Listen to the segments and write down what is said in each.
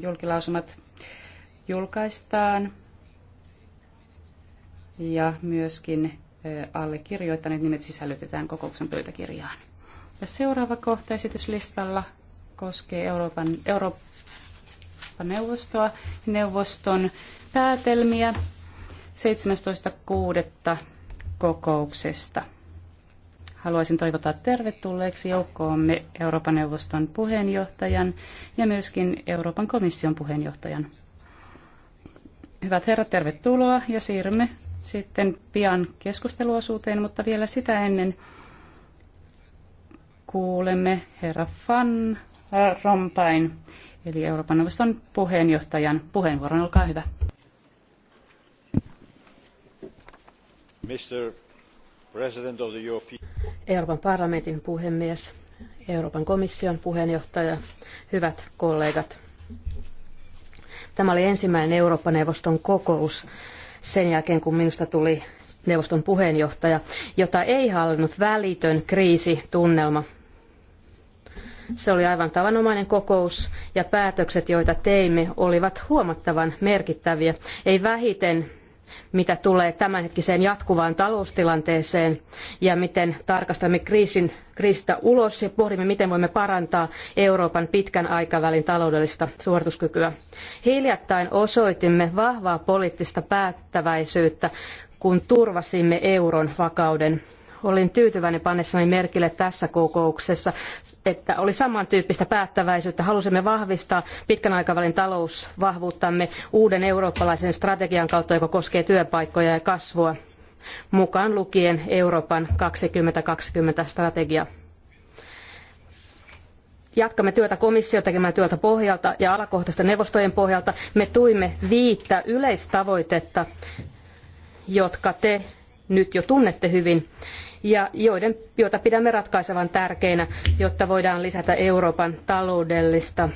julkilausumat julkaistaan ja myöskin allekirjoittaneet nimet sisällytetään kokouksen pöytäkirjaan. Ja seuraava kohta esityslistalla koskee Euroopan, Euroopan neuvostoa neuvoston päätelmiä 17.6. kokouksesta haluaisin toivottaa tervetulleeksi joukkoomme Euroopan neuvoston puheenjohtajan ja myöskin Euroopan komission puheenjohtajan. Hyvät herrat, tervetuloa ja siirrymme sitten pian keskusteluosuuteen, mutta vielä sitä ennen kuulemme herra Van Rompain, eli Euroopan neuvoston puheenjohtajan puheenvuoron. Olkaa hyvä. Mr. Euroopan parlamentin puhemies, Euroopan komission puheenjohtaja, hyvät kollegat. Tämä oli ensimmäinen Eurooppa-neuvoston kokous sen jälkeen, kun minusta tuli neuvoston puheenjohtaja, jota ei hallinnut välitön kriisitunnelma. Se oli aivan tavanomainen kokous ja päätökset, joita teimme, olivat huomattavan merkittäviä, ei vähiten mitä tulee tämänhetkiseen jatkuvaan taloustilanteeseen ja miten tarkastamme kriisin, kriisistä ulos ja pohdimme, miten voimme parantaa Euroopan pitkän aikavälin taloudellista suorituskykyä. Hiljattain osoitimme vahvaa poliittista päättäväisyyttä, kun turvasimme euron vakauden. Olin tyytyväinen pannessani merkille tässä kokouksessa, että oli samantyyppistä päättäväisyyttä. Halusimme vahvistaa pitkän aikavälin talousvahvuuttamme uuden eurooppalaisen strategian kautta, joka koskee työpaikkoja ja kasvua, mukaan lukien Euroopan 2020-strategia. Jatkamme työtä komission tekemään työtä pohjalta ja alakohtaisten neuvostojen pohjalta. Me tuimme viittä yleistavoitetta, jotka te nyt jo tunnette hyvin ja joiden, joita pidämme ratkaisevan tärkeinä, jotta voidaan lisätä Euroopan taloudellista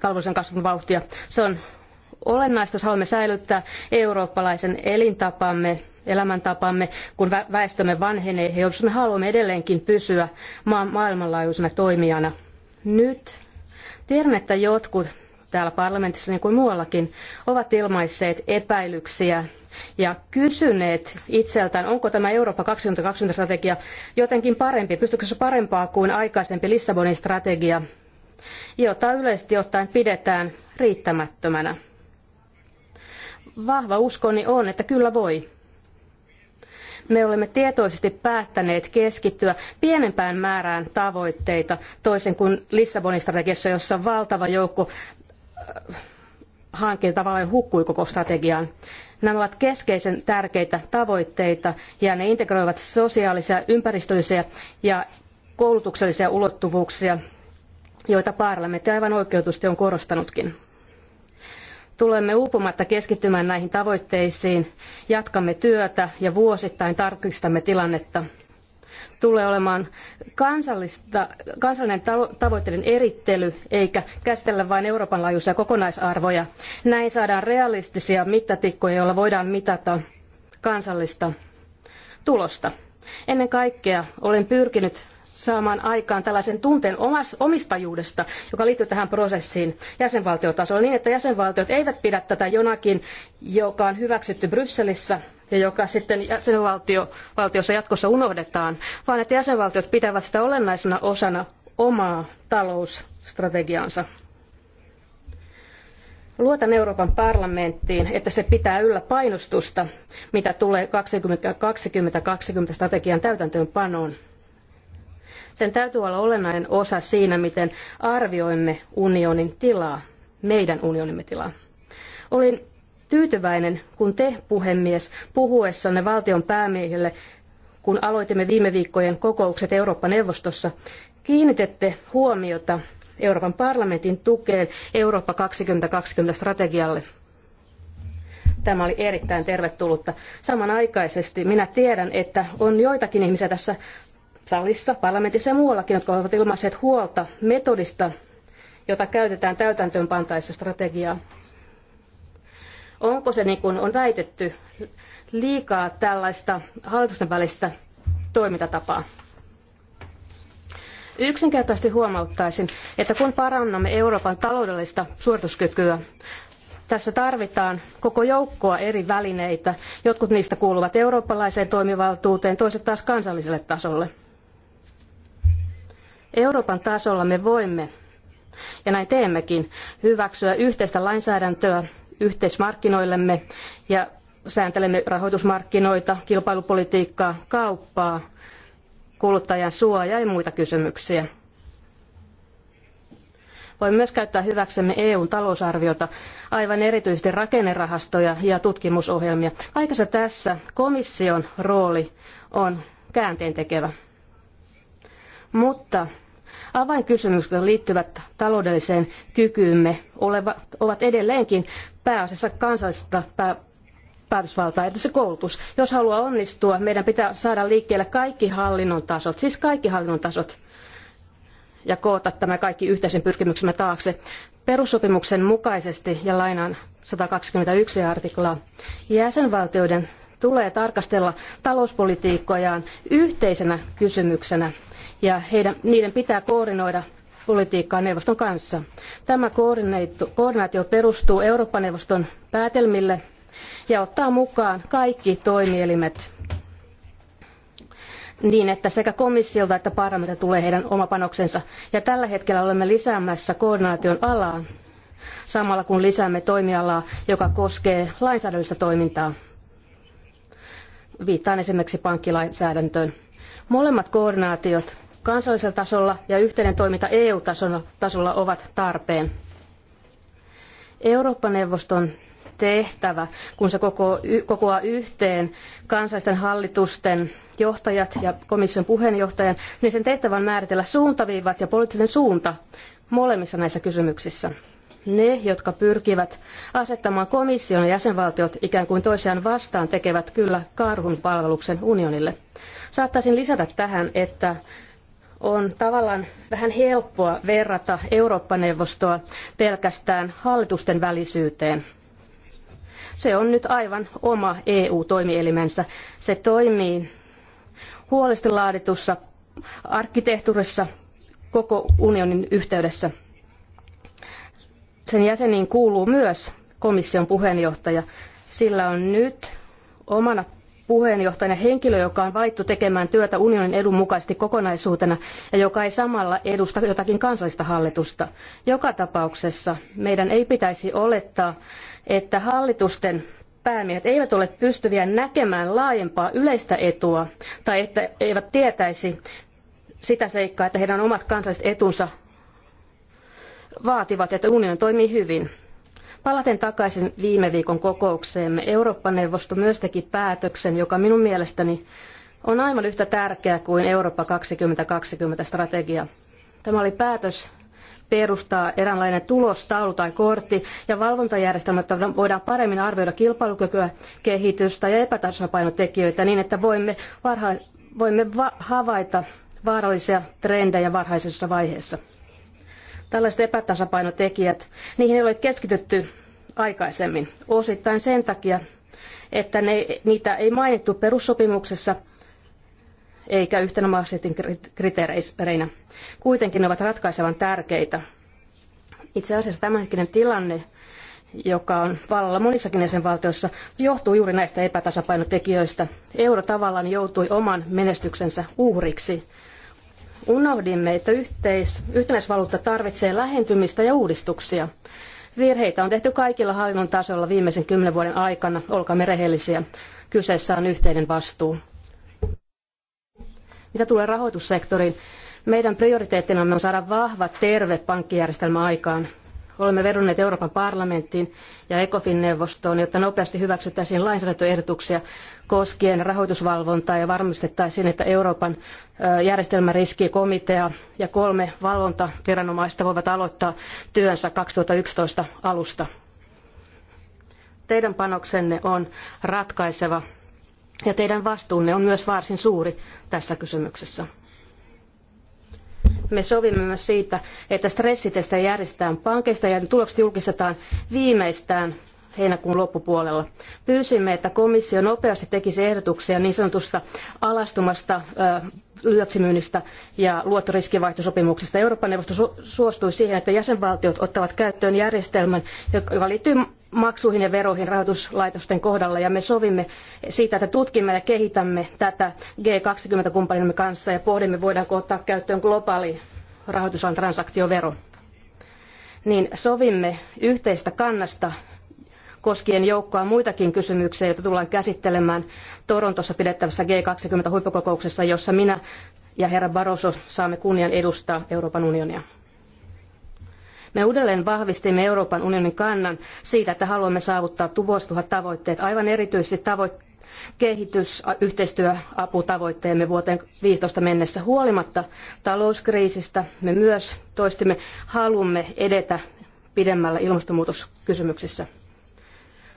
taloudellisen kasvun vauhtia. Se on olennaista, jos haluamme säilyttää eurooppalaisen elintapamme, elämäntapamme, kun väestömme vanhenee, ja jos me haluamme edelleenkin pysyä maailmanlaajuisena toimijana. Nyt tiedän, että jotkut täällä parlamentissa niin kuin muuallakin ovat ilmaisseet epäilyksiä ja kysyneet itseltään, onko tämä Eurooppa 2020 strategia jotenkin parempi, pystyykö se parempaa kuin aikaisempi Lissabonin strategia, jota yleisesti ottaen pidetään riittämättömänä. Vahva uskoni on, että kyllä voi. Me olemme tietoisesti päättäneet keskittyä pienempään määrään tavoitteita, toisin kuin Lissabonin strategiassa, jossa valtava joukko äh, hankkeita tavallaan hukkui koko strategiaan. Nämä ovat keskeisen tärkeitä tavoitteita ja ne integroivat sosiaalisia, ympäristöllisiä ja koulutuksellisia ulottuvuuksia, joita parlamentti aivan oikeutusti on korostanutkin. Tulemme uupumatta keskittymään näihin tavoitteisiin, jatkamme työtä ja vuosittain tarkistamme tilannetta – tulee olemaan kansallista, kansallinen tavoitteiden erittely, eikä käsitellä vain Euroopan laajuisia kokonaisarvoja. Näin saadaan realistisia mittatikkoja, joilla voidaan mitata kansallista tulosta. Ennen kaikkea olen pyrkinyt saamaan aikaan tällaisen tunteen omistajuudesta, joka liittyy tähän prosessiin jäsenvaltiotasolla, niin että jäsenvaltiot eivät pidä tätä jonakin, joka on hyväksytty Brysselissä, ja joka sitten jäsenvaltiossa jatkossa unohdetaan, vaan että jäsenvaltiot pitävät sitä olennaisena osana omaa talousstrategiaansa. Luotan Euroopan parlamenttiin, että se pitää yllä painostusta, mitä tulee 2020-2020 strategian täytäntöönpanoon. Sen täytyy olla olennainen osa siinä, miten arvioimme unionin tilaa, meidän unionimme tilaa. Olin tyytyväinen, kun te, puhemies, puhuessanne valtion päämiehille, kun aloitimme viime viikkojen kokoukset Eurooppa-neuvostossa, kiinnitette huomiota Euroopan parlamentin tukeen Eurooppa 2020 strategialle. Tämä oli erittäin tervetullutta. Samanaikaisesti minä tiedän, että on joitakin ihmisiä tässä salissa, parlamentissa ja muuallakin, jotka ovat ilmaisseet huolta metodista, jota käytetään täytäntöönpantaessa strategiaa. Onko se, niin kuin on väitetty, liikaa tällaista hallitusten välistä toimintatapaa? Yksinkertaisesti huomauttaisin, että kun parannamme Euroopan taloudellista suorituskykyä, tässä tarvitaan koko joukkoa eri välineitä. Jotkut niistä kuuluvat eurooppalaiseen toimivaltuuteen, toiset taas kansalliselle tasolle. Euroopan tasolla me voimme, ja näin teemmekin, hyväksyä yhteistä lainsäädäntöä, yhteismarkkinoillemme ja sääntelemme rahoitusmarkkinoita, kilpailupolitiikkaa, kauppaa, kuluttajan suojaa ja muita kysymyksiä. Voimme myös käyttää hyväksemme EUn talousarviota, aivan erityisesti rakennerahastoja ja tutkimusohjelmia. Kaikessa tässä komission rooli on käänteentekevä. Mutta avainkysymykset, jotka liittyvät taloudelliseen kykyymme, ovat edelleenkin pääasiassa kansallista pää- päätösvaltaa, erityisesti koulutus. Jos haluaa onnistua, meidän pitää saada liikkeelle kaikki hallinnon tasot, siis kaikki hallinnon tasot, ja koota tämä kaikki yhteisen pyrkimyksemme taakse. Perussopimuksen mukaisesti, ja lainaan 121 artiklaa, jäsenvaltioiden tulee tarkastella talouspolitiikkojaan yhteisenä kysymyksenä, ja heidän, niiden pitää koordinoida politiikkaa neuvoston kanssa. Tämä koordinaatio perustuu Eurooppa-neuvoston päätelmille ja ottaa mukaan kaikki toimielimet niin, että sekä komissiolta että parlamentilta tulee heidän oma panoksensa. Ja tällä hetkellä olemme lisäämässä koordinaation alaa samalla kun lisäämme toimialaa, joka koskee lainsäädännöllistä toimintaa. Viittaan esimerkiksi pankkilainsäädäntöön. Molemmat koordinaatiot kansallisella tasolla ja yhteinen toiminta EU-tasolla ovat tarpeen. Eurooppa-neuvoston tehtävä, kun se kokoaa yhteen kansallisten hallitusten johtajat ja komission puheenjohtajan, niin sen tehtävä on määritellä suuntaviivat ja poliittinen suunta molemmissa näissä kysymyksissä. Ne, jotka pyrkivät asettamaan komission ja jäsenvaltiot ikään kuin toisiaan vastaan, tekevät kyllä karhun palveluksen unionille. Saattaisin lisätä tähän, että on tavallaan vähän helppoa verrata Eurooppa-neuvostoa pelkästään hallitusten välisyyteen. Se on nyt aivan oma EU-toimielimensä. Se toimii huolesti laaditussa arkkitehtuurissa koko unionin yhteydessä. Sen jäseniin kuuluu myös komission puheenjohtaja. Sillä on nyt omana puheenjohtajana henkilö, joka on valittu tekemään työtä unionin edun mukaisesti kokonaisuutena ja joka ei samalla edusta jotakin kansallista hallitusta. Joka tapauksessa meidän ei pitäisi olettaa, että hallitusten päämiehet eivät ole pystyviä näkemään laajempaa yleistä etua tai että eivät tietäisi sitä seikkaa, että heidän omat kansalliset etunsa vaativat, että unioni toimii hyvin. Palaten takaisin viime viikon kokoukseemme. Eurooppa-neuvosto myös teki päätöksen, joka minun mielestäni on aivan yhtä tärkeä kuin Eurooppa 2020 strategia. Tämä oli päätös perustaa eräänlainen tulostaulu tai kortti ja valvontajärjestelmä, että voidaan paremmin arvioida kilpailukykyä, kehitystä ja epätasapainotekijöitä niin, että voimme, varha- voimme va- havaita vaarallisia trendejä varhaisessa vaiheessa. Tällaiset epätasapainotekijät, niihin ei ole keskitytty aikaisemmin. Osittain sen takia, että ne, niitä ei mainittu perussopimuksessa eikä yhtenä Maastrichtin kriteereinä. Kuitenkin ne ovat ratkaisevan tärkeitä. Itse asiassa tämänhetkinen tilanne, joka on vallalla monissakin jäsenvaltioissa, johtuu juuri näistä epätasapainotekijöistä. Euro tavallaan joutui oman menestyksensä uhriksi Unohdimme, että yhteis, yhtenäisvaluutta tarvitsee lähentymistä ja uudistuksia. Virheitä on tehty kaikilla hallinnon tasolla viimeisen kymmenen vuoden aikana, olkaamme rehellisiä. Kyseessä on yhteinen vastuu. Mitä tulee rahoitussektoriin, meidän prioriteettinamme on saada vahva, terve pankkijärjestelmä aikaan – Olemme vedonneet Euroopan parlamenttiin ja ECOFIN-neuvostoon, jotta nopeasti hyväksyttäisiin lainsäädäntöehdotuksia koskien rahoitusvalvontaa ja varmistettaisiin, että Euroopan järjestelmäriskikomitea ja kolme valvontaviranomaista voivat aloittaa työnsä 2011 alusta. Teidän panoksenne on ratkaiseva ja teidän vastuunne on myös varsin suuri tässä kysymyksessä me sovimme myös siitä, että stressitestejä järjestetään pankeista ja tulokset julkistetaan viimeistään heinäkuun loppupuolella. Pyysimme, että komissio nopeasti tekisi ehdotuksia niin sanotusta alastumasta lyöksimyynnistä ja luottoriskivaihtosopimuksista. Euroopan neuvosto suostui siihen, että jäsenvaltiot ottavat käyttöön järjestelmän, joka liittyy maksuihin ja veroihin rahoituslaitosten kohdalla ja me sovimme siitä, että tutkimme ja kehitämme tätä G20-kumppanimme kanssa ja pohdimme, voidaanko ottaa käyttöön globaali rahoitusalan transaktiovero. Niin sovimme yhteistä kannasta koskien joukkoa muitakin kysymyksiä, joita tullaan käsittelemään Torontossa pidettävässä G20-huippukokouksessa, jossa minä ja herra Barroso saamme kunnian edustaa Euroopan unionia. Me uudelleen vahvistimme Euroopan unionin kannan siitä, että haluamme saavuttaa vuosituhat tavoitteet, aivan erityisesti tavoitteet kehitysyhteistyöaputavoitteemme vuoteen 15 mennessä. Huolimatta talouskriisistä me myös toistimme haluamme edetä pidemmällä ilmastonmuutoskysymyksissä.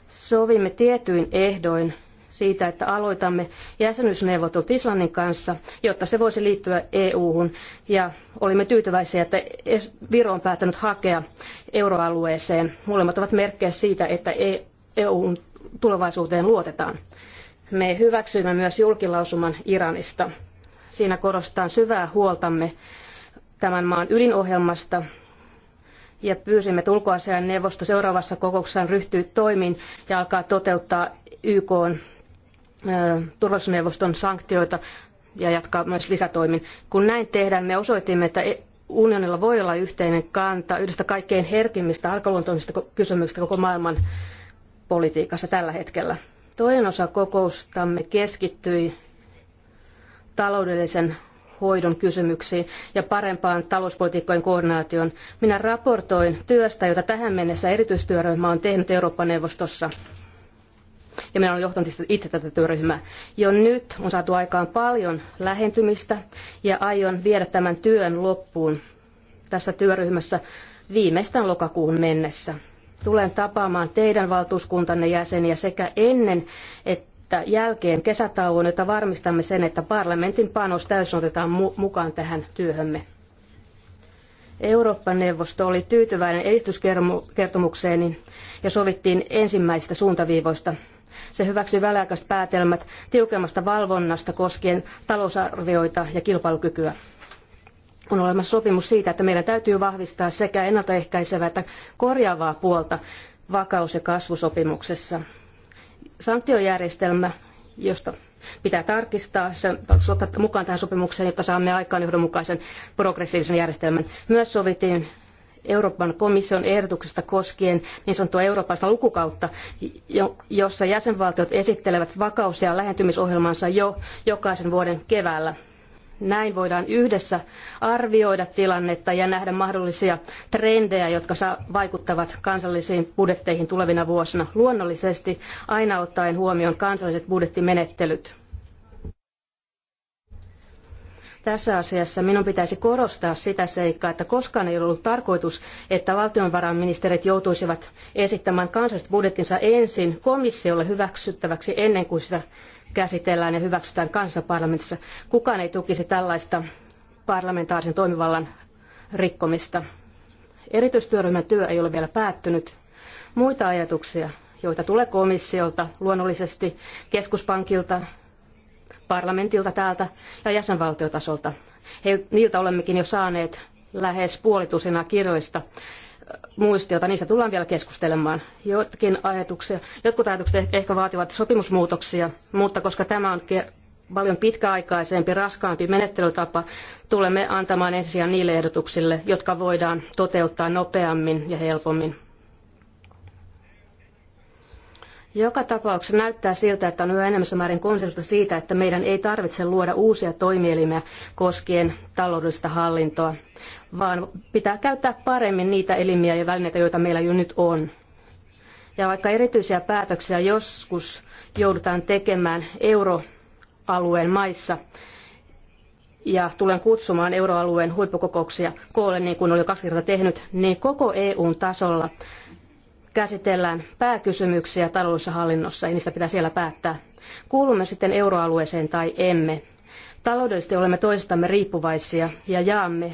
Sovimme tietyin ehdoin siitä, että aloitamme jäsenyysneuvottelut Islannin kanssa, jotta se voisi liittyä EU-hun. Ja olimme tyytyväisiä, että Viro on päättänyt hakea euroalueeseen. Molemmat ovat merkkejä siitä, että EUn e tulevaisuuteen luotetaan. Me hyväksyimme myös julkilausuman Iranista. Siinä korostaan syvää huoltamme tämän maan ydinohjelmasta ja pyysimme, että ulkoasian neuvosto seuraavassa kokouksessaan ryhtyy toimiin ja alkaa toteuttaa YK turvallisuusneuvoston sanktioita ja jatkaa myös lisätoimin. Kun näin tehdään, me osoitimme, että e- unionilla voi olla yhteinen kanta yhdestä kaikkein herkimmistä alkaluontoisista kysymyksistä koko maailman politiikassa tällä hetkellä. Toinen osa kokoustamme keskittyi taloudellisen hoidon kysymyksiin ja parempaan talouspolitiikkojen koordinaatioon. Minä raportoin työstä, jota tähän mennessä erityistyöryhmä on tehnyt Eurooppa-neuvostossa ja minä olen johtanut itse tätä työryhmää. Jo nyt on saatu aikaan paljon lähentymistä ja aion viedä tämän työn loppuun tässä työryhmässä viimeistään lokakuun mennessä. Tulen tapaamaan teidän valtuuskuntanne jäseniä sekä ennen että jälkeen kesätauon, että varmistamme sen, että parlamentin panos täysin otetaan mukaan tähän työhömme. Eurooppa-neuvosto oli tyytyväinen edistyskertomukseeni ja sovittiin ensimmäisistä suuntaviivoista. Se hyväksyi väliaikaiset päätelmät tiukemmasta valvonnasta koskien talousarvioita ja kilpailukykyä. On olemassa sopimus siitä, että meidän täytyy vahvistaa sekä ennaltaehkäisevää että korjaavaa puolta vakaus- ja kasvusopimuksessa. Sanktiojärjestelmä, josta pitää tarkistaa, sen ottaa mukaan tähän sopimukseen, jotta saamme aikaan johdonmukaisen progressiivisen järjestelmän. Myös sovittiin Euroopan komission ehdotuksesta koskien niin sanottua eurooppalaista lukukautta, jossa jäsenvaltiot esittelevät vakaus- ja lähentymisohjelmansa jo jokaisen vuoden keväällä. Näin voidaan yhdessä arvioida tilannetta ja nähdä mahdollisia trendejä, jotka vaikuttavat kansallisiin budjetteihin tulevina vuosina, luonnollisesti aina ottaen huomioon kansalliset budjettimenettelyt. Tässä asiassa minun pitäisi korostaa sitä seikkaa, että koskaan ei ollut tarkoitus, että valtionvarainministerit joutuisivat esittämään kansalliset budjettinsa ensin komissiolle hyväksyttäväksi ennen kuin sitä käsitellään ja hyväksytään kansanparlamentissa. Kukaan ei tukisi tällaista parlamentaarisen toimivallan rikkomista. Erityistyöryhmän työ ei ole vielä päättynyt. Muita ajatuksia, joita tulee komissiolta, luonnollisesti keskuspankilta, parlamentilta täältä ja jäsenvaltiotasolta. He, niiltä olemmekin jo saaneet lähes puolitusena kirjallista muistiota. Niistä tullaan vielä keskustelemaan. Jotkin ajatuksia, jotkut ajatukset eh, ehkä vaativat sopimusmuutoksia, mutta koska tämä on paljon pitkäaikaisempi, raskaampi menettelytapa, tulemme antamaan ensisijan niille ehdotuksille, jotka voidaan toteuttaa nopeammin ja helpommin. Joka tapauksessa näyttää siltä, että on yhä enemmän määrin konsensusta siitä, että meidän ei tarvitse luoda uusia toimielimiä koskien taloudellista hallintoa, vaan pitää käyttää paremmin niitä elimiä ja välineitä, joita meillä jo nyt on. Ja vaikka erityisiä päätöksiä joskus joudutaan tekemään euroalueen maissa, ja tulen kutsumaan euroalueen huippukokouksia koolle, niin kuin olen jo kaksi kertaa tehnyt, niin koko EUn tasolla – käsitellään pääkysymyksiä taloudellisessa hallinnossa ja niistä pitää siellä päättää. Kuulumme sitten euroalueeseen tai emme. Taloudellisesti olemme toisistamme riippuvaisia ja jaamme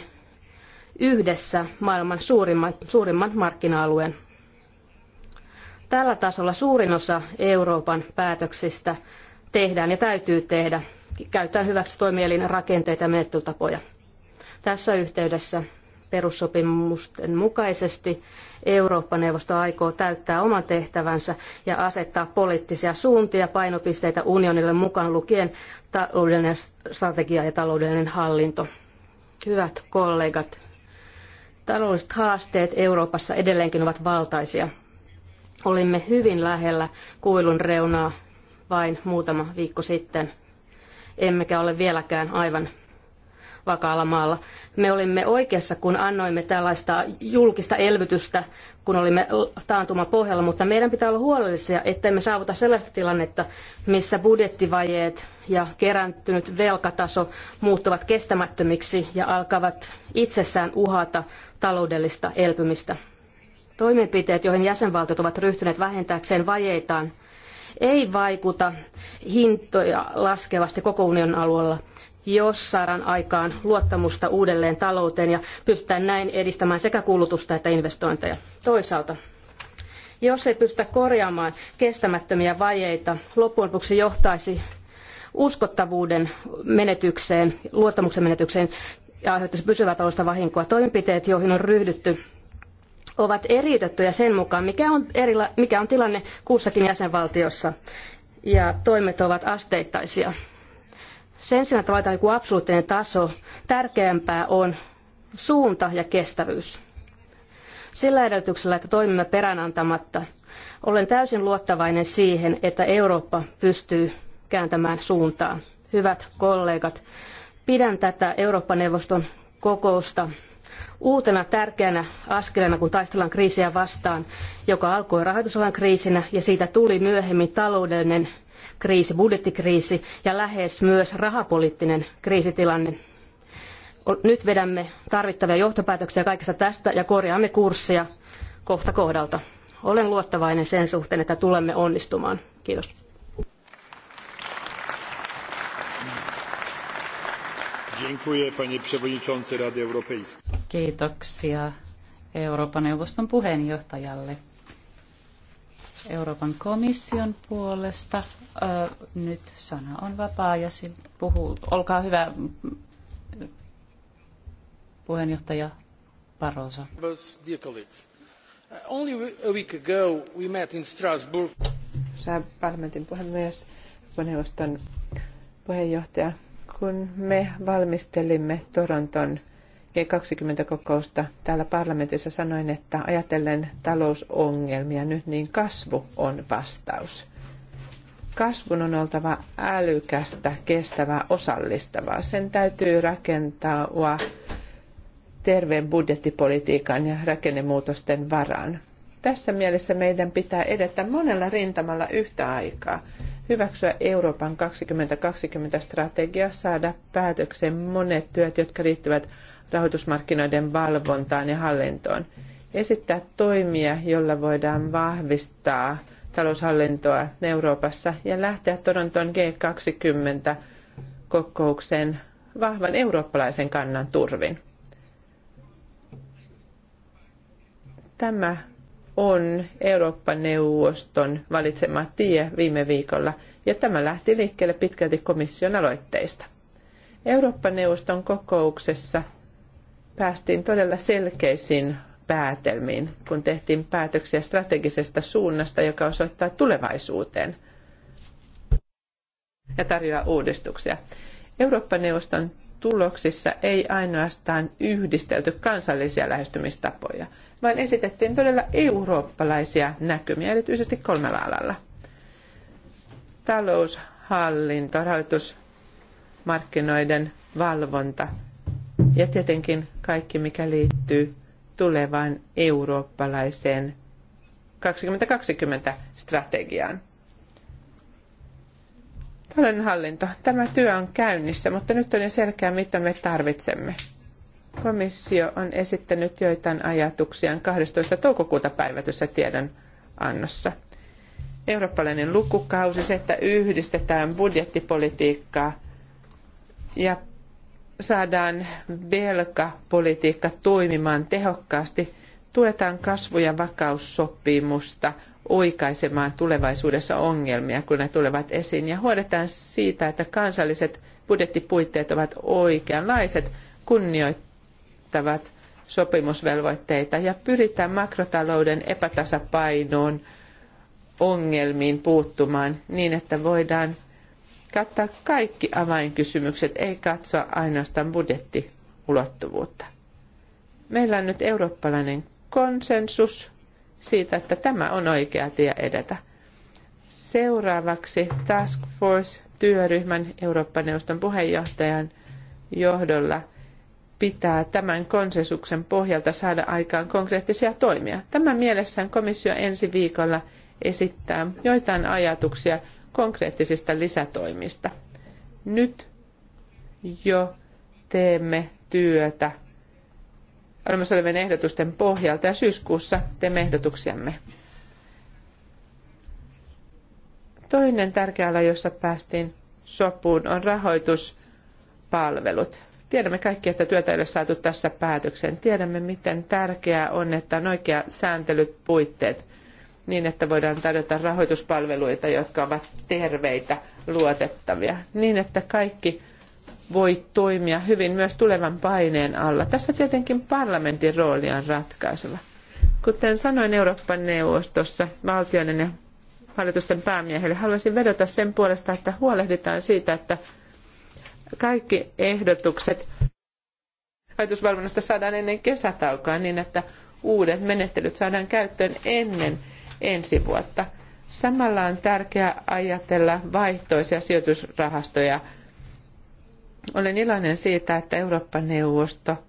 yhdessä maailman suurimman, suurimman markkina-alueen. Tällä tasolla suurin osa Euroopan päätöksistä tehdään ja täytyy tehdä käytetään hyväksi toimielin rakenteita ja menettelytapoja. Tässä yhteydessä perussopimusten mukaisesti Eurooppa-neuvosto aikoo täyttää oman tehtävänsä ja asettaa poliittisia suuntia painopisteitä unionille mukaan lukien taloudellinen strategia ja taloudellinen hallinto. Hyvät kollegat, taloudelliset haasteet Euroopassa edelleenkin ovat valtaisia. Olimme hyvin lähellä kuilun reunaa vain muutama viikko sitten, emmekä ole vieläkään aivan vakaalla maalla. Me olimme oikeassa, kun annoimme tällaista julkista elvytystä, kun olimme taantuma pohjalla, mutta meidän pitää olla huolellisia, ettemme saavuta sellaista tilannetta, missä budjettivajeet ja kerääntynyt velkataso muuttuvat kestämättömiksi ja alkavat itsessään uhata taloudellista elpymistä. Toimenpiteet, joihin jäsenvaltiot ovat ryhtyneet vähentääkseen vajeitaan, ei vaikuta hintoja laskevasti koko unionin alueella jos saadaan aikaan luottamusta uudelleen talouteen ja pystytään näin edistämään sekä kulutusta että investointeja. Toisaalta jos ei pystytä korjaamaan kestämättömiä vajeita, loppujen lopuksi johtaisi uskottavuuden menetykseen, luottamuksen menetykseen ja aiheuttaisi pysyvää taloudellista vahinkoa. Toimenpiteet, joihin on ryhdytty, ovat eriytettyjä sen mukaan, mikä on, erila- mikä on tilanne kussakin jäsenvaltiossa. Ja toimet ovat asteittaisia. Sen sijaan, että valitaan joku absoluuttinen taso, tärkeämpää on suunta ja kestävyys. Sillä edellytyksellä, että toimimme peräänantamatta olen täysin luottavainen siihen, että Eurooppa pystyy kääntämään suuntaa. Hyvät kollegat, pidän tätä Eurooppa-neuvoston kokousta uutena tärkeänä askeleena, kun taistellaan kriisiä vastaan, joka alkoi rahoitusalan kriisinä ja siitä tuli myöhemmin taloudellinen kriisi, budjettikriisi ja lähes myös rahapoliittinen kriisitilanne. Nyt vedämme tarvittavia johtopäätöksiä kaikesta tästä ja korjaamme kurssia kohta kohdalta. Olen luottavainen sen suhteen, että tulemme onnistumaan. Kiitos. Kiitoksia Euroopan neuvoston puheenjohtajalle. Euroopan komission puolesta Ö, nyt sana on vapaa ja siltä puhuu. Olkaa hyvä, puheenjohtaja Barroso. Uh, only a week ago we met in Strasbourg. Sä parlamentin puhemies, puheenjohtajan puheenjohtaja. Kun me valmistelimme Toronton G20-kokousta täällä parlamentissa sanoin, että ajatellen talousongelmia nyt, niin kasvu on vastaus. Kasvun on oltava älykästä, kestävää, osallistavaa. Sen täytyy rakentaa terveen budjettipolitiikan ja rakennemuutosten varaan. Tässä mielessä meidän pitää edetä monella rintamalla yhtä aikaa. Hyväksyä Euroopan 2020-strategia, saada päätökseen monet työt, jotka liittyvät rahoitusmarkkinoiden valvontaan ja hallintoon. Esittää toimia, joilla voidaan vahvistaa taloushallintoa Euroopassa ja lähteä Toronton G20-kokoukseen vahvan eurooppalaisen kannan turvin. Tämä on Eurooppa-neuvoston valitsema tie viime viikolla, ja tämä lähti liikkeelle pitkälti komission aloitteista. Eurooppa-neuvoston kokouksessa päästiin todella selkeisiin päätelmiin, kun tehtiin päätöksiä strategisesta suunnasta, joka osoittaa tulevaisuuteen ja tarjoaa uudistuksia. Eurooppa-neuvoston tuloksissa ei ainoastaan yhdistelty kansallisia lähestymistapoja, vaan esitettiin todella eurooppalaisia näkymiä, erityisesti kolmella alalla. Talous, hallinto, rahoitusmarkkinoiden valvonta ja tietenkin kaikki, mikä liittyy tulevaan eurooppalaiseen 2020-strategiaan. Talouden hallinto. Tämä työ on käynnissä, mutta nyt on jo selkeä, mitä me tarvitsemme. Komissio on esittänyt joitain ajatuksiaan 12. toukokuuta päivätyssä tiedon annossa. Eurooppalainen lukukausi, se, että yhdistetään budjettipolitiikkaa ja saadaan velkapolitiikka toimimaan tehokkaasti, tuetaan kasvu- ja vakaussopimusta oikaisemaan tulevaisuudessa ongelmia, kun ne tulevat esiin, ja huolehditaan siitä, että kansalliset budjettipuitteet ovat oikeanlaiset, kunnioittavat sopimusvelvoitteita ja pyritään makrotalouden epätasapainoon ongelmiin puuttumaan niin, että voidaan kattaa kaikki avainkysymykset, ei katsoa ainoastaan budjettiulottuvuutta. Meillä on nyt eurooppalainen konsensus siitä, että tämä on oikea tie edetä. Seuraavaksi Task Force-työryhmän Eurooppa-neuvoston puheenjohtajan johdolla pitää tämän konsensuksen pohjalta saada aikaan konkreettisia toimia. Tämän mielessään komissio ensi viikolla esittää joitain ajatuksia konkreettisista lisätoimista. Nyt jo teemme työtä olemassa olevien ehdotusten pohjalta ja syyskuussa teemme ehdotuksiamme. Toinen tärkeä ala, jossa päästiin sopuun, on rahoituspalvelut. Tiedämme kaikki, että työtä ei ole saatu tässä päätökseen. Tiedämme, miten tärkeää on, että on oikea sääntelyt puitteet – niin, että voidaan tarjota rahoituspalveluita, jotka ovat terveitä, luotettavia, niin että kaikki voi toimia hyvin myös tulevan paineen alla. Tässä tietenkin parlamentin rooli on ratkaiseva. Kuten sanoin Euroopan neuvostossa valtioiden ja hallitusten päämiehelle, haluaisin vedota sen puolesta, että huolehditaan siitä, että kaikki ehdotukset hallitusvalvonnasta saadaan ennen kesätaukoa niin, että uudet menettelyt saadaan käyttöön ennen ensi vuotta. Samalla on tärkeää ajatella vaihtoisia sijoitusrahastoja. Olen iloinen siitä, että Eurooppa-neuvosto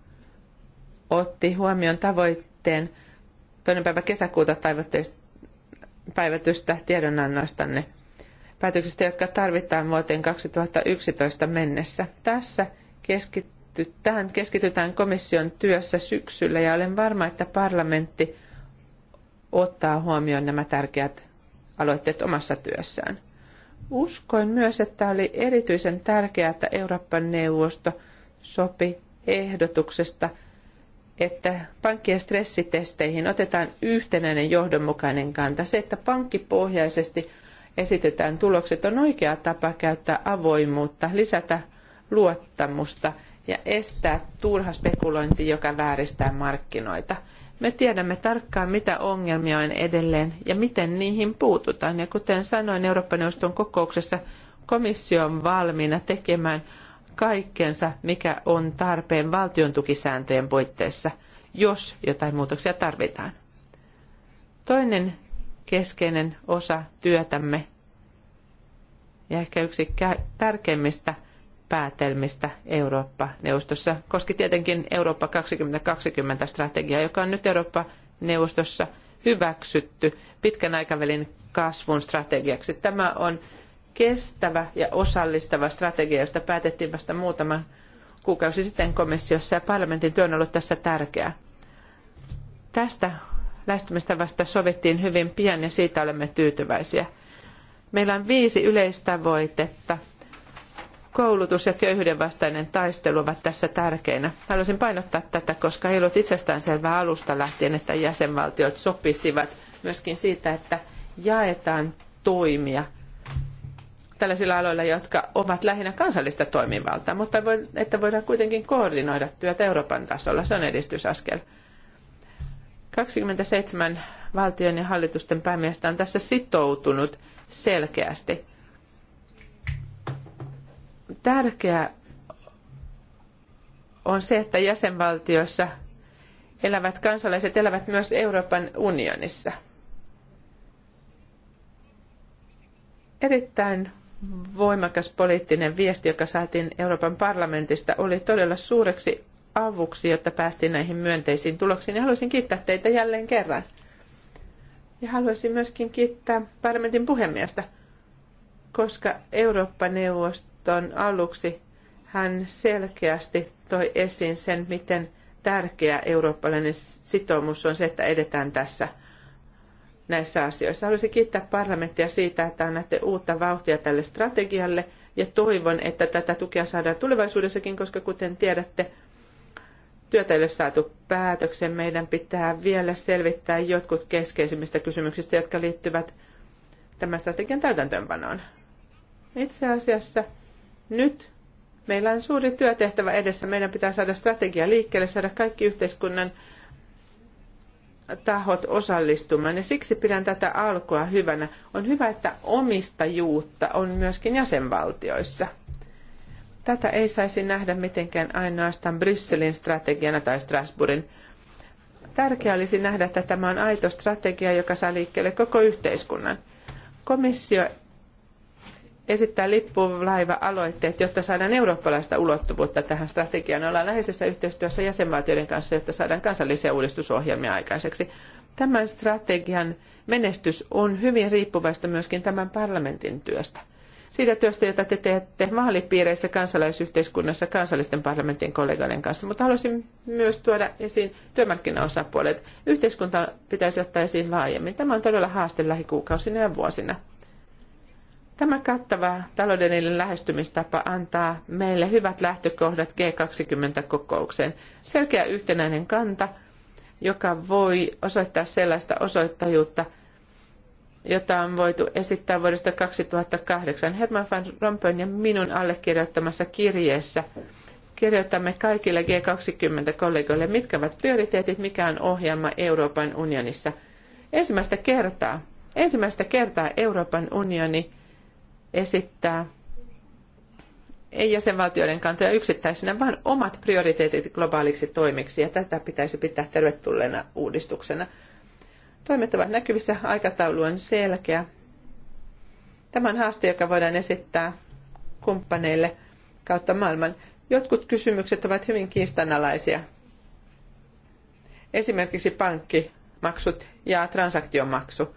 otti huomioon tavoitteen toinen päivä kesäkuuta päivätystä tiedonannoistanne päätöksistä, jotka tarvitaan vuoteen 2011 mennessä. Tässä keskitytään, keskitytään komission työssä syksyllä ja olen varma, että parlamentti ottaa huomioon nämä tärkeät aloitteet omassa työssään. Uskoin myös, että oli erityisen tärkeää, että Euroopan neuvosto sopi ehdotuksesta, että pankkien stressitesteihin otetaan yhtenäinen johdonmukainen kanta. Se, että pankkipohjaisesti esitetään tulokset, on oikea tapa käyttää avoimuutta, lisätä luottamusta ja estää turha spekulointi, joka vääristää markkinoita. Me tiedämme tarkkaan, mitä ongelmia on edelleen ja miten niihin puututaan. Ja kuten sanoin Eurooppa-neuvoston kokouksessa, komissio on valmiina tekemään kaikkensa, mikä on tarpeen valtion tukisääntöjen puitteissa, jos jotain muutoksia tarvitaan. Toinen keskeinen osa työtämme ja ehkä yksi tärkeimmistä päätelmistä Eurooppa-neuvostossa koski tietenkin Eurooppa 2020 strategiaa, joka on nyt Eurooppa-neuvostossa hyväksytty pitkän aikavälin kasvun strategiaksi. Tämä on kestävä ja osallistava strategia, josta päätettiin vasta muutama kuukausi sitten komissiossa ja parlamentin työ on ollut tässä tärkeää. Tästä lähestymistavasta sovittiin hyvin pian ja siitä olemme tyytyväisiä. Meillä on viisi yleistavoitetta – koulutus ja köyhyyden vastainen taistelu ovat tässä tärkeinä. Haluaisin painottaa tätä, koska ei ollut itsestäänselvää alusta lähtien, että jäsenvaltiot sopisivat myöskin siitä, että jaetaan toimia tällaisilla aloilla, jotka ovat lähinnä kansallista toimivaltaa, mutta että voidaan kuitenkin koordinoida työtä Euroopan tasolla. Se on edistysaskel. 27 valtion ja hallitusten päämiestä on tässä sitoutunut selkeästi Tärkeää on se, että jäsenvaltiossa elävät kansalaiset elävät myös Euroopan unionissa. Erittäin voimakas poliittinen viesti, joka saatiin Euroopan parlamentista, oli todella suureksi avuksi, jotta päästiin näihin myönteisiin tuloksiin. Ja haluaisin kiittää teitä jälleen kerran. Ja haluaisin myöskin kiittää parlamentin puhemiestä, koska Eurooppa-neuvosto kannanoton aluksi hän selkeästi toi esiin sen, miten tärkeä eurooppalainen sitoumus on se, että edetään tässä näissä asioissa. Haluaisin kiittää parlamenttia siitä, että annatte uutta vauhtia tälle strategialle ja toivon, että tätä tukea saadaan tulevaisuudessakin, koska kuten tiedätte, työtä ei ole saatu päätöksen. Meidän pitää vielä selvittää jotkut keskeisimmistä kysymyksistä, jotka liittyvät tämän strategian täytäntöönpanoon. Itse asiassa nyt meillä on suuri työtehtävä edessä. Meidän pitää saada strategia liikkeelle, saada kaikki yhteiskunnan tahot osallistumaan. Ja siksi pidän tätä alkua hyvänä. On hyvä, että omistajuutta on myöskin jäsenvaltioissa. Tätä ei saisi nähdä mitenkään ainoastaan Brysselin strategiana tai Strasbourgin. Tärkeää olisi nähdä, että tämä on aito strategia, joka saa liikkeelle koko yhteiskunnan. Komissio esittää lippulaiva-aloitteet, jotta saadaan eurooppalaista ulottuvuutta tähän strategiaan. Ollaan läheisessä yhteistyössä jäsenvaltioiden kanssa, jotta saadaan kansallisia uudistusohjelmia aikaiseksi. Tämän strategian menestys on hyvin riippuvaista myöskin tämän parlamentin työstä. Siitä työstä, jota te teette maalipiireissä kansalaisyhteiskunnassa kansallisten parlamentin kollegoiden kanssa. Mutta haluaisin myös tuoda esiin työmarkkinaosapuolet. Yhteiskunta pitäisi ottaa esiin laajemmin. Tämä on todella haaste lähikuukausina ja vuosina Tämä kattava taloudellinen lähestymistapa antaa meille hyvät lähtökohdat G20-kokoukseen. Selkeä yhtenäinen kanta, joka voi osoittaa sellaista osoittajuutta, jota on voitu esittää vuodesta 2008 Herman van Rompuyn ja minun allekirjoittamassa kirjeessä. Kirjoitamme kaikille G20-kollegoille, mitkä ovat prioriteetit, mikä on ohjelma Euroopan unionissa. Ensimmäistä kertaa, ensimmäistä kertaa Euroopan unioni – esittää ei jäsenvaltioiden kantoja yksittäisinä, vaan omat prioriteetit globaaliksi toimiksi, ja tätä pitäisi pitää tervetulleena uudistuksena. Toimet ovat näkyvissä, aikataulu on selkeä. Tämä on haaste, joka voidaan esittää kumppaneille kautta maailman. Jotkut kysymykset ovat hyvin kiistanalaisia. Esimerkiksi pankkimaksut ja transaktiomaksu.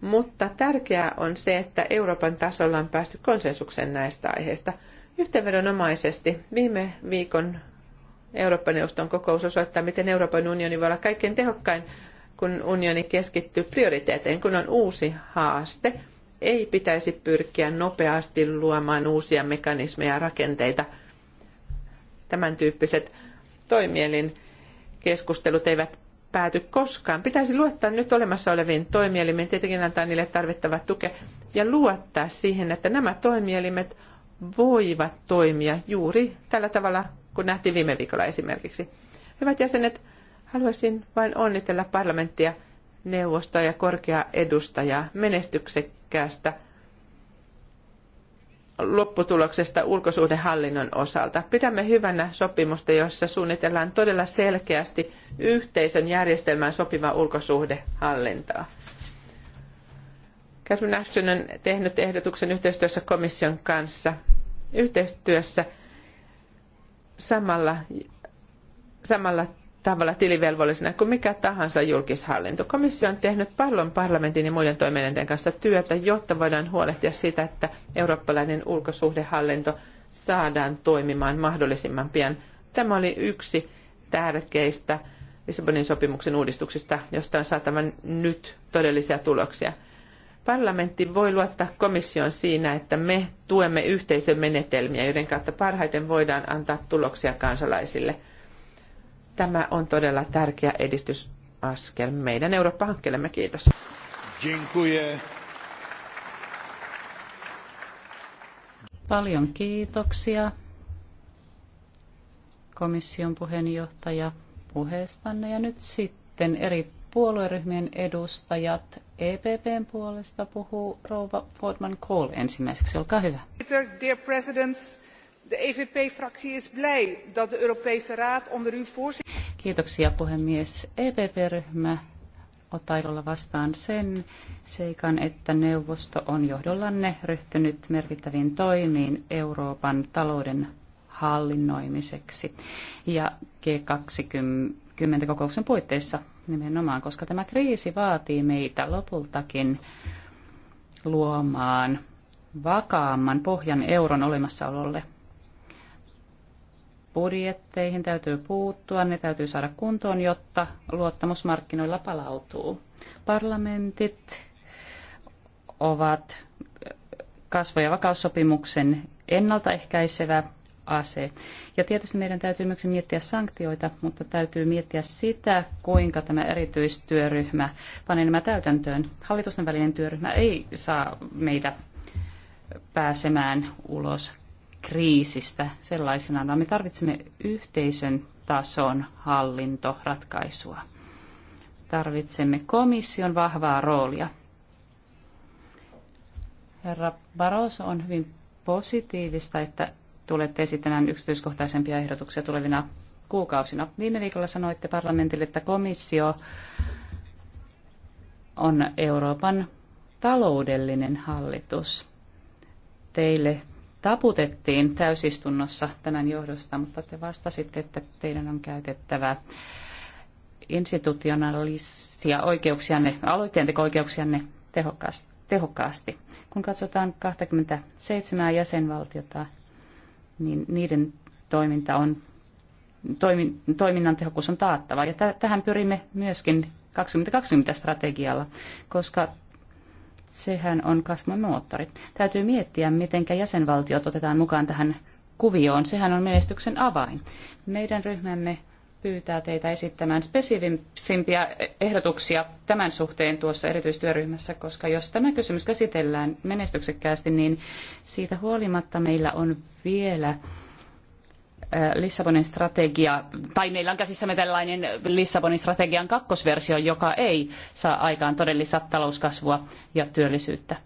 Mutta tärkeää on se, että Euroopan tasolla on päästy konsensuksen näistä aiheista. Yhteenvedonomaisesti viime viikon Eurooppa-neuvoston kokous osoittaa, miten Euroopan unioni voi olla kaikkein tehokkain, kun unioni keskittyy prioriteetteihin, kun on uusi haaste. Ei pitäisi pyrkiä nopeasti luomaan uusia mekanismeja ja rakenteita. Tämän tyyppiset toimielin keskustelut eivät pääty koskaan. Pitäisi luottaa nyt olemassa oleviin toimielimiin, tietenkin antaa niille tarvittava tukea ja luottaa siihen, että nämä toimielimet voivat toimia juuri tällä tavalla, kun nähtiin viime viikolla esimerkiksi. Hyvät jäsenet, haluaisin vain onnitella parlamenttia, neuvostoa ja korkea edustajaa menestyksekkäästä lopputuloksesta ulkosuhdehallinnon osalta. Pidämme hyvänä sopimusta, jossa suunnitellaan todella selkeästi yhteisön järjestelmään sopivaa ulkosuhdehallintaa. Catherine Ashton on tehnyt ehdotuksen yhteistyössä komission kanssa. Yhteistyössä samalla, samalla tavalla tilivelvollisena kuin mikä tahansa julkishallinto. Komissio on tehnyt paljon parlamentin ja muiden toimielinten kanssa työtä, jotta voidaan huolehtia siitä, että eurooppalainen ulkosuhdehallinto saadaan toimimaan mahdollisimman pian. Tämä oli yksi tärkeistä Lissabonin sopimuksen uudistuksista, josta on saatava nyt todellisia tuloksia. Parlamentti voi luottaa komission siinä, että me tuemme yhteisön menetelmiä, joiden kautta parhaiten voidaan antaa tuloksia kansalaisille – Tämä on todella tärkeä edistysaskel meidän Eurooppa-hankkeellemme. Kiitos. Dziękuję. Paljon kiitoksia komission puheenjohtaja puheestanne. Ja nyt sitten eri puolueryhmien edustajat EPPn puolesta puhuu rouva Fordman Cole ensimmäiseksi. Olkaa hyvä. Dear presidents, De EVP-fractie is blij dat de Europese Raad onder uw voorzitter... Kiitoksia puhemies. EPP-ryhmä ottaa ilolla vastaan sen seikan, että neuvosto on johdollanne ryhtynyt merkittäviin toimiin Euroopan talouden hallinnoimiseksi ja G20-kokouksen puitteissa nimenomaan, koska tämä kriisi vaatii meitä lopultakin luomaan vakaamman pohjan euron olemassaololle budjetteihin täytyy puuttua, ne täytyy saada kuntoon, jotta luottamus markkinoilla palautuu. Parlamentit ovat kasvo- ja vakaussopimuksen ennaltaehkäisevä ase. Ja tietysti meidän täytyy myös miettiä sanktioita, mutta täytyy miettiä sitä, kuinka tämä erityistyöryhmä panee nämä täytäntöön. Hallitusten välinen työryhmä ei saa meitä pääsemään ulos kriisistä sellaisenaan, vaan me tarvitsemme yhteisön tason hallintoratkaisua. Tarvitsemme komission vahvaa roolia. Herra Barroso, on hyvin positiivista, että tulette esittämään yksityiskohtaisempia ehdotuksia tulevina kuukausina. Viime viikolla sanoitte parlamentille, että komissio on Euroopan taloudellinen hallitus. Teille taputettiin täysistunnossa tämän johdosta, mutta te vastasitte, että teidän on käytettävä institutionaalisia oikeuksianne, aloitteentekoikeuksianne oikeuksianne tehokkaasti. Kun katsotaan 27 jäsenvaltiota, niin niiden toiminta on, toimin, toiminnan tehokkuus on taattava. Ja täh tähän pyrimme myöskin 2020 strategialla, koska sehän on kasvun moottori. Täytyy miettiä, miten jäsenvaltiot otetaan mukaan tähän kuvioon. Sehän on menestyksen avain. Meidän ryhmämme pyytää teitä esittämään spesifimpiä ehdotuksia tämän suhteen tuossa erityistyöryhmässä, koska jos tämä kysymys käsitellään menestyksekkäästi, niin siitä huolimatta meillä on vielä Äh, Lissabonin strategia, tai meillä on käsissämme tällainen Lissabonin strategian kakkosversio, joka ei saa aikaan todellista talouskasvua ja työllisyyttä.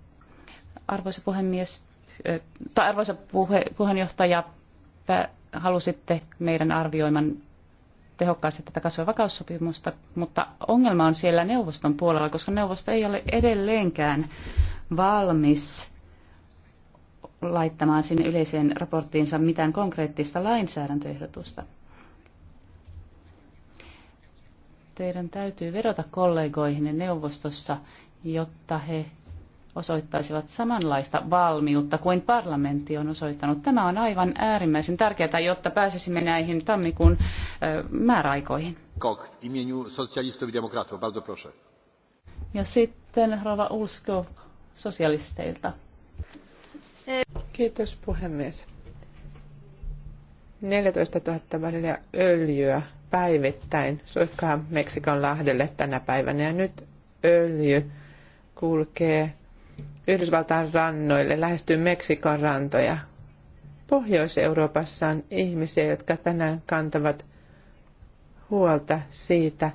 Arvoisa puhemies, äh, tai arvoisa puhe, puheenjohtaja, halusitte meidän arvioiman tehokkaasti tätä kasvu- vakaussopimusta, mutta ongelma on siellä neuvoston puolella, koska neuvosto ei ole edelleenkään valmis laittamaan sinne yleiseen raporttiinsa mitään konkreettista lainsäädäntöehdotusta. Teidän täytyy vedota kollegoihin neuvostossa, jotta he osoittaisivat samanlaista valmiutta kuin parlamentti on osoittanut. Tämä on aivan äärimmäisen tärkeää, jotta pääsisimme näihin tammikuun määräaikoihin. Kok, imieniu socjalistów i demokratów, bardzo proszę. Ja sitten Rova Ulskov sosialisteilta. Kiitos puhemies. 14 000 välillä öljyä päivittäin suikkaa Meksikon lähdelle tänä päivänä ja nyt öljy kulkee Yhdysvaltain rannoille, lähestyy Meksikon rantoja. Pohjois-Euroopassa on ihmisiä, jotka tänään kantavat huolta siitä,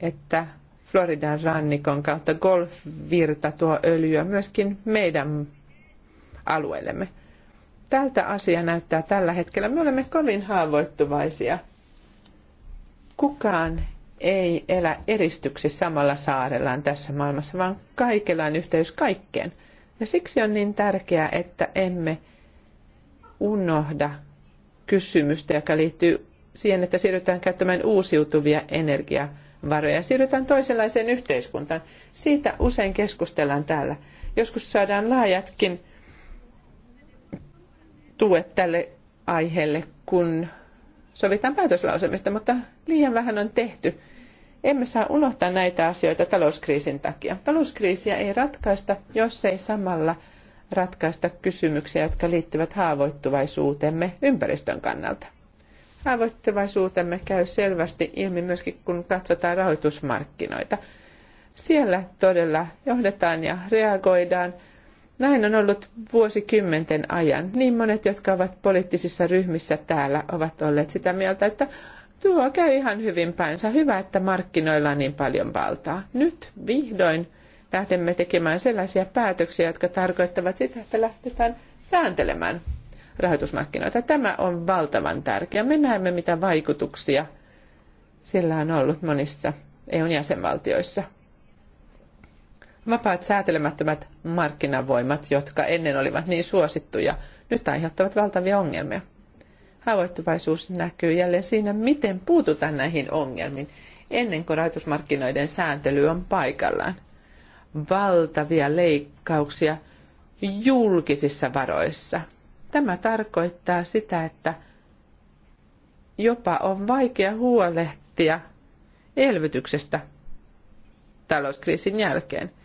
että Floridan rannikon kautta golfvirta tuo öljyä myöskin meidän alueellemme. Tältä asia näyttää tällä hetkellä. Me olemme kovin haavoittuvaisia. Kukaan ei elä eristyksissä samalla saarellaan tässä maailmassa, vaan kaikella on yhteys kaikkeen. Ja siksi on niin tärkeää, että emme unohda kysymystä, joka liittyy siihen, että siirrytään käyttämään uusiutuvia energiavaroja, siirrytään toisenlaiseen yhteiskuntaan. Siitä usein keskustellaan täällä. Joskus saadaan laajatkin tuet tälle aiheelle, kun sovitaan päätöslausemista, mutta liian vähän on tehty. Emme saa unohtaa näitä asioita talouskriisin takia. Talouskriisiä ei ratkaista, jos ei samalla ratkaista kysymyksiä, jotka liittyvät haavoittuvaisuutemme ympäristön kannalta. Haavoittuvaisuutemme käy selvästi ilmi myöskin, kun katsotaan rahoitusmarkkinoita. Siellä todella johdetaan ja reagoidaan – näin on ollut vuosikymmenten ajan. Niin monet, jotka ovat poliittisissa ryhmissä täällä, ovat olleet sitä mieltä, että tuo käy ihan hyvin päinsä. Hyvä, että markkinoilla on niin paljon valtaa. Nyt vihdoin lähdemme tekemään sellaisia päätöksiä, jotka tarkoittavat sitä, että lähdetään sääntelemään rahoitusmarkkinoita. Tämä on valtavan tärkeä. Me näemme, mitä vaikutuksia sillä on ollut monissa EUn jäsenvaltioissa. Vapaat säätelemättömät markkinavoimat, jotka ennen olivat niin suosittuja, nyt aiheuttavat valtavia ongelmia. Haavoittuvaisuus näkyy jälleen siinä, miten puututaan näihin ongelmiin ennen kuin rahoitusmarkkinoiden sääntely on paikallaan. Valtavia leikkauksia julkisissa varoissa. Tämä tarkoittaa sitä, että jopa on vaikea huolehtia elvytyksestä talouskriisin jälkeen –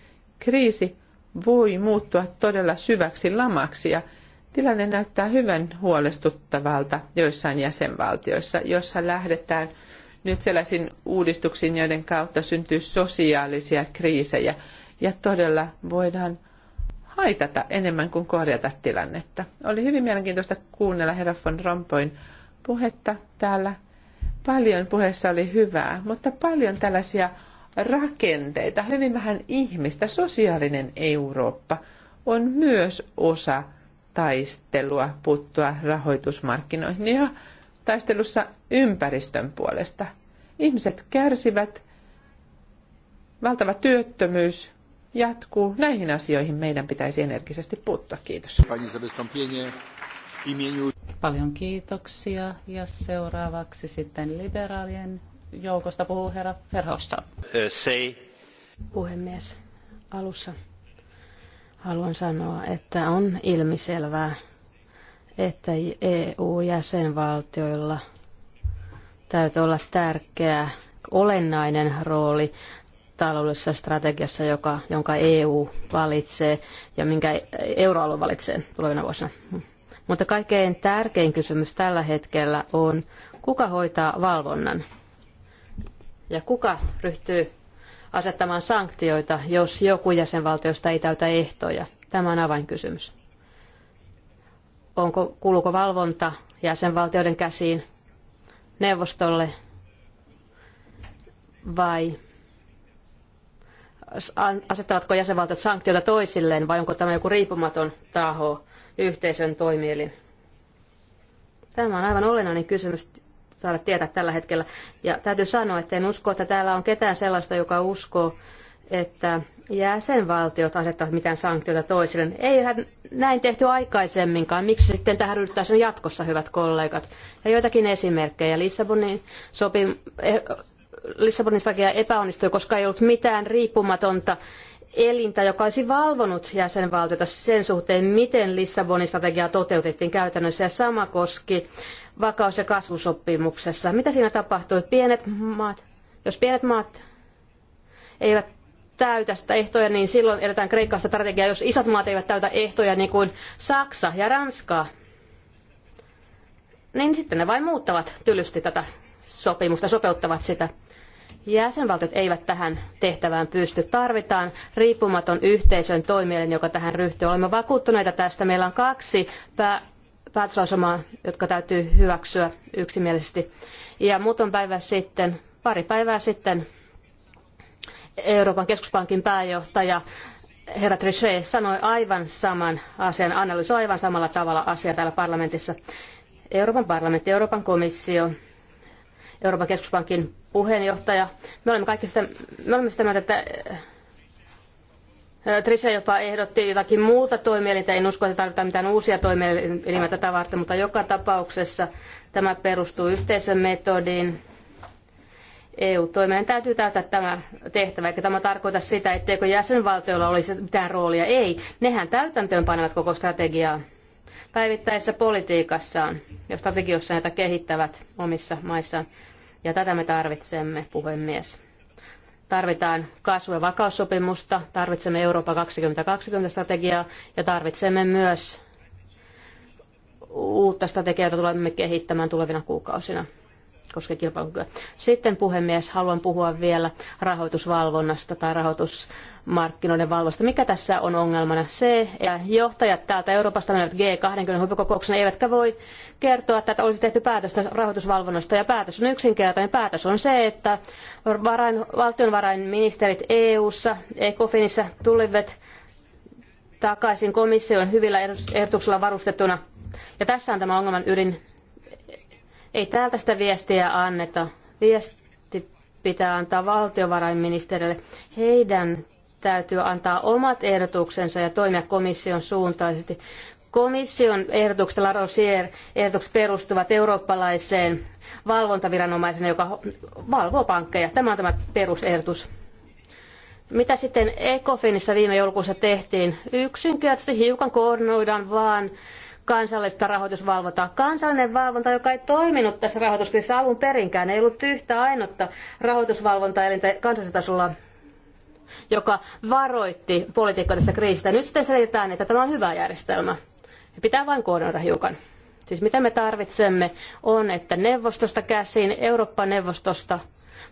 kriisi voi muuttua todella syväksi lamaksi ja tilanne näyttää hyvän huolestuttavalta joissain jäsenvaltioissa, jossa lähdetään nyt sellaisiin uudistuksiin, joiden kautta syntyy sosiaalisia kriisejä ja todella voidaan haitata enemmän kuin korjata tilannetta. Oli hyvin mielenkiintoista kuunnella herra von Rompoin puhetta täällä. Paljon puheessa oli hyvää, mutta paljon tällaisia rakenteita, hyvin vähän ihmistä. Sosiaalinen Eurooppa on myös osa taistelua puuttua rahoitusmarkkinoihin ja taistelussa ympäristön puolesta. Ihmiset kärsivät, valtava työttömyys jatkuu. Näihin asioihin meidän pitäisi energisesti puuttua. Kiitos. Paljon kiitoksia ja seuraavaksi sitten liberaalien joukosta puhuu herra Verhofstadt. Eh, Puhemies, alussa haluan sanoa, että on ilmiselvää, että EU-jäsenvaltioilla täytyy olla tärkeä, olennainen rooli taloudellisessa strategiassa, joka, jonka EU valitsee ja minkä euroalue valitsee tulevina vuosina. Mutta kaikkein tärkein kysymys tällä hetkellä on, kuka hoitaa valvonnan ja kuka ryhtyy asettamaan sanktioita, jos joku jäsenvaltiosta ei täytä ehtoja. Tämä on avainkysymys. Onko, kuuluuko valvonta jäsenvaltioiden käsiin neuvostolle vai asettavatko jäsenvaltiot sanktioita toisilleen vai onko tämä joku riippumaton taho, yhteisön toimielin? Tämä on aivan olennainen kysymys saada tietää tällä hetkellä. Ja täytyy sanoa, että en usko, että täällä on ketään sellaista, joka uskoo, että jäsenvaltiot asettavat mitään sanktioita toisilleen. Eihän näin tehty aikaisemminkaan. Miksi sitten tähän ryhdyttäisiin jatkossa, hyvät kollegat? Ja joitakin esimerkkejä. Lissabonin sopim... Eh, Lissabonin takia epäonnistui, koska ei ollut mitään riippumatonta elintä, joka olisi valvonut jäsenvaltiota sen suhteen, miten Lissabonin strategiaa toteutettiin käytännössä. Ja sama koski vakaus- ja kasvusopimuksessa. Mitä siinä tapahtui? Pienet maat, jos pienet maat eivät täytä sitä ehtoja, niin silloin edetään Kreikasta strategiaa. Jos isot maat eivät täytä ehtoja, niin kuin Saksa ja Ranska, niin sitten ne vain muuttavat tylysti tätä sopimusta, sopeuttavat sitä. Jäsenvaltiot eivät tähän tehtävään pysty. Tarvitaan riippumaton yhteisön toimielin, joka tähän ryhtyy. Olemme vakuuttuneita tästä. Meillä on kaksi pää- jotka täytyy hyväksyä yksimielisesti. Ja muuten päivä sitten, pari päivää sitten, Euroopan keskuspankin pääjohtaja herra Trichet sanoi aivan saman asian, analysoi aivan samalla tavalla asiaa täällä parlamentissa. Euroopan parlamentti, Euroopan komissio, Euroopan keskuspankin puheenjohtaja. Me olemme kaikki sitä, me olemme sitä mieltä, että eh, Trisha jopa ehdotti jotakin muuta toimielintä. En usko, että tarvitaan mitään uusia toimielimiä tätä varten, mutta joka tapauksessa tämä perustuu yhteisön metodiin. EU-toimijan täytyy täyttää tämä tehtävä, eikä tämä tarkoita sitä, etteikö jäsenvaltioilla olisi mitään roolia. Ei, nehän täytäntöön panevat koko strategiaa päivittäisessä politiikassaan ja strategiossa näitä kehittävät omissa maissaan. Ja tätä me tarvitsemme, puhemies. Tarvitaan kasvu- ja vakaussopimusta, tarvitsemme Eurooppa 2020-strategiaa ja tarvitsemme myös uutta strategiaa, jota tulemme kehittämään tulevina kuukausina koskee kilpailukykyä. Sitten puhemies, haluan puhua vielä rahoitusvalvonnasta tai rahoitusmarkkinoiden valvosta. Mikä tässä on ongelmana? Se, että johtajat täältä Euroopasta menevät G20 huippukokouksena eivätkä voi kertoa, että olisi tehty päätöstä rahoitusvalvonnasta. Ja päätös on yksinkertainen. Päätös on se, että varain, valtionvarainministerit EU-ssa, ECOFINissa tulivat takaisin komission hyvillä ehdotuksilla varustettuna. Ja tässä on tämä ongelman ydin ei täältä sitä viestiä anneta. Viesti pitää antaa valtiovarainministerille. Heidän täytyy antaa omat ehdotuksensa ja toimia komission suuntaisesti. Komission ehdotukset La Rosier ehdotukset perustuvat eurooppalaiseen valvontaviranomaisen, joka valvoo pankkeja. Tämä on tämä perusehdotus. Mitä sitten Ecofinissa viime joulukuussa tehtiin? Yksinkertaisesti hiukan koordinoidaan vaan kansallista rahoitusvalvontaa. Kansallinen valvonta, joka ei toiminut tässä rahoituskriisissä alun perinkään, ei ollut yhtä ainutta rahoitusvalvontaelintä kansallisella tasolla joka varoitti poliitikkoja tästä kriisistä. Nyt sitten selitetään, että tämä on hyvä järjestelmä. Pitää vain koordinoida hiukan. Siis mitä me tarvitsemme on, että neuvostosta käsin, Euroopan neuvostosta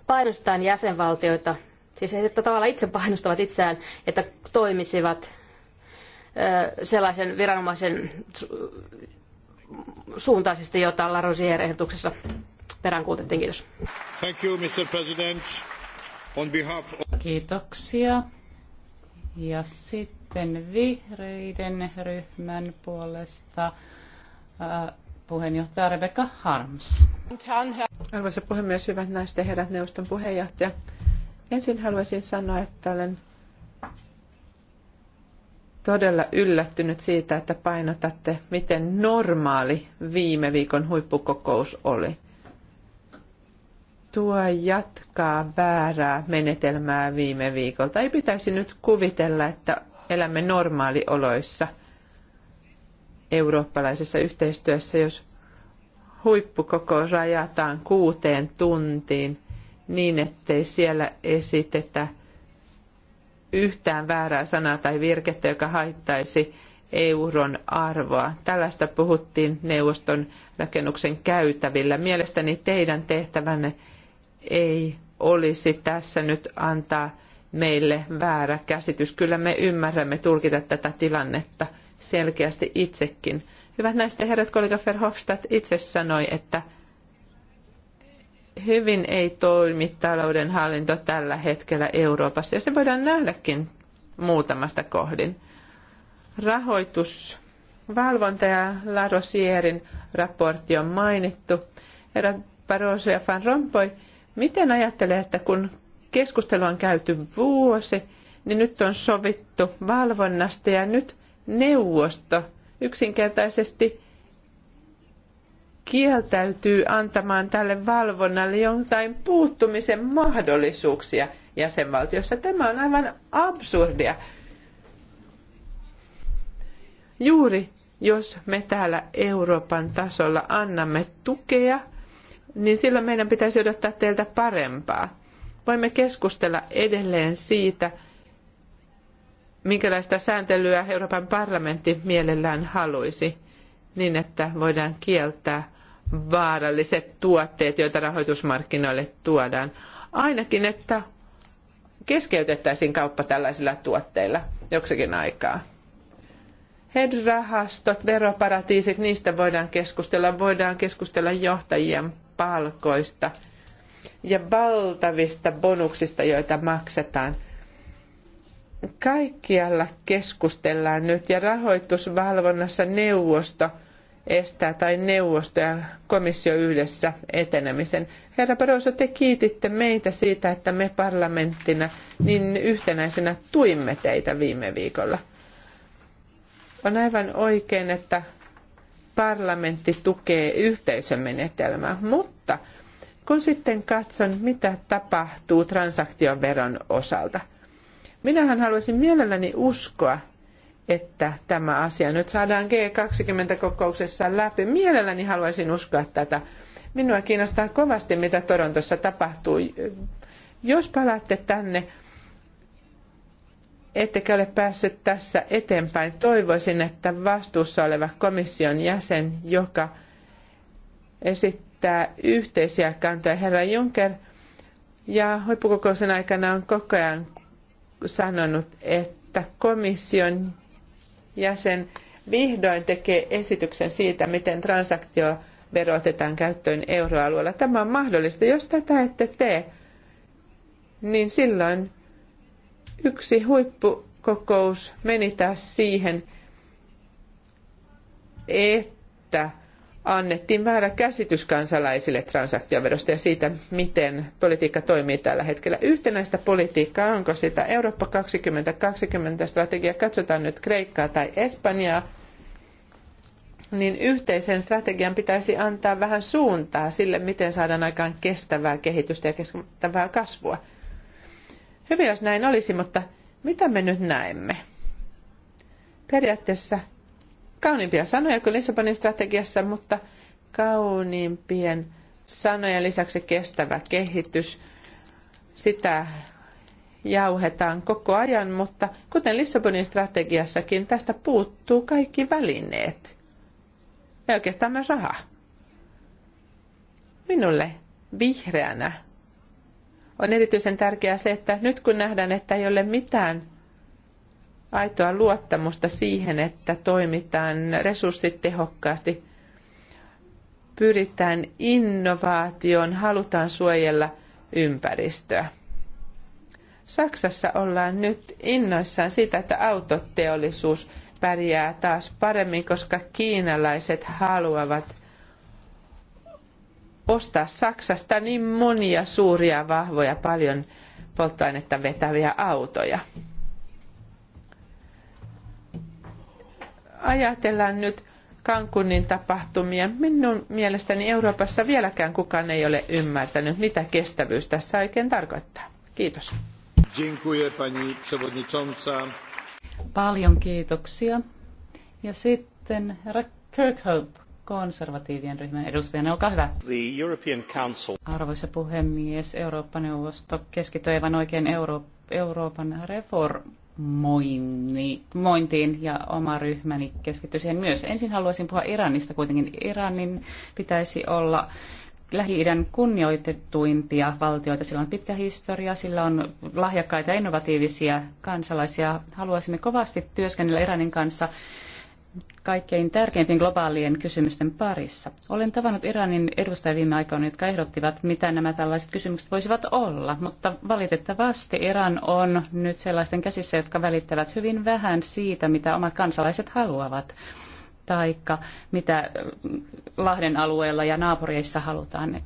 painostetaan jäsenvaltioita, siis he tavallaan itse painostavat itseään, että toimisivat sellaisen viranomaisen suuntaisesti, jota La Rosier ehdotuksessa peräänkuutettiin. Kiitos. Thank you, Mr. President. On behalf of... Kiitoksia. Ja sitten vihreiden ryhmän puolesta puheenjohtaja Rebecca Harms. Arvoisa puhemies, hyvät naiset ja herrat neuvoston puheenjohtaja. Ensin haluaisin sanoa, että olen todella yllättynyt siitä, että painotatte, miten normaali viime viikon huippukokous oli. Tuo jatkaa väärää menetelmää viime viikolta. Ei pitäisi nyt kuvitella, että elämme normaalioloissa eurooppalaisessa yhteistyössä, jos huippukokous rajataan kuuteen tuntiin niin, ettei siellä esitetä – yhtään väärää sanaa tai virkettä, joka haittaisi euron arvoa. Tällaista puhuttiin neuvoston rakennuksen käytävillä. Mielestäni teidän tehtävänne ei olisi tässä nyt antaa meille väärä käsitys. Kyllä me ymmärrämme tulkita tätä tilannetta selkeästi itsekin. Hyvät näistä herrat, kollega Verhofstadt itse sanoi, että hyvin ei toimi talouden hallinto tällä hetkellä Euroopassa, ja se voidaan nähdäkin muutamasta kohdin. Rahoitus, valvonta ja Larosierin raportti on mainittu. Herra Barroso ja Van Rompuy, miten ajattelee, että kun keskustelu on käyty vuosi, niin nyt on sovittu valvonnasta ja nyt neuvosto yksinkertaisesti kieltäytyy antamaan tälle valvonnalle jotain puuttumisen mahdollisuuksia jäsenvaltiossa. Tämä on aivan absurdia. Juuri jos me täällä Euroopan tasolla annamme tukea, niin silloin meidän pitäisi odottaa teiltä parempaa. Voimme keskustella edelleen siitä, minkälaista sääntelyä Euroopan parlamentti mielellään haluisi, niin että voidaan kieltää vaaralliset tuotteet, joita rahoitusmarkkinoille tuodaan. Ainakin, että keskeytettäisiin kauppa tällaisilla tuotteilla joksikin aikaa. Hedge-rahastot, veroparatiisit, niistä voidaan keskustella. Voidaan keskustella johtajien palkoista ja valtavista bonuksista, joita maksetaan. Kaikkialla keskustellaan nyt ja rahoitusvalvonnassa neuvosto – estää tai neuvosto ja komissio yhdessä etenemisen. Herra Barroso, te kiititte meitä siitä, että me parlamenttina niin yhtenäisenä tuimme teitä viime viikolla. On aivan oikein, että parlamentti tukee yhteisömenetelmää, mutta kun sitten katson, mitä tapahtuu transaktioveron osalta. Minähän haluaisin mielelläni uskoa, että tämä asia nyt saadaan G20-kokouksessa läpi. Mielelläni haluaisin uskoa tätä. Minua kiinnostaa kovasti, mitä Torontossa tapahtuu. Jos palaatte tänne, ettekä ole päässyt tässä eteenpäin, toivoisin, että vastuussa oleva komission jäsen, joka esittää yhteisiä kantoja, herra Juncker, ja huippukokouksen aikana on koko ajan sanonut, että komission jäsen vihdoin tekee esityksen siitä, miten transaktiovero otetaan käyttöön euroalueella. Tämä on mahdollista. Jos tätä ette tee, niin silloin yksi huippukokous meni taas siihen, että annettiin väärä käsitys kansalaisille transaktioverosta ja siitä, miten politiikka toimii tällä hetkellä. Yhtenäistä politiikkaa, onko sitä Eurooppa 2020 strategia, katsotaan nyt Kreikkaa tai Espanjaa, niin yhteisen strategian pitäisi antaa vähän suuntaa sille, miten saadaan aikaan kestävää kehitystä ja kestävää kasvua. Hyvä, jos näin olisi, mutta mitä me nyt näemme? Periaatteessa kauniimpia sanoja kuin Lissabonin strategiassa, mutta kauniimpien sanojen lisäksi kestävä kehitys. Sitä jauhetaan koko ajan, mutta kuten Lissabonin strategiassakin, tästä puuttuu kaikki välineet. Ja oikeastaan myös raha. Minulle vihreänä on erityisen tärkeää se, että nyt kun nähdään, että ei ole mitään aitoa luottamusta siihen, että toimitaan resurssitehokkaasti, pyritään innovaatioon, halutaan suojella ympäristöä. Saksassa ollaan nyt innoissaan siitä, että autoteollisuus pärjää taas paremmin, koska kiinalaiset haluavat ostaa Saksasta niin monia suuria, vahvoja, paljon polttoainetta vetäviä autoja. ajatellaan nyt Cancunin tapahtumia, minun mielestäni Euroopassa vieläkään kukaan ei ole ymmärtänyt, mitä kestävyys tässä oikein tarkoittaa. Kiitos. Dziękuję, pani przewodnicząca. Paljon kiitoksia. Ja sitten herra Kirkhope konservatiivien ryhmän edustajana. Olkaa hyvä. Arvoisa puhemies, Eurooppa-neuvosto keskittyi aivan oikein Euro- Euroopan reformiin mointiin ja oma ryhmäni keskittyy siihen myös. Ensin haluaisin puhua Iranista kuitenkin. Iranin pitäisi olla Lähi-idän kunnioitettuimpia valtioita. Sillä on pitkä historia, sillä on lahjakkaita innovatiivisia kansalaisia. Haluaisimme kovasti työskennellä Iranin kanssa kaikkein tärkeimpien globaalien kysymysten parissa. Olen tavannut Iranin edustajia viime aikoina, jotka ehdottivat, mitä nämä tällaiset kysymykset voisivat olla, mutta valitettavasti Iran on nyt sellaisten käsissä, jotka välittävät hyvin vähän siitä, mitä omat kansalaiset haluavat taikka mitä eh, Lahden alueella ja naapureissa halutaan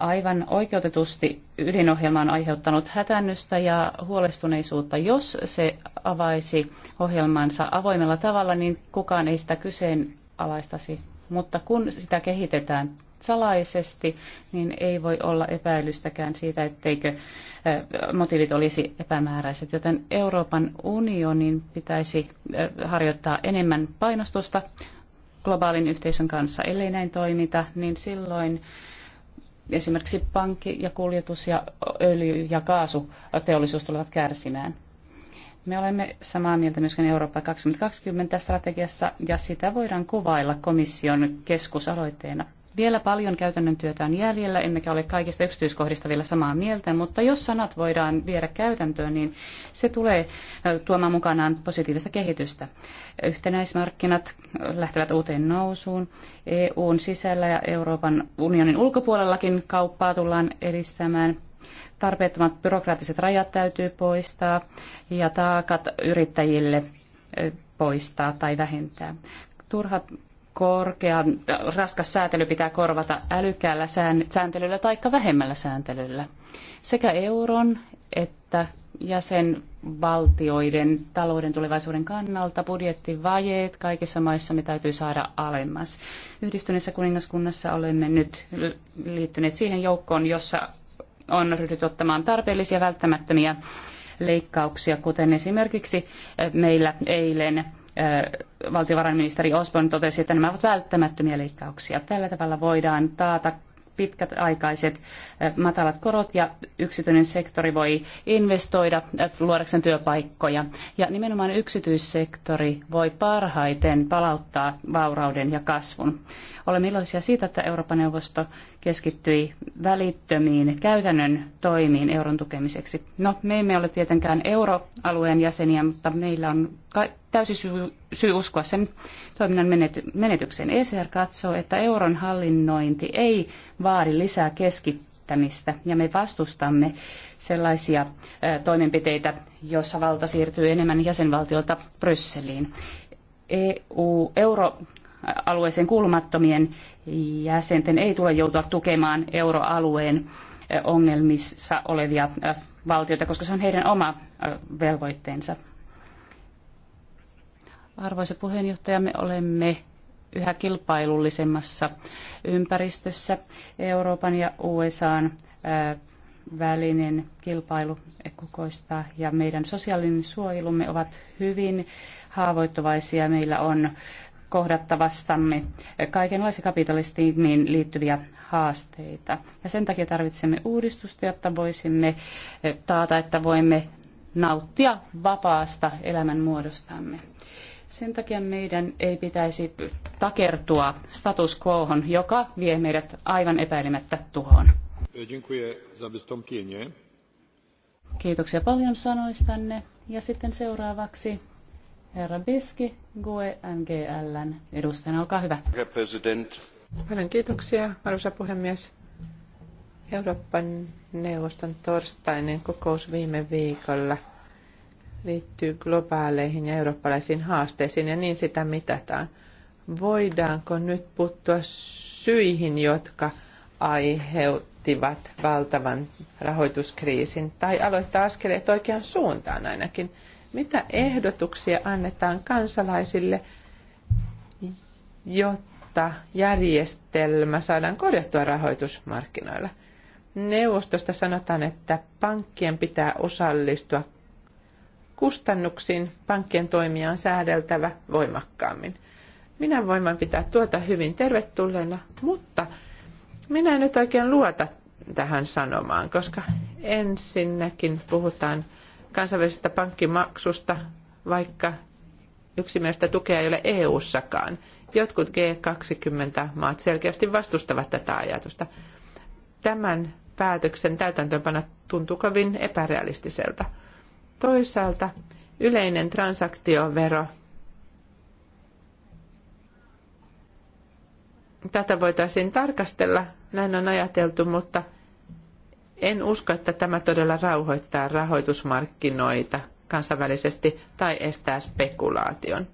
aivan oikeutetusti ydinohjelma on aiheuttanut hätännystä ja huolestuneisuutta. Jos se avaisi ohjelmansa avoimella tavalla, niin kukaan ei sitä kyseenalaistaisi. Mutta kun sitä kehitetään salaisesti, niin ei voi olla epäilystäkään siitä, etteikö motiivit olisi epämääräiset. Joten Euroopan unionin pitäisi harjoittaa enemmän painostusta globaalin yhteisön kanssa. Ellei näin toimita, niin silloin esimerkiksi pankki ja kuljetus ja öljy- ja kaasuteollisuus tulevat kärsimään. Me olemme samaa mieltä myöskin Eurooppa 2020 strategiassa ja sitä voidaan kuvailla komission keskusaloitteena vielä paljon käytännön työtä on jäljellä, emmekä ole kaikista yksityiskohdista vielä samaa mieltä, mutta jos sanat voidaan viedä käytäntöön, niin se tulee tuomaan mukanaan positiivista kehitystä. Yhtenäismarkkinat lähtevät uuteen nousuun. EUn sisällä ja Euroopan unionin ulkopuolellakin kauppaa tullaan edistämään. Tarpeettomat byrokraattiset rajat täytyy poistaa ja taakat yrittäjille poistaa tai vähentää turhat korkean, raskas säätely pitää korvata älykkäällä sääntelyllä tai vähemmällä sääntelyllä. Sekä euron että jäsenvaltioiden talouden tulevaisuuden kannalta budjettivajeet kaikissa maissa me täytyy saada alemmas. Yhdistyneessä kuningaskunnassa olemme nyt liittyneet siihen joukkoon, jossa on ryhdytty ottamaan tarpeellisia välttämättömiä leikkauksia, kuten esimerkiksi meillä eilen valtiovarainministeri Osborne totesi, että nämä ovat välttämättömiä leikkauksia. Tällä tavalla voidaan taata pitkäaikaiset matalat korot ja yksityinen sektori voi investoida luodakseen työpaikkoja. Ja nimenomaan yksityissektori voi parhaiten palauttaa vaurauden ja kasvun. Olemme iloisia siitä, että Euroopan neuvosto keskittyi välittömiin käytännön toimiin euron tukemiseksi. No, me emme ole tietenkään euroalueen jäseniä, mutta meillä on täysi syy, syy uskoa sen toiminnan menety- menetykseen. ECR katsoo, että euron hallinnointi ei vaadi lisää keskittämistä ja me vastustamme sellaisia toimenpiteitä, joissa valta siirtyy enemmän jäsenvaltiolta Brysseliin. EU, euro alueeseen kuulumattomien jäsenten ei tule joutua tukemaan euroalueen ongelmissa olevia valtioita, koska se on heidän oma velvoitteensa. Arvoisa puheenjohtaja, me olemme yhä kilpailullisemmassa ympäristössä. Euroopan ja USAn välinen kilpailu kukoistaa ja meidän sosiaalinen suojelumme ovat hyvin haavoittuvaisia. Meillä on kohdattavastamme kaikenlaisia kapitalismiin liittyviä haasteita. Ja sen takia tarvitsemme uudistusta, jotta voisimme taata, että voimme nauttia vapaasta elämänmuodostamme. Sen takia meidän ei pitäisi takertua status quohon, joka vie meidät aivan epäilemättä tuhoon. Kiitoksia paljon sanoistanne. Ja sitten seuraavaksi Herra Biski, GUE NGLn edustajana, olkaa hyvä. President. Paljon kiitoksia, arvoisa puhemies. Euroopan neuvoston torstainen kokous viime viikolla liittyy globaaleihin ja eurooppalaisiin haasteisiin ja niin sitä mitataan. Voidaanko nyt puuttua syihin, jotka aiheuttivat valtavan rahoituskriisin tai aloittaa askeleet oikeaan suuntaan ainakin – mitä ehdotuksia annetaan kansalaisille, jotta järjestelmä saadaan korjattua rahoitusmarkkinoilla? Neuvostosta sanotaan, että pankkien pitää osallistua kustannuksiin, pankkien toimia on säädeltävä voimakkaammin. Minä voiman pitää tuota hyvin tervetulleena, mutta minä en nyt oikein luota tähän sanomaan, koska ensinnäkin puhutaan kansainvälisestä pankkimaksusta, vaikka yksimielistä tukea ei ole EU-sakaan. Jotkut G20-maat selkeästi vastustavat tätä ajatusta. Tämän päätöksen täytäntöönpano tuntuu kovin epärealistiselta. Toisaalta yleinen transaktiovero. Tätä voitaisiin tarkastella, näin on ajateltu, mutta – en usko, että tämä todella rauhoittaa rahoitusmarkkinoita kansainvälisesti tai estää spekulaation.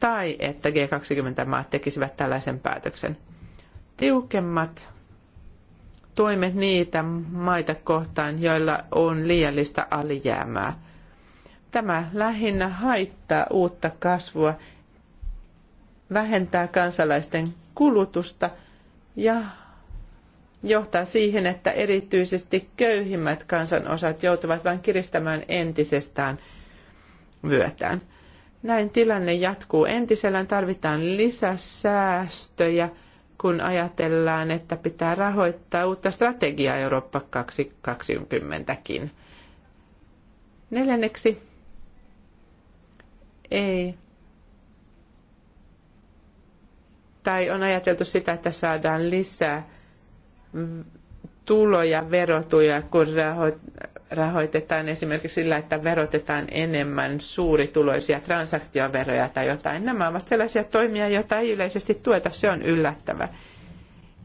Tai että G20-maat tekisivät tällaisen päätöksen. Tiukemmat toimet niitä maita kohtaan, joilla on liiallista alijäämää. Tämä lähinnä haittaa uutta kasvua, vähentää kansalaisten kulutusta ja johtaa siihen, että erityisesti köyhimmät kansanosat joutuvat vain kiristämään entisestään vyötään. Näin tilanne jatkuu entisellään, tarvitaan lisäsäästöjä, kun ajatellaan, että pitää rahoittaa uutta strategiaa Eurooppa 2020kin. Neljänneksi ei tai on ajateltu sitä, että saadaan lisää tuloja, verotuja, kun rahoitetaan esimerkiksi sillä, että verotetaan enemmän suurituloisia transaktioveroja tai jotain. Nämä ovat sellaisia toimia, joita ei yleisesti tueta. Se on yllättävä.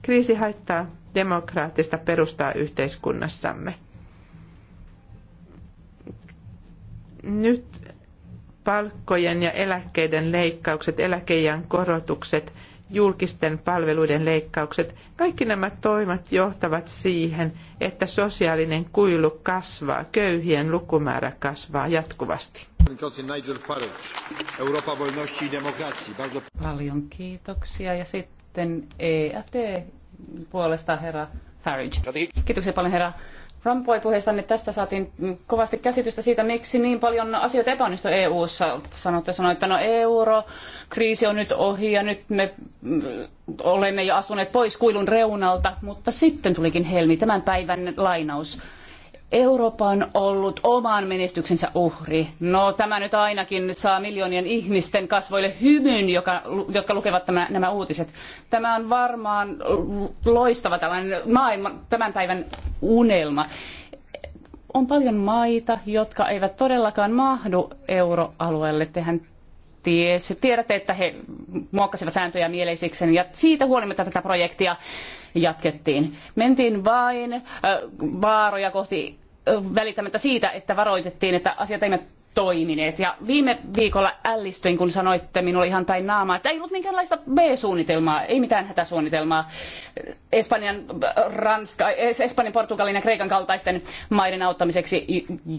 Kriisi haittaa demokraattista perustaa yhteiskunnassamme. Nyt palkkojen ja eläkkeiden leikkaukset, eläkeijän korotukset – julkisten palveluiden leikkaukset, kaikki nämä toimet johtavat siihen, että sosiaalinen kuilu kasvaa, köyhien lukumäärä kasvaa jatkuvasti. Paljon kiitoksia ja sitten EFD puolesta herra Farage. Kiitoksia paljon herra Rampoi puheestanne tästä saatiin mm, kovasti käsitystä siitä, miksi niin paljon asioita epäonnistui EU-ssa. Sanoitte, sanoitte, että no euro, kriisi on nyt ohi ja nyt me mm, olemme jo astuneet pois kuilun reunalta, mutta sitten tulikin helmi, tämän päivän lainaus. Eurooppa on ollut oman menestyksensä uhri. No tämä nyt ainakin saa miljoonien ihmisten kasvoille hymyn, joka, jotka lukevat tämä, nämä uutiset. Tämä on varmaan loistava tällainen maailman, tämän päivän unelma. On paljon maita, jotka eivät todellakaan mahdu euroalueelle. Tehän tiesi, tiedätte, että he muokkasivat sääntöjä mieleisiksi ja siitä huolimatta tätä projektia jatkettiin. Mentiin vain äh, vaaroja kohti välittämättä siitä, että varoitettiin, että asiat eivät toimineet. Ja viime viikolla ällistyin, kun sanoitte minulle ihan päin naamaa, että ei ollut minkäänlaista B-suunnitelmaa, ei mitään hätäsuunnitelmaa Espanjan, Ranska, Espanjan, Portugalin ja Kreikan kaltaisten maiden auttamiseksi,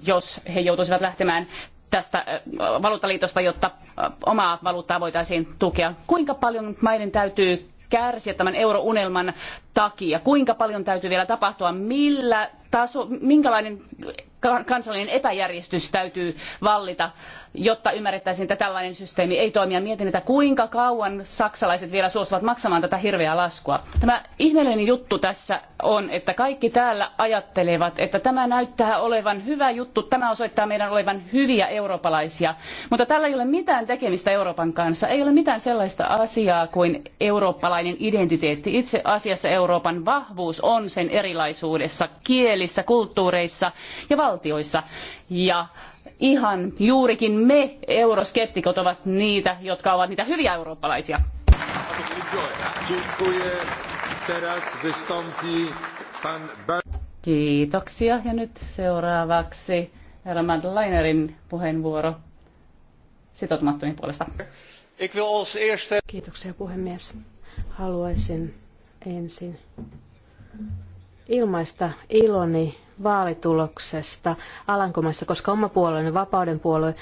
jos he joutuisivat lähtemään tästä äh, valuuttaliitosta, jotta äh, omaa valuuttaa voitaisiin tukea. Kuinka paljon maiden täytyy kärsiä tämän eurounelman takia? Kuinka paljon täytyy vielä tapahtua? Millä taso, minkälainen kansallinen epäjärjestys täytyy vallita jotta ymmärrettäisiin, että tällainen systeemi ei toimi. Ja mietin, että kuinka kauan saksalaiset vielä suostuvat maksamaan tätä hirveää laskua. Tämä ihmeellinen juttu tässä on, että kaikki täällä ajattelevat, että tämä näyttää olevan hyvä juttu, tämä osoittaa meidän olevan hyviä eurooppalaisia. Mutta tällä ei ole mitään tekemistä Euroopan kanssa, ei ole mitään sellaista asiaa kuin eurooppalainen identiteetti. Itse asiassa Euroopan vahvuus on sen erilaisuudessa, kielissä, kulttuureissa ja valtioissa. Ja ihan juurikin me euroskeptikot ovat niitä, jotka ovat niitä hyviä eurooppalaisia. Kiitoksia. Ja nyt seuraavaksi herra Madlinerin puheenvuoro sitoutumattomien puolesta. Kiitoksia puhemies. Haluaisin ensin ilmaista iloni vaalituloksesta Alankomaissa, koska oma puolueeni, vapauden puolue,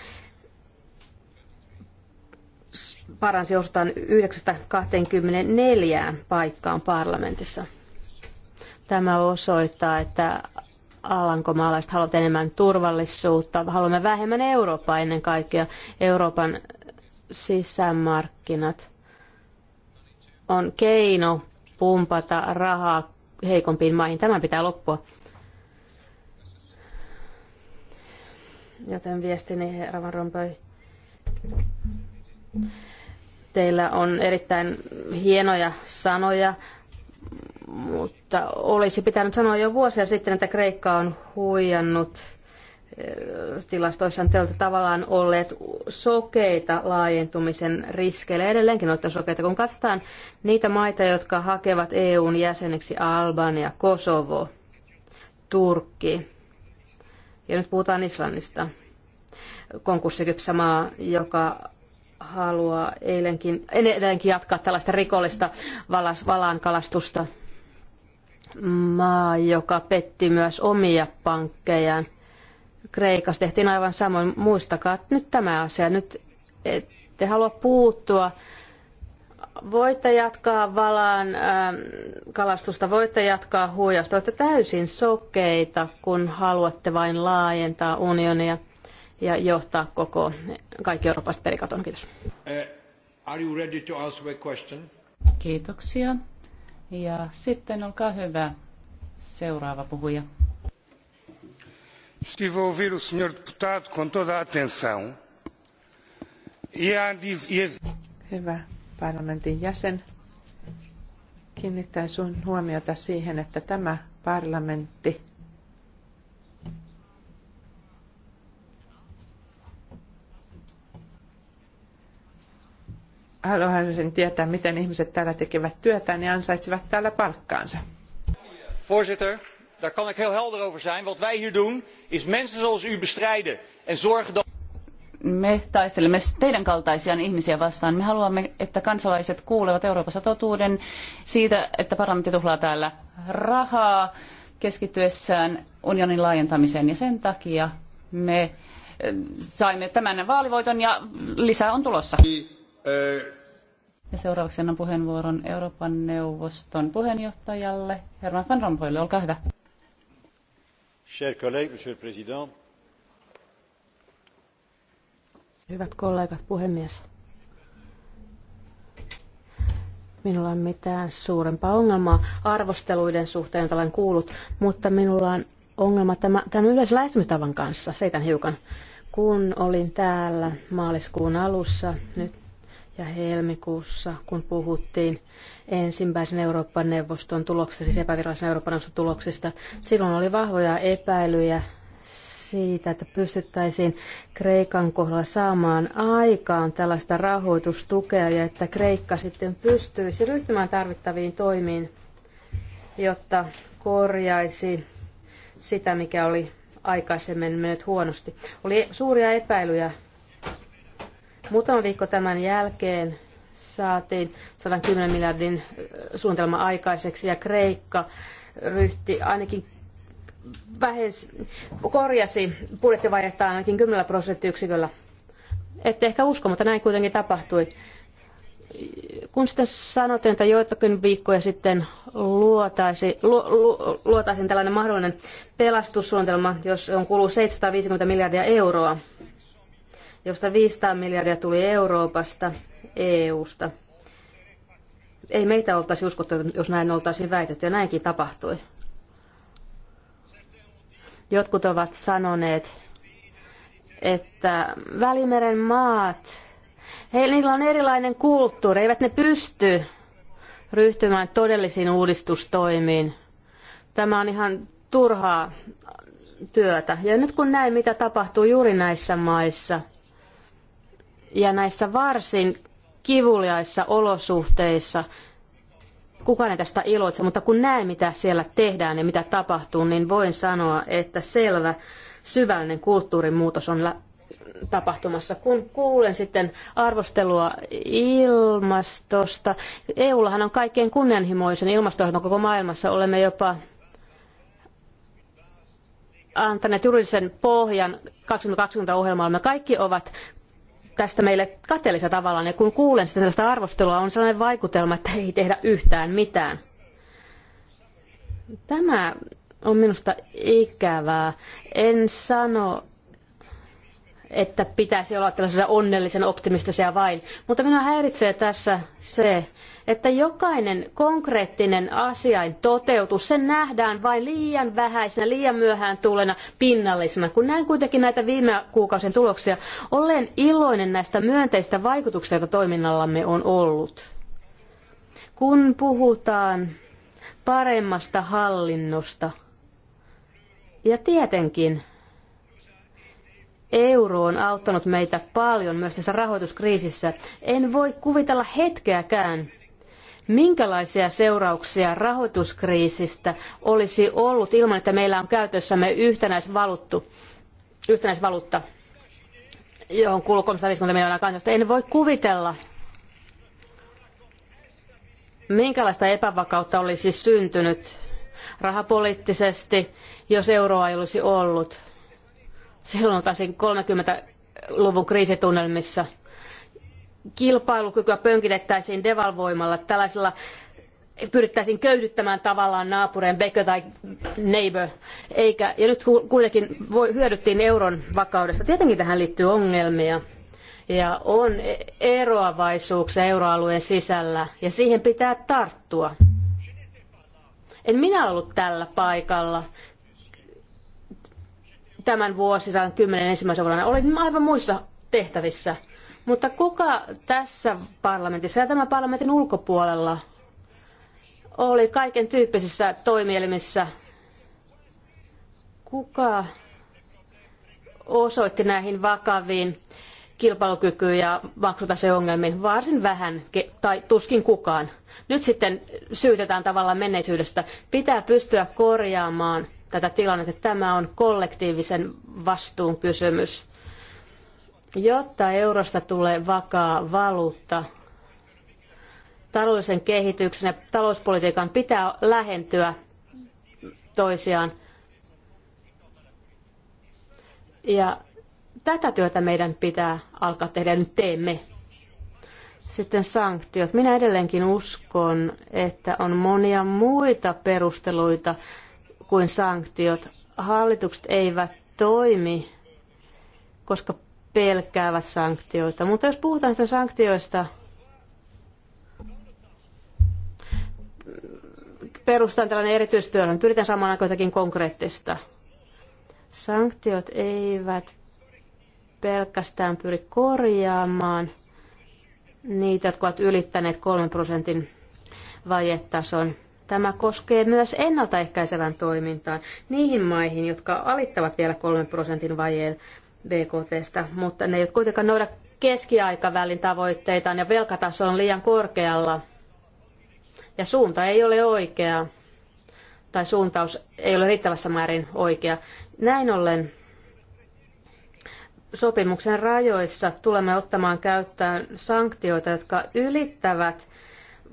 paransi ostaan 924 paikkaan parlamentissa. Tämä osoittaa, että alankomaalaiset haluavat enemmän turvallisuutta, haluamme vähemmän Eurooppaa ennen kaikkea, Euroopan sisämarkkinat on keino pumpata rahaa heikompiin maihin. Tämä pitää loppua. Joten viestini, herra Van Rompuy, teillä on erittäin hienoja sanoja, mutta olisi pitänyt sanoa jo vuosia sitten, että Kreikka on huijannut eh, tilastoissaan te olette tavallaan olleet sokeita laajentumisen riskeille. Edelleenkin olette sokeita. Kun katsotaan niitä maita, jotka hakevat EUn jäseneksi Albania, Kosovo, Turkki, ja nyt puhutaan Islannista. Konkurssikypsä maa, joka haluaa eilenkin, edelleenkin jatkaa tällaista rikollista valas, Maa, joka petti myös omia pankkejaan. Kreikassa tehtiin aivan samoin. Muistakaa nyt tämä asia. Nyt ette halua puuttua voitte jatkaa valaan ähm, kalastusta, voitte jatkaa huijausta. Olette täysin sokeita, kun haluatte vain laajentaa unionia ja johtaa koko kaikki Euroopasta perikaton. Kiitos. Uh, Kiitoksia. Ja sitten olkaa hyvä seuraava puhuja. Estive a ouvir o senhor deputado com toda a atenção. E a, e a... Hyvä parlamentin jäsen, kiinnittää sun huomiota siihen, että tämä parlamentti haluaisin tietää, miten ihmiset täällä tekevät työtään niin ja ansaitsevat täällä palkkaansa. Voorzitter, daar kan ik heel helder over zijn. Wat wij hier doen is mensen zoals u bestrijden en zorgen dat me taistelemme teidän kaltaisiaan ihmisiä vastaan. Me haluamme, että kansalaiset kuulevat Euroopassa totuuden siitä, että parlamentti tuhlaa täällä rahaa keskittyessään unionin laajentamiseen. Ja sen takia me eh, saimme tämän vaalivoiton ja lisää on tulossa. Niin, eh. Ja seuraavaksi annan puheenvuoron Euroopan neuvoston puheenjohtajalle Herman van Rompuylle. Olkaa hyvä. monsieur le président, Hyvät kollegat, puhemies. Minulla on mitään suurempaa ongelmaa arvosteluiden suhteen, jota olen kuullut, mutta minulla on ongelma tämän, tämän yleisen lähestymistavan kanssa, seitän hiukan. Kun olin täällä maaliskuun alussa nyt ja helmikuussa, kun puhuttiin ensimmäisen Euroopan neuvoston tuloksista, siis epävirallisen Euroopan neuvoston tuloksista, silloin oli vahvoja epäilyjä siitä, että pystyttäisiin Kreikan kohdalla saamaan aikaan tällaista rahoitustukea ja että Kreikka sitten pystyisi ryhtymään tarvittaviin toimiin, jotta korjaisi sitä, mikä oli aikaisemmin mennyt huonosti. Oli suuria epäilyjä. Muutama viikko tämän jälkeen saatiin 110 miljardin äh, suunnitelma aikaiseksi ja Kreikka ryhti ainakin vähes, korjasi budjettivajetta ainakin 10 prosenttiyksiköllä. Ette ehkä usko, mutta näin kuitenkin tapahtui. Kun sitten sanotin, että joitakin viikkoja sitten luotaisi, lu, lu, luotaisiin tällainen mahdollinen pelastussuunnitelma, jos on kuluu 750 miljardia euroa, josta 500 miljardia tuli Euroopasta, EUsta. Ei meitä oltaisi uskottu, jos näin oltaisiin väitetty, ja näinkin tapahtui. Jotkut ovat sanoneet, että Välimeren maat, heillä on erilainen kulttuuri, eivät ne pysty ryhtymään todellisiin uudistustoimiin. Tämä on ihan turhaa työtä. Ja nyt kun näin, mitä tapahtuu juuri näissä maissa ja näissä varsin kivuliaissa olosuhteissa, kukaan ei tästä iloitse, mutta kun näen, mitä siellä tehdään ja mitä tapahtuu, niin voin sanoa, että selvä syvällinen kulttuurimuutos on tapahtumassa. Kun kuulen sitten arvostelua ilmastosta, EUllahan on kaikkein kunnianhimoisen ilmastohjelma koko maailmassa. Olemme jopa antaneet juridisen pohjan 2020 ohjelmalle. Me kaikki ovat tästä meille kateellisella tavalla. ja niin kun kuulen sitä tällaista arvostelua, on sellainen vaikutelma, että ei tehdä yhtään mitään. Tämä on minusta ikävää. En sano, että pitäisi olla tällaisia onnellisen optimistisia vain. Mutta minua häiritsee tässä se, että jokainen konkreettinen asiain toteutus, sen nähdään vain liian vähäisenä, liian myöhään tulena, pinnallisena. Kun näen kuitenkin näitä viime kuukausien tuloksia, olen iloinen näistä myönteistä vaikutuksista, joita toiminnallamme on ollut. Kun puhutaan paremmasta hallinnosta, ja tietenkin euro on auttanut meitä paljon myös tässä rahoituskriisissä. En voi kuvitella hetkeäkään, minkälaisia seurauksia rahoituskriisistä olisi ollut ilman, että meillä on käytössämme yhtenäisvaluuttu, yhtenäisvaluutta, johon kuuluu 350 miljoonaa kansasta. En voi kuvitella, minkälaista epävakautta olisi syntynyt rahapoliittisesti, jos euroa ei olisi ollut silloin oltaisiin 30-luvun kriisitunnelmissa. Kilpailukykyä pönkitettäisiin devalvoimalla. Tällaisella pyrittäisiin köyhdyttämään tavallaan naapureen beggar tai Neighbor. Eikä, ja nyt kuitenkin voi, hyödyttiin euron vakaudesta. Tietenkin tähän liittyy ongelmia ja on e- eroavaisuuksia euroalueen sisällä ja siihen pitää tarttua. En minä ollut tällä paikalla tämän vuosisadan kymmenen ensimmäisen vuonna olin aivan muissa tehtävissä. Mutta kuka tässä parlamentissa ja tämän parlamentin ulkopuolella oli kaiken tyyppisissä toimielimissä? Kuka osoitti näihin vakaviin kilpailukyky- ja maksutaseongelmiin varsin vähän tai tuskin kukaan. Nyt sitten syytetään tavallaan menneisyydestä. Pitää pystyä korjaamaan tätä tilannetta. Tämä on kollektiivisen vastuun kysymys. Jotta eurosta tulee vakaa valuutta, taloudellisen kehityksen ja talouspolitiikan pitää lähentyä toisiaan. Ja tätä työtä meidän pitää alkaa tehdä ja nyt teemme. Sitten sanktiot. Minä edelleenkin uskon, että on monia muita perusteluita kuin sanktiot. Hallitukset eivät toimi, koska pelkäävät sanktioita. Mutta jos puhutaan sitä sanktioista, perustan tällainen erityistyöryhmä, pyritään saamaan aikaan jotakin konkreettista. Sanktiot eivät pelkästään pyri korjaamaan niitä, jotka ovat ylittäneet 3 prosentin vajetason. Tämä koskee myös ennaltaehkäisevän toimintaan niihin maihin, jotka alittavat vielä 3 prosentin vajeen BKTstä, mutta ne eivät kuitenkaan noida keskiaikavälin tavoitteitaan ja velkataso on liian korkealla. Ja suunta ei ole oikea, tai suuntaus ei ole riittävässä määrin oikea. Näin ollen sopimuksen rajoissa tulemme ottamaan käyttöön sanktioita, jotka ylittävät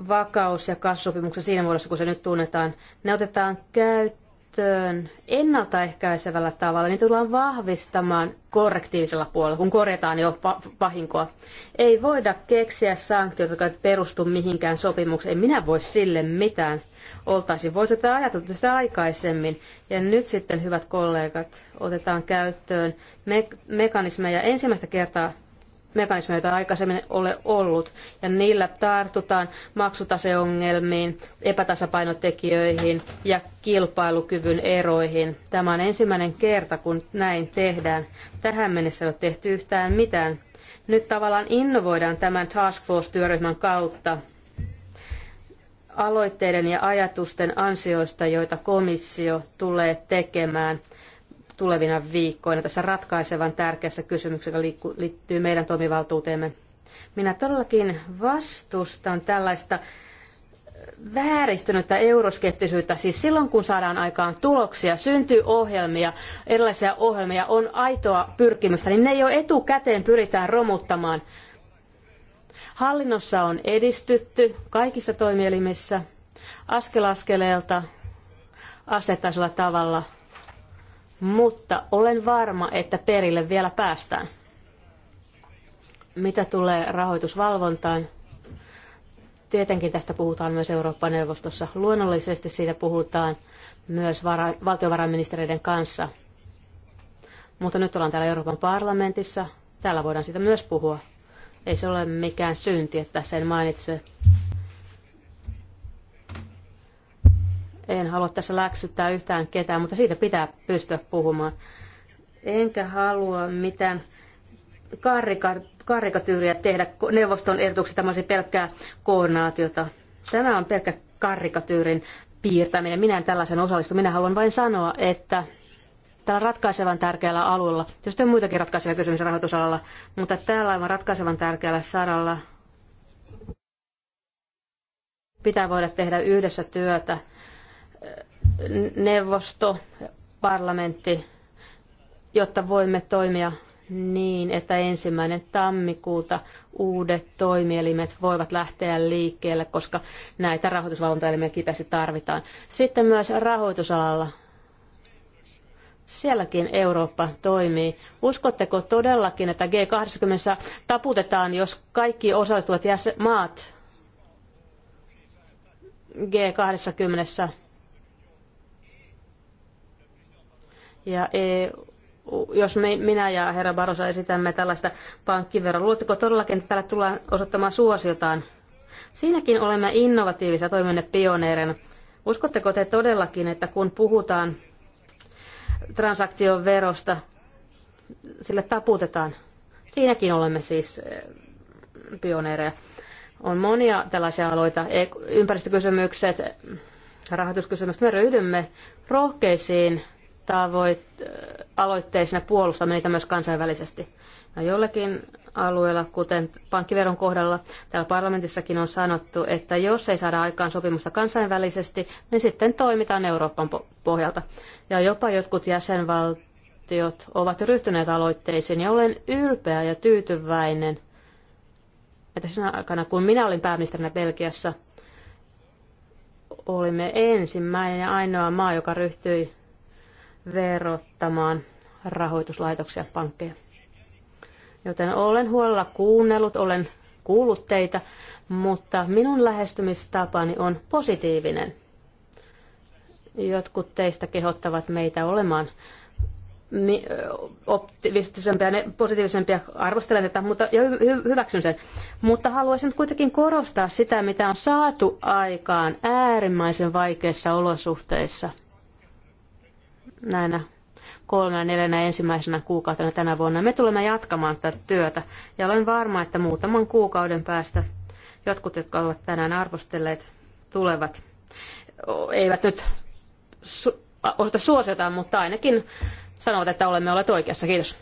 vakaus- ja kasvusopimuksen siinä muodossa, kun se nyt tunnetaan, ne otetaan käyttöön ennaltaehkäisevällä tavalla. Niitä tullaan vahvistamaan korrektiivisella puolella, kun korjataan jo pahinkoa. Ei voida keksiä sanktioita, jotka eivät perustu mihinkään sopimukseen. En minä voi sille mitään. Oltaisiin voitu tätä ajatella sitä aikaisemmin. Ja nyt sitten, hyvät kollegat, otetaan käyttöön me- mekanismeja ensimmäistä kertaa mekanismeja, joita aikaisemmin ole ollut. Ja niillä tartutaan maksutaseongelmiin, epätasapainotekijöihin ja kilpailukyvyn eroihin. Tämä on ensimmäinen kerta, kun näin tehdään. Tähän mennessä ei ole tehty yhtään mitään. Nyt tavallaan innovoidaan tämän Task Force-työryhmän kautta aloitteiden ja ajatusten ansioista, joita komissio tulee tekemään – tulevina viikkoina tässä ratkaisevan tärkeässä kysymyksessä, joka liittyy meidän toimivaltuuteemme. Minä todellakin vastustan tällaista vääristynyttä euroskeptisyyttä. Siis silloin, kun saadaan aikaan tuloksia, syntyy ohjelmia, erilaisia ohjelmia, on aitoa pyrkimystä, niin ne jo etukäteen pyritään romuttamaan. Hallinnossa on edistytty kaikissa toimielimissä askel askeleelta, asteittaisella tavalla – mutta olen varma, että perille vielä päästään. Mitä tulee rahoitusvalvontaan, tietenkin tästä puhutaan myös Eurooppa-neuvostossa. Luonnollisesti siitä puhutaan myös vara- kanssa. Mutta nyt ollaan täällä Euroopan parlamentissa. Täällä voidaan siitä myös puhua. Ei se ole mikään synti, että sen mainitse. En halua tässä läksyttää yhtään ketään, mutta siitä pitää pystyä puhumaan. Enkä halua mitään karikatyyriä tehdä neuvoston ehdotuksesta tämmöisiä pelkkää koordinaatiota. Tämä on pelkkä karikatyyrin piirtäminen. Minä en tällaisen osallistu. Minä haluan vain sanoa, että tällä ratkaisevan tärkeällä alueella, tietysti on muitakin ratkaisevia kysymyksiä rahoitusalalla, mutta tällä on ratkaisevan tärkeällä saralla pitää voida tehdä yhdessä työtä neuvosto, parlamentti, jotta voimme toimia niin, että ensimmäinen tammikuuta uudet toimielimet voivat lähteä liikkeelle, koska näitä rahoitusvalvontaelimiä kipeästi tarvitaan. Sitten myös rahoitusalalla. Sielläkin Eurooppa toimii. Uskotteko todellakin, että G20 taputetaan, jos kaikki osallistuvat maat G20 Ja EU, jos me, minä ja herra Barosa esitämme tällaista pankkiveroa, luotteko todellakin, että tällä tullaan osoittamaan suosiotaan? Siinäkin olemme innovatiivisia toimenne pioneereina. Uskotteko te todellakin, että kun puhutaan transaktion verosta, sille taputetaan? Siinäkin olemme siis e, pioneereja. On monia tällaisia aloita, e, ympäristökysymykset, rahoituskysymykset. Me ryhdymme rohkeisiin tavoit, aloitteisena puolustaa niitä myös kansainvälisesti. No, jollakin alueella, kuten pankkiveron kohdalla, täällä parlamentissakin on sanottu, että jos ei saada aikaan sopimusta kansainvälisesti, niin sitten toimitaan Euroopan pohjalta. Ja jopa jotkut jäsenvaltiot ovat ryhtyneet aloitteisiin, ja olen ylpeä ja tyytyväinen, että sinä aikana, kun minä olin pääministerinä Belgiassa, olimme ensimmäinen ja ainoa maa, joka ryhtyi verottamaan rahoituslaitoksia, pankkeja. Joten olen huolella kuunnellut, olen kuullut teitä, mutta minun lähestymistapani on positiivinen. Jotkut teistä kehottavat meitä olemaan optimistisempia, positiivisempia, arvostelen tätä, mutta ja hyväksyn sen. Mutta haluaisin kuitenkin korostaa sitä, mitä on saatu aikaan äärimmäisen vaikeissa olosuhteissa – näinä kolmena, neljänä ensimmäisenä kuukautena tänä vuonna. Me tulemme jatkamaan tätä työtä ja olen varma, että muutaman kuukauden päästä jotkut, jotka ovat tänään arvostelleet, tulevat, eivät nyt su- osata suosiota, mutta ainakin sanovat, että olemme olleet oikeassa. Kiitos.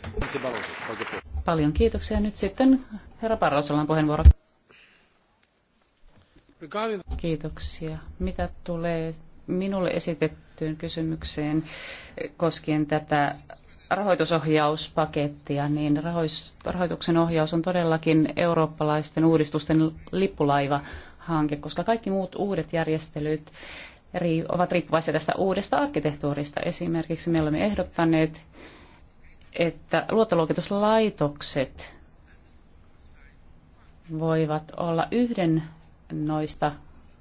Paljon kiitoksia. Nyt sitten herra Parrosolla on puheenvuoro. Kiitoksia. Mitä tulee minulle esitettyyn kysymykseen koskien tätä rahoitusohjauspakettia, niin rahoituksen ohjaus on todellakin eurooppalaisten uudistusten lippulaiva hanke, koska kaikki muut uudet järjestelyt ovat riippuvaisia tästä uudesta arkkitehtuurista. Esimerkiksi me olemme ehdottaneet, että luottoluokituslaitokset voivat olla yhden noista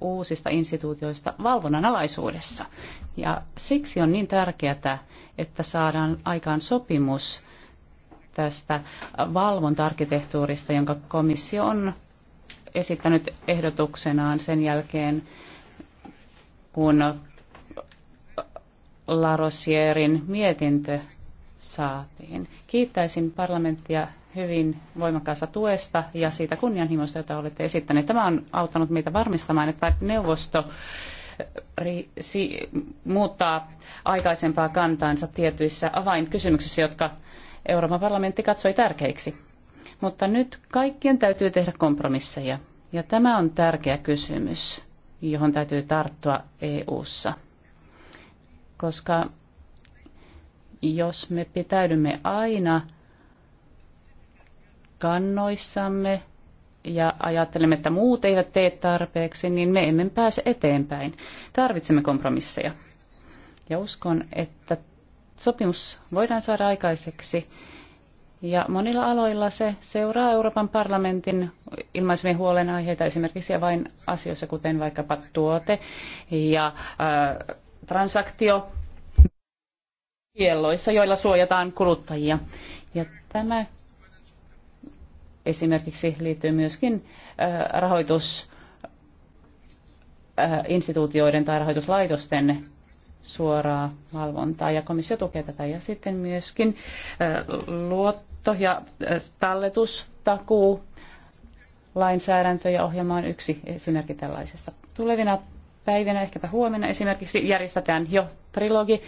uusista instituutioista valvonnan alaisuudessa. Ja siksi on niin tärkeää, että saadaan aikaan sopimus tästä valvonta-arkkitehtuurista, jonka komissio on esittänyt ehdotuksenaan sen jälkeen, kun Larosierin mietintö saatiin. Kiittäisin parlamenttia hyvin voimakkaasta tuesta ja siitä kunnianhimosta, jota olette esittäneet. Tämä on auttanut meitä varmistamaan, että neuvosto eh, muuttaa aikaisempaa kantaansa tietyissä avainkysymyksissä, jotka Euroopan parlamentti katsoi tärkeiksi. Mutta nyt kaikkien täytyy tehdä kompromisseja. Ja tämä on tärkeä kysymys, johon täytyy tarttua EU:ssa, koska jos me pitäydymme aina kannoissamme ja ajattelemme, että muut eivät tee tarpeeksi, niin me emme pääse eteenpäin. Tarvitsemme kompromisseja. Ja uskon, että sopimus voidaan saada aikaiseksi. Ja monilla aloilla se seuraa Euroopan parlamentin ilmaisemien huolenaiheita esimerkiksi ja vain asioissa, kuten vaikkapa tuote ja äh, transaktio kielloissa, joilla suojataan kuluttajia. Ja tämä esimerkiksi liittyy myöskin rahoitusinstituutioiden tai rahoituslaitosten suoraa valvontaa ja komissio tukee tätä. Ja sitten myöskin luotto- ja talletustakuu lainsäädäntö ja ohjelma on yksi esimerkki tällaisesta. Tulevina päivinä, ehkäpä huomenna esimerkiksi, järjestetään jo trilogi,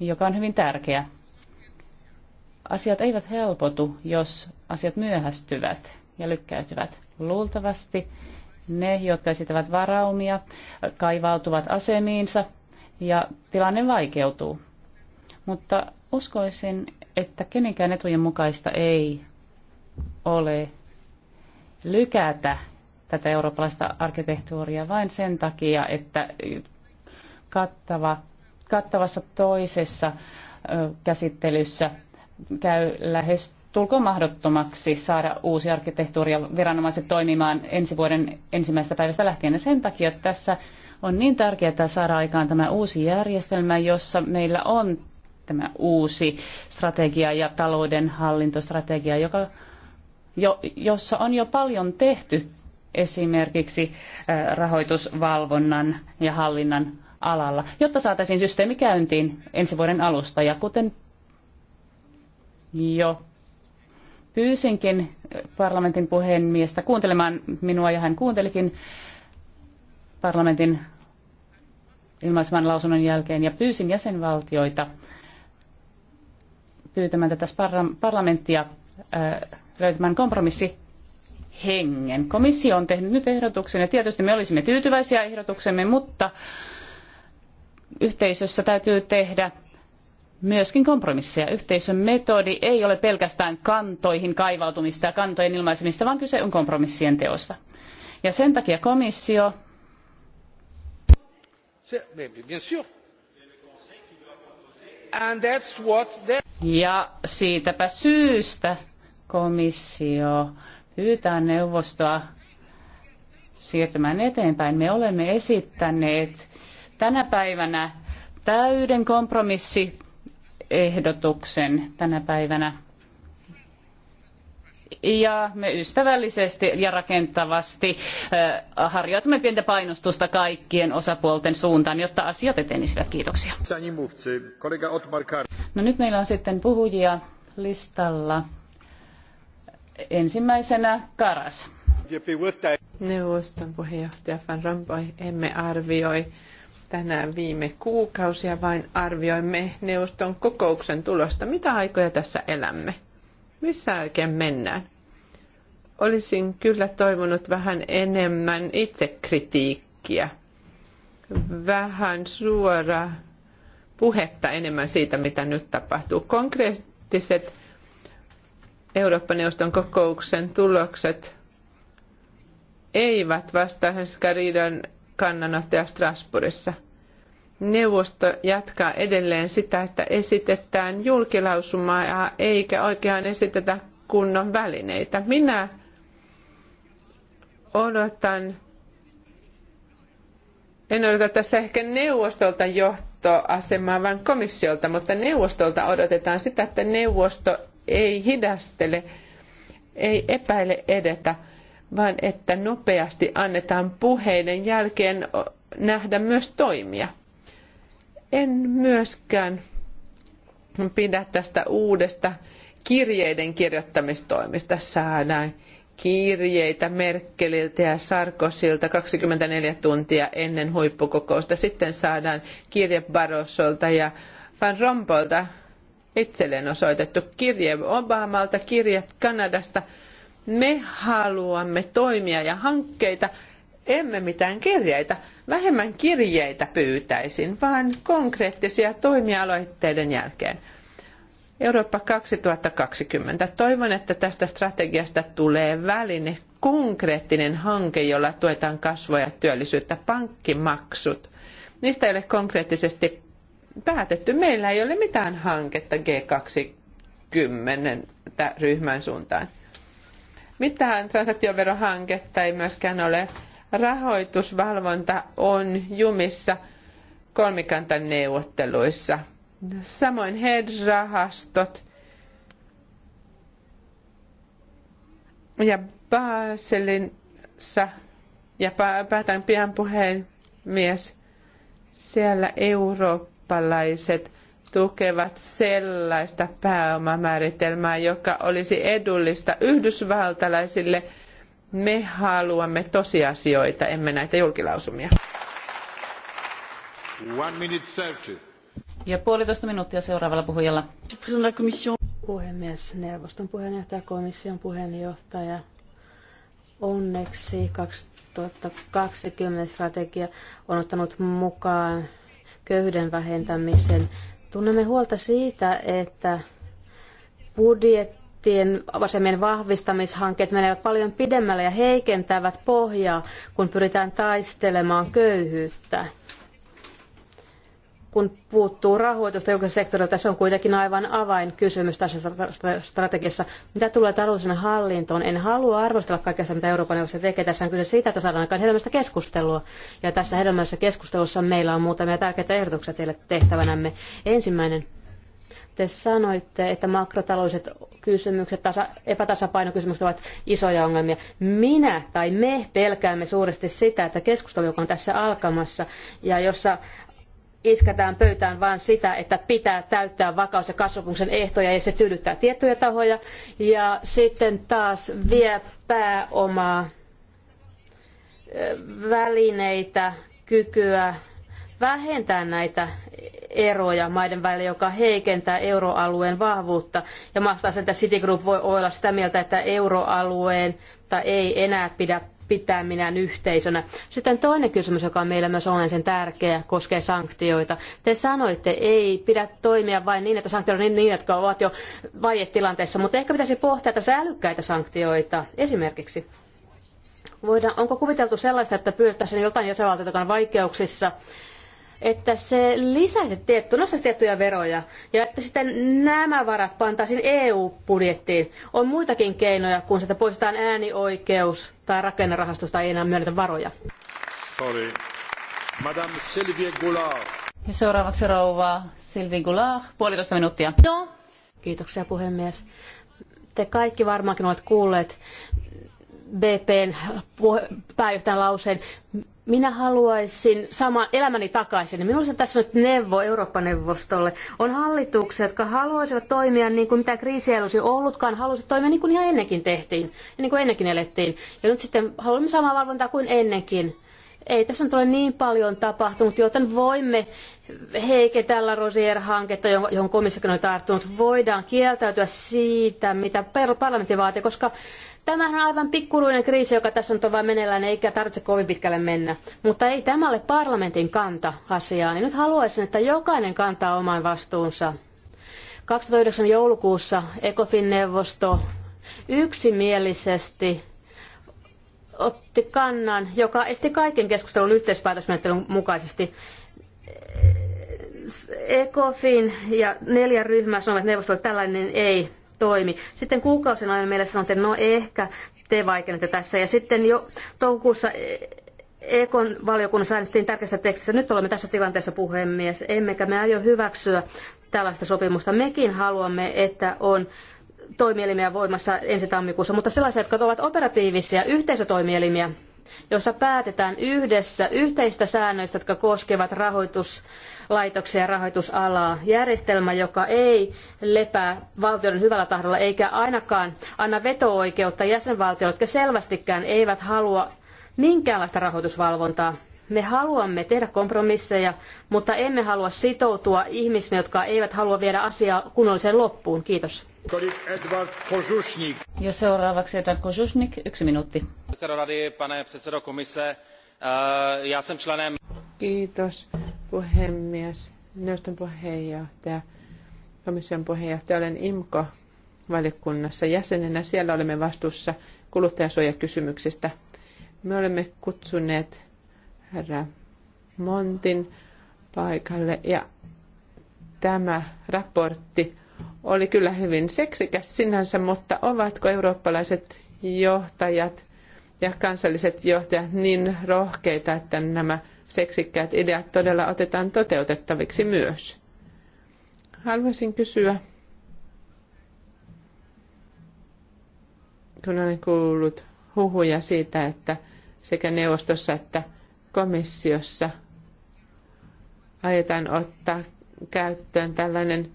joka on hyvin tärkeä Asiat eivät helpotu, jos asiat myöhästyvät ja lykkäytyvät. Luultavasti ne, jotka esittävät varaumia, kaivautuvat asemiinsa ja tilanne vaikeutuu. Mutta uskoisin, että kenenkään etujen mukaista ei ole lykätä tätä eurooppalaista arkkitehtuuria vain sen takia, että kattava, kattavassa toisessa käsittelyssä käy lähes tulkoon mahdottomaksi saada uusi arkkitehtuuri ja viranomaiset toimimaan ensi vuoden ensimmäisestä päivästä lähtien. Ja sen takia tässä on niin tärkeää saada aikaan tämä uusi järjestelmä, jossa meillä on tämä uusi strategia ja talouden hallintostrategia, joka, jo, jossa on jo paljon tehty esimerkiksi rahoitusvalvonnan ja hallinnan alalla, jotta saataisiin systeemi käyntiin ensi vuoden alusta. Ja kuten jo. Pyysinkin parlamentin puhemiestä kuuntelemaan minua ja hän kuuntelikin parlamentin ilmaiseman lausunnon jälkeen ja pyysin jäsenvaltioita pyytämään tätä parlamenttia löytämään kompromissi hengen. Komissio on tehnyt nyt ehdotuksen ja tietysti me olisimme tyytyväisiä ehdotuksemme, mutta yhteisössä täytyy tehdä myöskin kompromisseja. Yhteisön metodi ei ole pelkästään kantoihin kaivautumista ja kantojen ilmaisemista, vaan kyse on kompromissien teosta. Ja sen takia komissio... Ja siitäpä syystä komissio pyytää neuvostoa siirtymään eteenpäin. Me olemme esittäneet tänä päivänä täyden kompromissi ehdotuksen tänä päivänä. Ja me ystävällisesti ja rakentavasti äh, harjoitamme pientä painostusta kaikkien osapuolten suuntaan, jotta asiat etenisivät. Kiitoksia. No nyt meillä on sitten puhujia listalla. Ensimmäisenä Karas. Neuvoston puheenjohtaja Van Rompuy emme arvioi tänään viime kuukausia, vain arvioimme neuvoston kokouksen tulosta. Mitä aikoja tässä elämme? Missä oikein mennään? Olisin kyllä toivonut vähän enemmän itsekritiikkiä, vähän suora puhetta enemmän siitä, mitä nyt tapahtuu. Konkreettiset Eurooppa-neuvoston kokouksen tulokset eivät vastaa Skaridan kannanottoja Strasbourgissa. Neuvosto jatkaa edelleen sitä, että esitetään julkilausumaa eikä oikeaan esitetä kunnon välineitä. Minä odotan, en odota tässä ehkä neuvostolta johtoasemaa, vaan komissiolta, mutta neuvostolta odotetaan sitä, että neuvosto ei hidastele, ei epäile edetä – vaan että nopeasti annetaan puheiden jälkeen nähdä myös toimia. En myöskään pidä tästä uudesta kirjeiden kirjoittamistoimista. Saadaan kirjeitä Merkeliltä ja Sarkosilta 24 tuntia ennen huippukokousta. Sitten saadaan kirje Barrosolta ja Van Rompolta itselleen osoitettu kirje Obamalta, kirjat Kanadasta – me haluamme toimia ja hankkeita, emme mitään kirjeitä. Vähemmän kirjeitä pyytäisin, vaan konkreettisia toimialoitteiden jälkeen. Eurooppa 2020. Toivon, että tästä strategiasta tulee väline, konkreettinen hanke, jolla tuetaan kasvua ja työllisyyttä, pankkimaksut. Niistä ei ole konkreettisesti päätetty. Meillä ei ole mitään hanketta G20 ryhmän suuntaan. Mitään transaktioverohanketta ei myöskään ole. Rahoitusvalvonta on jumissa kolmikantaneuvotteluissa. Samoin hedge-rahastot ja Baselinsa ja päätän pian puheen mies. Siellä eurooppalaiset tukevat sellaista pääomamääritelmää, joka olisi edullista yhdysvaltalaisille. Me haluamme tosiasioita, emme näitä julkilausumia. One minute Ja puolitoista minuuttia seuraavalla puhujalla. Puhemies, neuvoston puheenjohtaja, komission puheenjohtaja. Onneksi 2020 strategia on ottanut mukaan köyhyyden vähentämisen Tunnemme huolta siitä, että budjettien asemien vahvistamishankkeet menevät paljon pidemmälle ja heikentävät pohjaa, kun pyritään taistelemaan köyhyyttä kun puuttuu rahoitusta julkisella sektorilta, se on kuitenkin aivan avainkysymys tässä strategiassa. Mitä tulee taloudellisen hallintoon, en halua arvostella kaikkea sitä, mitä Euroopan neuvosto tekee. Tässä on kyse siitä, että saadaan aikaan hedelmällistä keskustelua. Ja tässä hedelmällisessä keskustelussa meillä on muutamia tärkeitä ehdotuksia teille tehtävänämme. Ensimmäinen te sanoitte, että makrotaloudelliset kysymykset, tasa, epätasapainokysymykset ovat isoja ongelmia. Minä tai me pelkäämme suuresti sitä, että keskustelu, joka on tässä alkamassa ja jossa isketään pöytään vain sitä, että pitää täyttää vakaus- ja kasvupuksen ehtoja ja se tyydyttää tiettyjä tahoja. Ja sitten taas vie pääomaa, välineitä, kykyä vähentää näitä eroja maiden välillä, joka heikentää euroalueen vahvuutta. Ja maastaa sen, että Citigroup voi olla sitä mieltä, että euroalueen tai ei enää pidä pitää minään yhteisönä. Sitten toinen kysymys, joka on meillä myös olennaisen tärkeä, koskee sanktioita. Te sanoitte, ei pidä toimia vain niin, että sanktioita on niin, niin jotka ovat jo vaietilanteessa, mutta ehkä pitäisi pohtia tässä älykkäitä sanktioita esimerkiksi. Voidaan, onko kuviteltu sellaista, että pyydettäisiin jotain jäsenvaltiota, joka on vaikeuksissa, että se lisäisi tietty, nostaisi tiettyjä veroja ja että sitten nämä varat pantaisiin EU-budjettiin. On muitakin keinoja, kun sitä poistetaan äänioikeus tai rakennerahastosta ei enää myönnetä varoja. Sorry. Madame Sylvie Goulard. Ja seuraavaksi rouva Sylvie Goulard, puolitoista minuuttia. No. Kiitoksia puhemies. Te kaikki varmaankin olette kuulleet BPn pääjohtajan lauseen, minä haluaisin saman elämäni takaisin. Minulla on tässä nyt neuvo Eurooppa-neuvostolle. On hallituksia, jotka haluaisivat toimia niin kuin mitä kriisiä ei olisi ollutkaan, haluaisivat toimia niin kuin ihan ennenkin tehtiin, niin kuin ennenkin elettiin. Ja nyt sitten haluamme samaa valvontaa kuin ennenkin. Ei tässä nyt ole niin paljon tapahtunut, joten voimme heiketellä Rosier-hanketta, johon komissiokin on tarttunut. Voidaan kieltäytyä siitä, mitä parlamentti vaatii, koska Tämähän on aivan pikkuruinen kriisi, joka tässä on vain meneillään, eikä tarvitse kovin pitkälle mennä. Mutta ei tämä ole parlamentin kanta asiaan. Ja nyt haluaisin, että jokainen kantaa oman vastuunsa. 2009 joulukuussa ECOFIN-neuvosto yksimielisesti otti kannan, joka esti kaiken keskustelun yhteispäätösmenettelyn mukaisesti. ECOFIN ja neljä ryhmää sanoivat neuvostolle, tällainen ei toimi. Sitten kuukausina ajan meille että no ehkä te vaikenette tässä. Ja sitten jo toukokuussa e- Ekon valiokunnassa äänestettiin tärkeässä tekstissä. Nyt olemme tässä tilanteessa puhemies, emmekä me aio hyväksyä tällaista sopimusta. Mekin haluamme, että on toimielimiä voimassa ensi tammikuussa, mutta sellaisia, jotka ovat operatiivisia yhteisötoimielimiä, jossa päätetään yhdessä yhteistä säännöistä, jotka koskevat rahoituslaitoksia ja rahoitusalaa. Järjestelmä, joka ei lepää valtioiden hyvällä tahdolla eikä ainakaan anna veto-oikeutta jäsenvaltioille, jotka selvästikään eivät halua minkäänlaista rahoitusvalvontaa. Me haluamme tehdä kompromisseja, mutta emme halua sitoutua ihmisiin, jotka eivät halua viedä asiaa kunnolliseen loppuun. Kiitos. Ja seuraavaksi Edward Kožušnik, yksi minuutti. pane předsedo komise, eh, já jsem členem... Kiitos, puhemies, neuvoston puheenjohtaja, komission puheenjohtaja, olen IMKO valikunnassa jäsenenä. Siellä olemme vastuussa kuluttajasuojakysymyksistä. Me olemme kutsuneet herra Montin paikalle ja tämä raportti oli kyllä hyvin seksikäs sinänsä, mutta ovatko eurooppalaiset johtajat ja kansalliset johtajat niin rohkeita, että nämä seksikkäät ideat todella otetaan toteutettaviksi myös? Haluaisin kysyä, kun olen kuullut huhuja siitä, että sekä neuvostossa että komissiossa ajetaan ottaa käyttöön tällainen –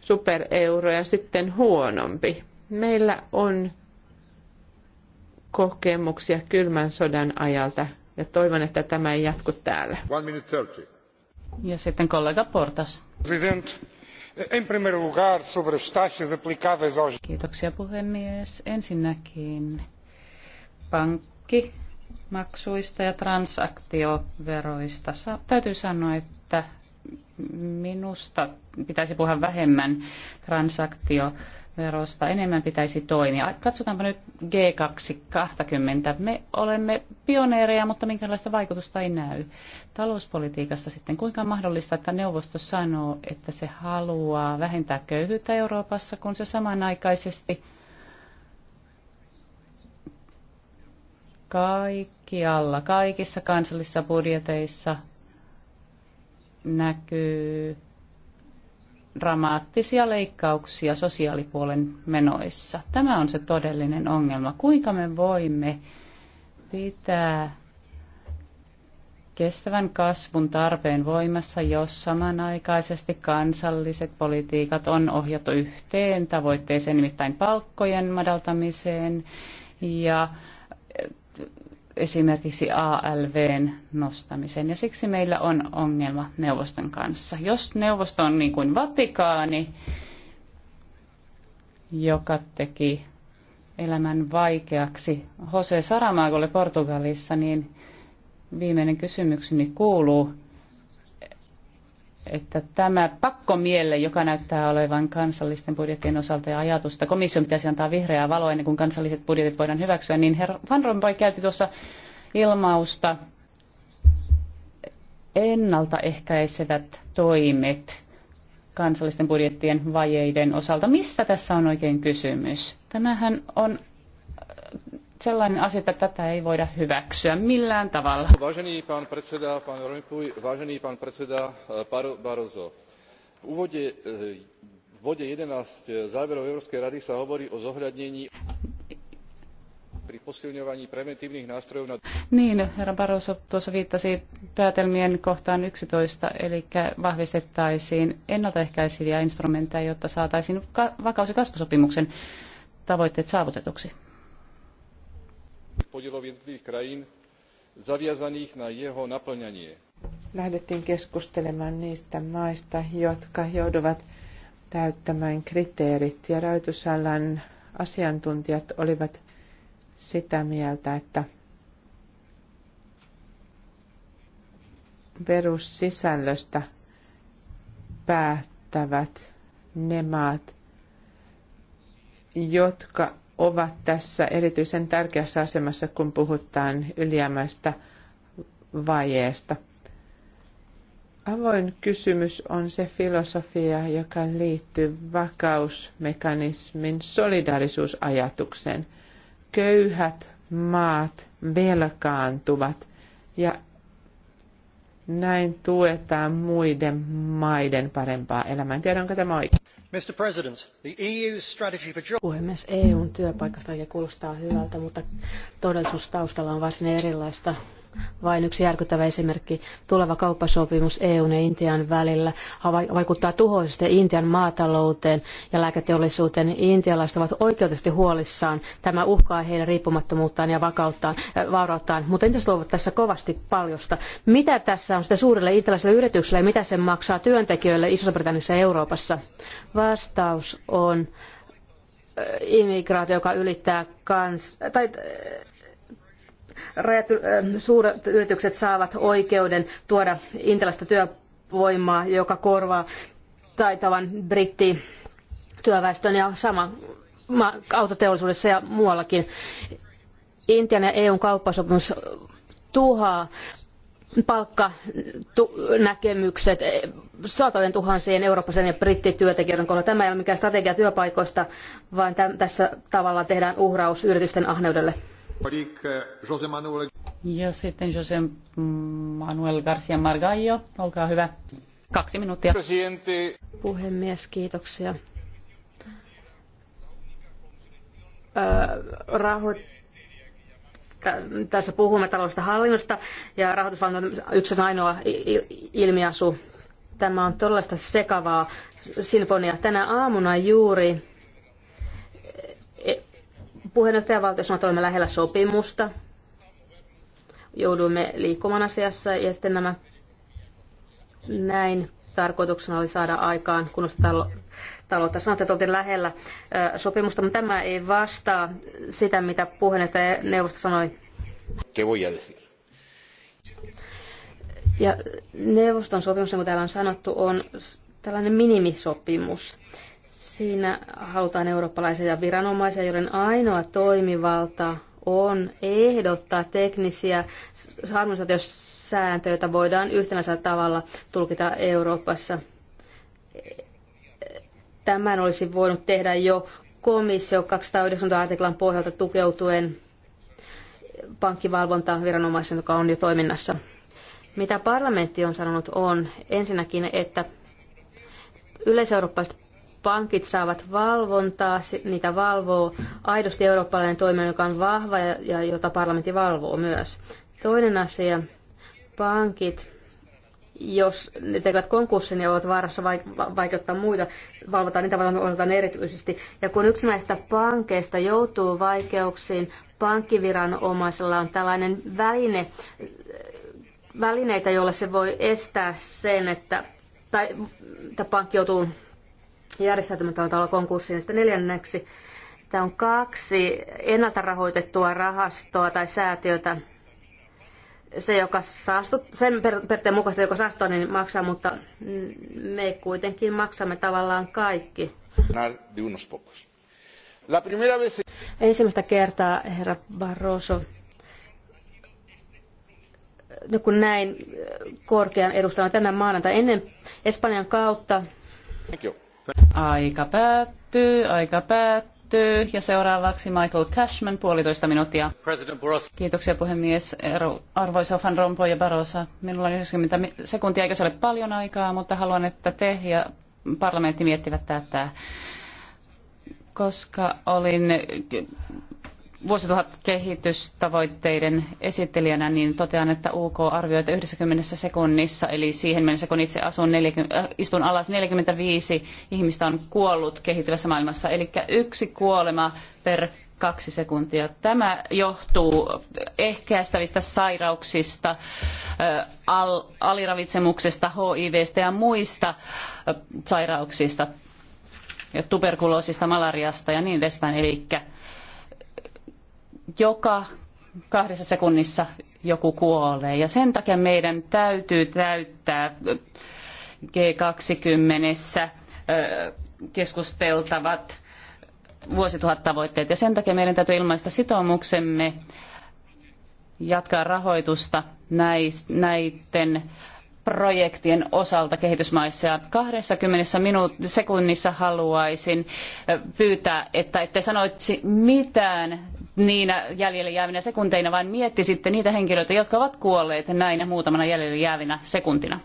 supereuroja ja sitten huonompi. Meillä on kokemuksia kylmän sodan ajalta ja toivon, että tämä ei jatku täällä. Ja sitten kollega Portas. President. Em lugar, sobre taxas aplicáveis aos... Kiitoksia puhemies. Ensinnäkin pankkimaksuista ja transaktioveroista. Sa- täytyy sanoa, että minusta pitäisi puhua vähemmän transaktioverosta, enemmän pitäisi toimia. Katsotaanpa nyt G20. Me olemme pioneereja, mutta minkälaista vaikutusta ei näy. Talouspolitiikasta sitten, kuinka on mahdollista, että neuvosto sanoo, että se haluaa vähentää köyhyyttä Euroopassa, kun se samanaikaisesti kaikkialla, kaikissa kansallisissa budjeteissa – näkyy dramaattisia leikkauksia sosiaalipuolen menoissa. Tämä on se todellinen ongelma. Kuinka me voimme pitää kestävän kasvun tarpeen voimassa, jos samanaikaisesti kansalliset politiikat on ohjattu yhteen tavoitteeseen, nimittäin palkkojen madaltamiseen ja esimerkiksi ALVn nostamisen. Ja siksi meillä on ongelma neuvoston kanssa. Jos neuvosto on niin kuin Vatikaani, joka teki elämän vaikeaksi Jose Saramagolle Portugalissa, niin viimeinen kysymykseni kuuluu, että tämä pakkomielle, joka näyttää olevan kansallisten budjettien osalta ja ajatus, että komission pitäisi antaa vihreää valoa ennen kuin kansalliset budjetit voidaan hyväksyä, niin herra Van Rompuy käytti tuossa ilmausta ennaltaehkäisevät toimet kansallisten budjettien vajeiden osalta. Mistä tässä on oikein kysymys? Tämähän on sellainen asia, että tätä ei voida hyväksyä millään tavalla. Vážený pán predseda, pán Rompuy, vážený pán predseda eh, Barroso, v úvode eh, v bode 11 eh, záverov Európskej rady sa hovorí o zohľadnení pri posilňovaní preventívnych nástrojov na... Niin, herra Barroso tuossa viittasi päätelmien kohtaan 11, eli vahvistettaisiin ennaltaehkäiseviä instrumentteja, jotta saataisiin vakaus- ja kasvusopimuksen tavoitteet saavutetuksi podielov jednotlivých krajín zaviazaných na jeho naplňanie. Lähdettiin keskustelemaan niistä maista, jotka joutuvat täyttämään kriteerit ja rahoitusalan asiantuntijat olivat sitä mieltä, että perussisällöstä päättävät ne maat, jotka ovat tässä erityisen tärkeässä asemassa, kun puhutaan ylijäämäistä vajeesta. Avoin kysymys on se filosofia, joka liittyy vakausmekanismin solidaarisuusajatukseen. Köyhät maat velkaantuvat ja näin tuetaan muiden maiden parempaa elämää. Tiedä, onko tämä oikein? Mr. President, the EU's strategy for jobs... Puhemies, EUn työpaikasta ja kuulostaa hyvältä, mutta todellisuus taustalla on varsin erilaista. Vain yksi järkyttävä esimerkki. Tuleva kauppasopimus EUn ja Intian välillä vaikuttaa tuhoisesti Intian maatalouteen ja lääketeollisuuteen. Intialaiset ovat oikeutusti huolissaan. Tämä uhkaa heidän riippumattomuuttaan ja vakauttaan, äh, vaurauttaan. Mutta entäs luovat tässä kovasti paljosta? Mitä tässä on sitä suurille intialaisille yrityksille ja mitä se maksaa työntekijöille Iso-Britanniassa ja Euroopassa? Vastaus on äh, immigraatio, joka ylittää kans, tai äh, rajat, ähm, suuret yritykset saavat oikeuden tuoda intialaista työvoimaa, joka korvaa taitavan britti työväestön ja sama autoteollisuudessa ja muuallakin. Intian ja EUn kauppasopimus tuhaa palkkanäkemykset satojen tuhansien eurooppalaisen ja brittityöntekijöiden kohdalla. Tämä ei ole mikään strategia työpaikoista, vaan tässä tavallaan tehdään uhraus yritysten ahneudelle. Ja sitten Jose Manuel garcía Margallo, olkaa hyvä. Kaksi minuuttia. Presidente. Puhemies, kiitoksia. Öö, rahoit- tässä puhumme taloudellisesta hallinnosta ja rahoitusvalvonta on yksi ainoa ilmiasu. Tämä on todellista sekavaa sinfonia. Tänä aamuna juuri Puheenjohtajavaltio sanoi, että olemme lähellä sopimusta. Jouduimme liikkumaan asiassa ja sitten nämä näin tarkoituksena oli saada aikaan kunnosta taloutta. Sanoitte, että oltiin lähellä sopimusta, mutta tämä ei vastaa sitä, mitä puheenjohtaja neuvosto sanoi. Te voi ja neuvoston sopimus, niin kuten täällä on sanottu, on tällainen minimisopimus. Siinä halutaan eurooppalaisia viranomaisia, joiden ainoa toimivalta on ehdottaa teknisiä harmonisaatiosääntöjä, joita voidaan yhtenäisellä tavalla tulkita Euroopassa. Tämän olisi voinut tehdä jo komissio 290 artiklan pohjalta tukeutuen pankkivalvontaan viranomaisen, joka on jo toiminnassa. Mitä parlamentti on sanonut on ensinnäkin, että yleiseurooppalaiset pankit saavat valvontaa, niitä valvoo aidosti eurooppalainen toimija, joka on vahva ja, ja jota parlamentti valvoo myös. Toinen asia, pankit, jos ne tekevät konkurssin niin ovat vaarassa vaikeuttaa muita, valvotaan niitä valvotaan erityisesti. Ja kun yksi näistä pankeista joutuu vaikeuksiin, pankkiviranomaisella on tällainen väline, välineitä, joilla se voi estää sen, että, tai, että pankki joutuu järjestäytymättömällä tavalla konkurssiin. Ja sitten neljänneksi, tämä on kaksi ennalta rahoitettua rahastoa tai säätiötä. Se, joka saastut, sen perteen mukaisesti, joka saastuu, niin maksaa, mutta me kuitenkin maksamme tavallaan kaikki. Ensimmäistä kertaa, herra Barroso, no kun näin korkean edustajana tänä maanantai ennen Espanjan kautta. Thank you Aika päättyy, aika päättyy. Ja seuraavaksi Michael Cashman, puolitoista minuuttia. Kiitoksia puhemies. Arvoisa Van Rompuy ja Barossa, minulla on 90 sekuntia, eikä se ole paljon aikaa, mutta haluan, että te ja parlamentti miettivät tätä koska olin vuosituhat kehitystavoitteiden esittelijänä, niin totean, että UK arvioi, että 90 sekunnissa, eli siihen mennessä kun itse asun 40, äh, istun alas, 45 ihmistä on kuollut kehittyvässä maailmassa, eli yksi kuolema per kaksi sekuntia. Tämä johtuu ehkäistävistä sairauksista, äh, al, aliravitsemuksesta, HIVstä ja muista äh, sairauksista, ja tuberkuloosista, malariasta ja niin edespäin. Eli joka kahdessa sekunnissa joku kuolee. Ja sen takia meidän täytyy täyttää G20 keskusteltavat vuosituhattavoitteet. Ja sen takia meidän täytyy ilmaista sitoumuksemme jatkaa rahoitusta näiden projektien osalta kehitysmaissa. Ja 20 minuut- sekunnissa haluaisin pyytää, että ette sanoisi mitään niinä jäljelle jäävinä sekunteina, vaan miettisitte niitä henkilöitä, jotka ovat kuolleet näinä muutamana jäljelle jäävinä sekuntina.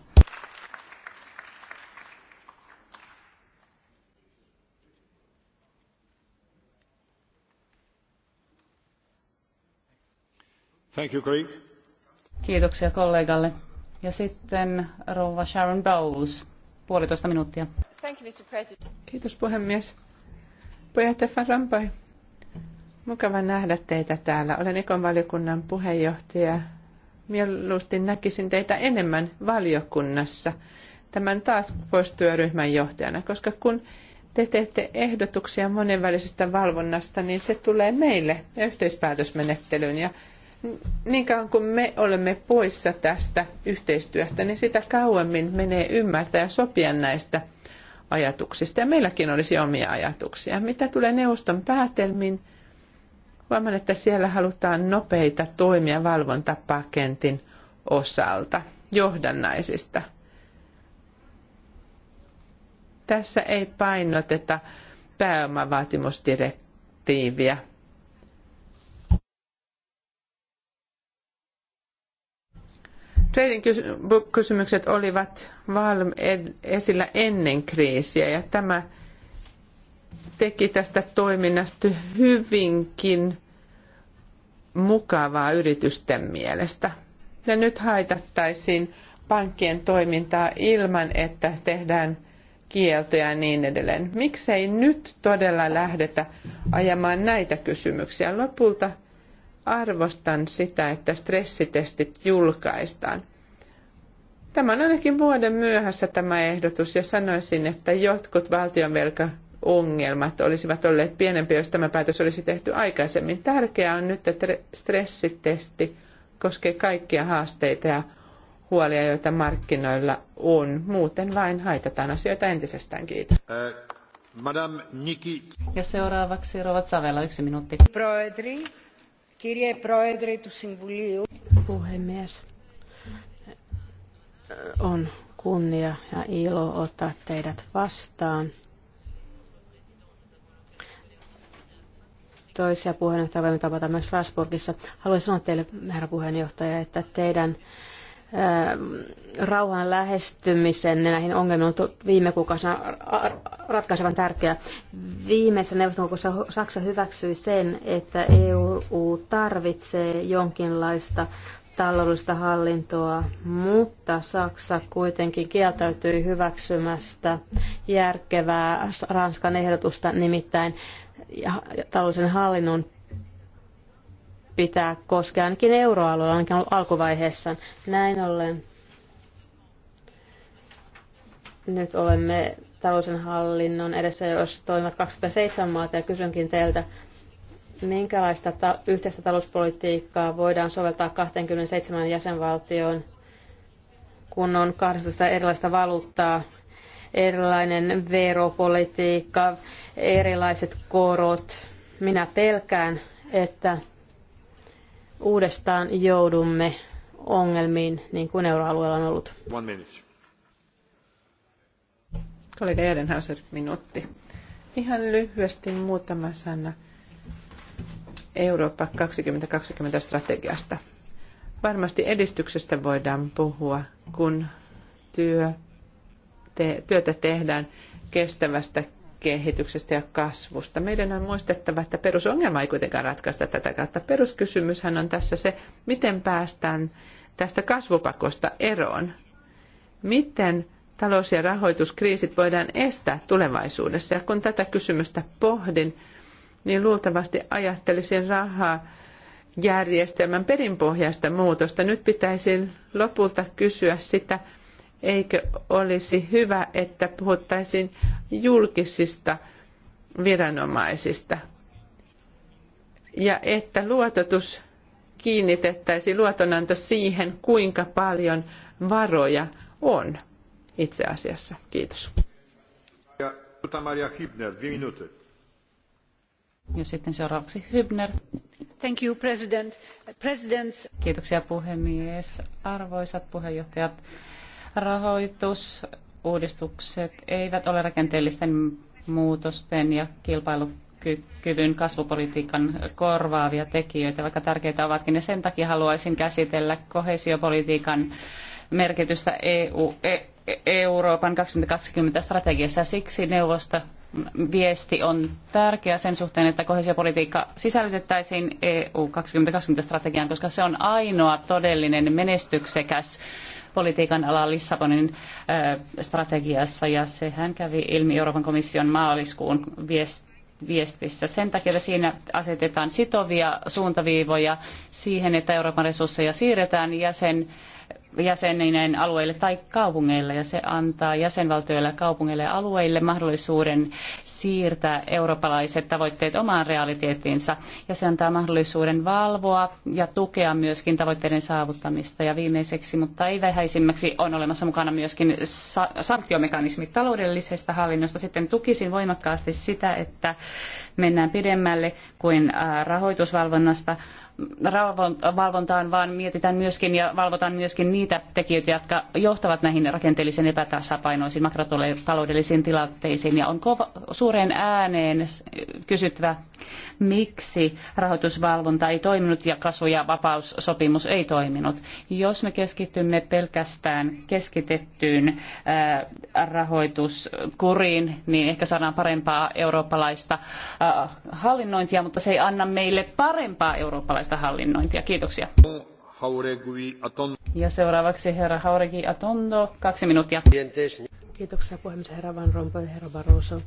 Thank you, Craig. Kiitoksia kollegalle. Ja sitten rouva Sharon Bowles, puolitoista minuuttia. Thank you, Mr. President. Kiitos puhemies. Puheenjohtaja Van Rampai Mukava nähdä teitä täällä. Olen Ekon valiokunnan puheenjohtaja. Mieluusti näkisin teitä enemmän valiokunnassa tämän Task Force-työryhmän johtajana, koska kun te teette ehdotuksia monenvälisestä valvonnasta, niin se tulee meille ja yhteispäätösmenettelyyn. Ja niin kauan kuin me olemme poissa tästä yhteistyöstä, niin sitä kauemmin menee ymmärtää ja sopia näistä ajatuksista. Ja meilläkin olisi omia ajatuksia. Mitä tulee neuvoston päätelmiin, Huomaan, että siellä halutaan nopeita toimia valvontapakentin osalta, johdannaisista. Tässä ei painoteta pääomavaatimusdirektiiviä. Trading kysymykset olivat esillä ennen kriisiä ja tämä teki tästä toiminnasta hyvinkin mukavaa yritysten mielestä. Ja nyt haitattaisiin pankkien toimintaa ilman, että tehdään kieltoja ja niin edelleen. Miksei nyt todella lähdetä ajamaan näitä kysymyksiä? Lopulta arvostan sitä, että stressitestit julkaistaan. Tämä on ainakin vuoden myöhässä tämä ehdotus ja sanoisin, että jotkut valtionvelka ongelmat olisivat olleet pienempiä, jos tämä päätös olisi tehty aikaisemmin. Tärkeää on nyt, että stressitesti koskee kaikkia haasteita ja huolia, joita markkinoilla on. Muuten vain haitataan asioita entisestään. Kiitos. Madame Nikit, Ja seuraavaksi Rovat Savella, yksi minuutti. Proedri, kirje proedri tu Συμβουλίου. Puhemies, on kunnia ja ilo ottaa teidät vastaan toisia puheenjohtajia voimme tavata myös Strasbourgissa. Haluan sanoa teille, herra puheenjohtaja, että teidän rauhan lähestymisen näihin ongelmiin on viime kuukausina ratkaisevan tärkeää Viimeisessä neuvostokokouksessa Saksa hyväksyi sen, että EU tarvitsee jonkinlaista taloudellista hallintoa, mutta Saksa kuitenkin kieltäytyi hyväksymästä järkevää Ranskan ehdotusta, nimittäin ja taloudellisen hallinnon pitää koskea ainakin euroalueella, ainakin alkuvaiheessa. Näin ollen nyt olemme taloudellisen hallinnon edessä, jos toimivat 27 maata, ja kysynkin teiltä, minkälaista ta- yhteistä talouspolitiikkaa voidaan soveltaa 27 jäsenvaltioon, kun on 12 erilaista valuuttaa, erilainen veropolitiikka, erilaiset korot. Minä pelkään, että uudestaan joudumme ongelmiin, niin kuin euroalueella on ollut. One minute. Kollega Jädenhauser, minuutti. Ihan lyhyesti muutama sana Eurooppa 2020 strategiasta. Varmasti edistyksestä voidaan puhua, kun työ te, työtä tehdään kestävästä kehityksestä ja kasvusta. Meidän on muistettava, että perusongelma ei kuitenkaan ratkaista tätä kautta. Peruskysymyshän on tässä se, miten päästään tästä kasvupakosta eroon. Miten talous- ja rahoituskriisit voidaan estää tulevaisuudessa? Ja kun tätä kysymystä pohdin, niin luultavasti ajattelisin rahaa järjestelmän perinpohjaista muutosta. Nyt pitäisi lopulta kysyä sitä, eikö olisi hyvä, että puhuttaisiin julkisista viranomaisista ja että luototus kiinnitettäisiin luotonanto siihen, kuinka paljon varoja on itse asiassa. Kiitos. Tuota Maria Hibner, Ja sitten seuraavaksi Hybner. Thank you, President. Presidents... Kiitoksia puhemies. Arvoisat puheenjohtajat, Rahoitusuudistukset eivät ole rakenteellisten muutosten ja kilpailukyvyn kasvupolitiikan korvaavia tekijöitä, vaikka tärkeitä ovatkin. Ja sen takia haluaisin käsitellä kohesiopolitiikan merkitystä EU, e, Euroopan 2020 strategiassa. Siksi neuvosta viesti on tärkeä sen suhteen, että kohesiopolitiikka sisällytettäisiin EU 2020 strategiaan, koska se on ainoa todellinen menestyksekäs politiikan ala Lissabonin strategiassa ja sehän kävi ilmi Euroopan komission maaliskuun viesti viestissä. Sen takia, että siinä asetetaan sitovia suuntaviivoja siihen, että Euroopan resursseja siirretään sen jäsenineen alueille tai kaupungeille ja se antaa jäsenvaltioille, kaupungeille ja alueille mahdollisuuden siirtää eurooppalaiset tavoitteet omaan realiteettiinsa ja se antaa mahdollisuuden valvoa ja tukea myöskin tavoitteiden saavuttamista ja viimeiseksi, mutta ei vähäisimmäksi on olemassa mukana myöskin sa- sanktiomekanismi taloudellisesta hallinnosta. Sitten tukisin voimakkaasti sitä, että mennään pidemmälle kuin rahoitusvalvonnasta valvontaan, vaan mietitään myöskin ja valvotaan myöskin niitä tekijöitä, jotka johtavat näihin rakenteellisen epätasapainoisiin makrotaloudellisiin tilanteisiin. Ja on kova, suureen ääneen kysyttävä, miksi rahoitusvalvonta ei toiminut ja kasvu- ja vapaussopimus ei toiminut. Jos me keskitymme pelkästään keskitettyyn ää, äh, rahoituskuriin, niin ehkä saadaan parempaa eurooppalaista äh, hallinnointia, mutta se ei anna meille parempaa eurooppalaista johdonmukaista hallinnointia. Kiitoksia. Ja seuraavaksi herra Hauregi Atondo, kaksi minuuttia. Kiitoksia puhemies herra Van Rompuy, herra Barroso.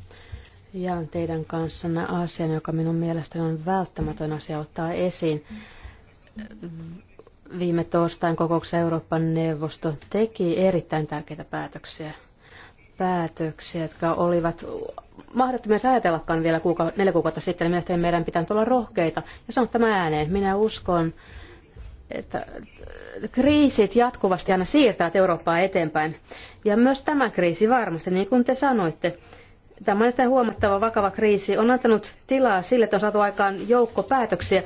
Jaan teidän kanssanne asian, joka minun mielestäni on välttämätön asia ottaa esiin. Viime torstain kokouksessa Euroopan neuvosto teki erittäin tärkeitä päätöksiä. Päätöksiä, jotka olivat mahdottomia ajatellakaan vielä kuuka- neljä kuukautta sitten, niin mielestäni meidän pitää olla rohkeita ja sanoa tämä ääneen. Minä uskon, että kriisit jatkuvasti aina siirtävät Eurooppaa eteenpäin. Ja myös tämä kriisi varmasti, niin kuin te sanoitte, tämä erittäin huomattava vakava kriisi on antanut tilaa sille, että on saatu aikaan joukko päätöksiä,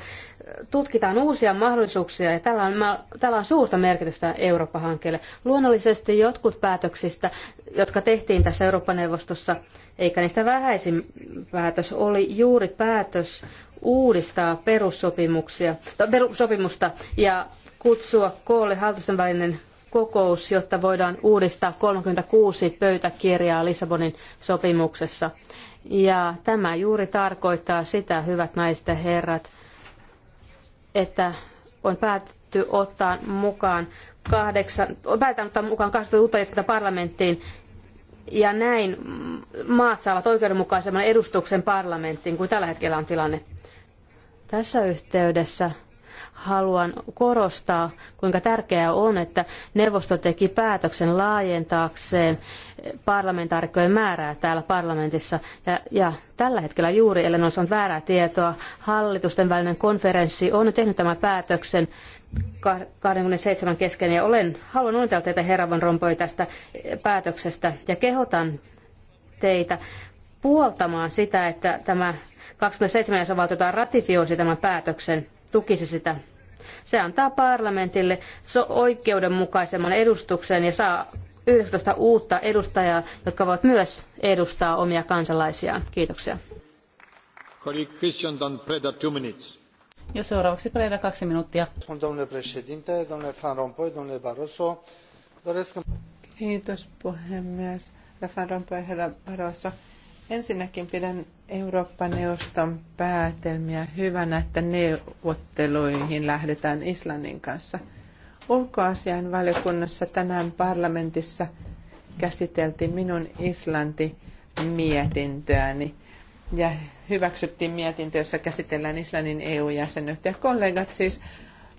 tutkitaan uusia mahdollisuuksia ja tällä on, tällä on suurta merkitystä Eurooppa-hankkeelle. Luonnollisesti jotkut päätöksistä, jotka tehtiin tässä Eurooppa-neuvostossa, eikä niistä vähäisin päätös, oli juuri päätös uudistaa perussopimuksia, perussopimusta ja kutsua koolle hallitusten välinen kokous, jotta voidaan uudistaa 36 pöytäkirjaa Lissabonin sopimuksessa. Ja tämä juuri tarkoittaa sitä, hyvät naiset ja herrat, että on päätetty ottaa mukaan kahdeksan, ottaa mukaan kahdeksan uutta jäsentä parlamenttiin, ja näin maat saavat oikeudenmukaisemman edustuksen parlamenttiin kuin tällä hetkellä on tilanne. Tässä yhteydessä haluan korostaa, kuinka tärkeää on, että neuvosto teki päätöksen laajentaakseen parlamentaarikkojen määrää täällä parlamentissa. Ja, ja tällä hetkellä juuri, ellen ole saanut väärää tietoa, hallitusten välinen konferenssi on tehnyt tämän päätöksen 27 kesken ja olen, haluan onnitella teitä herra Van Rompuy tästä päätöksestä ja kehotan teitä puoltamaan sitä, että tämä 27 jäsenvaltiota ratifioisi tämän päätöksen, tukisi sitä se antaa parlamentille oikeudenmukaisemman edustuksen ja saa 19 uutta edustajaa, jotka voivat myös edustaa omia kansalaisiaan. Kiitoksia. Ja seuraavaksi Preda, kaksi minuuttia. Kiitos puhemies, herra Van Rompuy, herra Barroso. Ensinnäkin pidän Euroopan neuvoston päätelmiä hyvänä, että neuvotteluihin lähdetään Islannin kanssa. Ulkoasian valiokunnassa tänään parlamentissa käsiteltiin minun Islanti-mietintöäni ja hyväksyttiin mietintö, jossa käsitellään Islannin EU-jäsenyyttä. Ja kollegat siis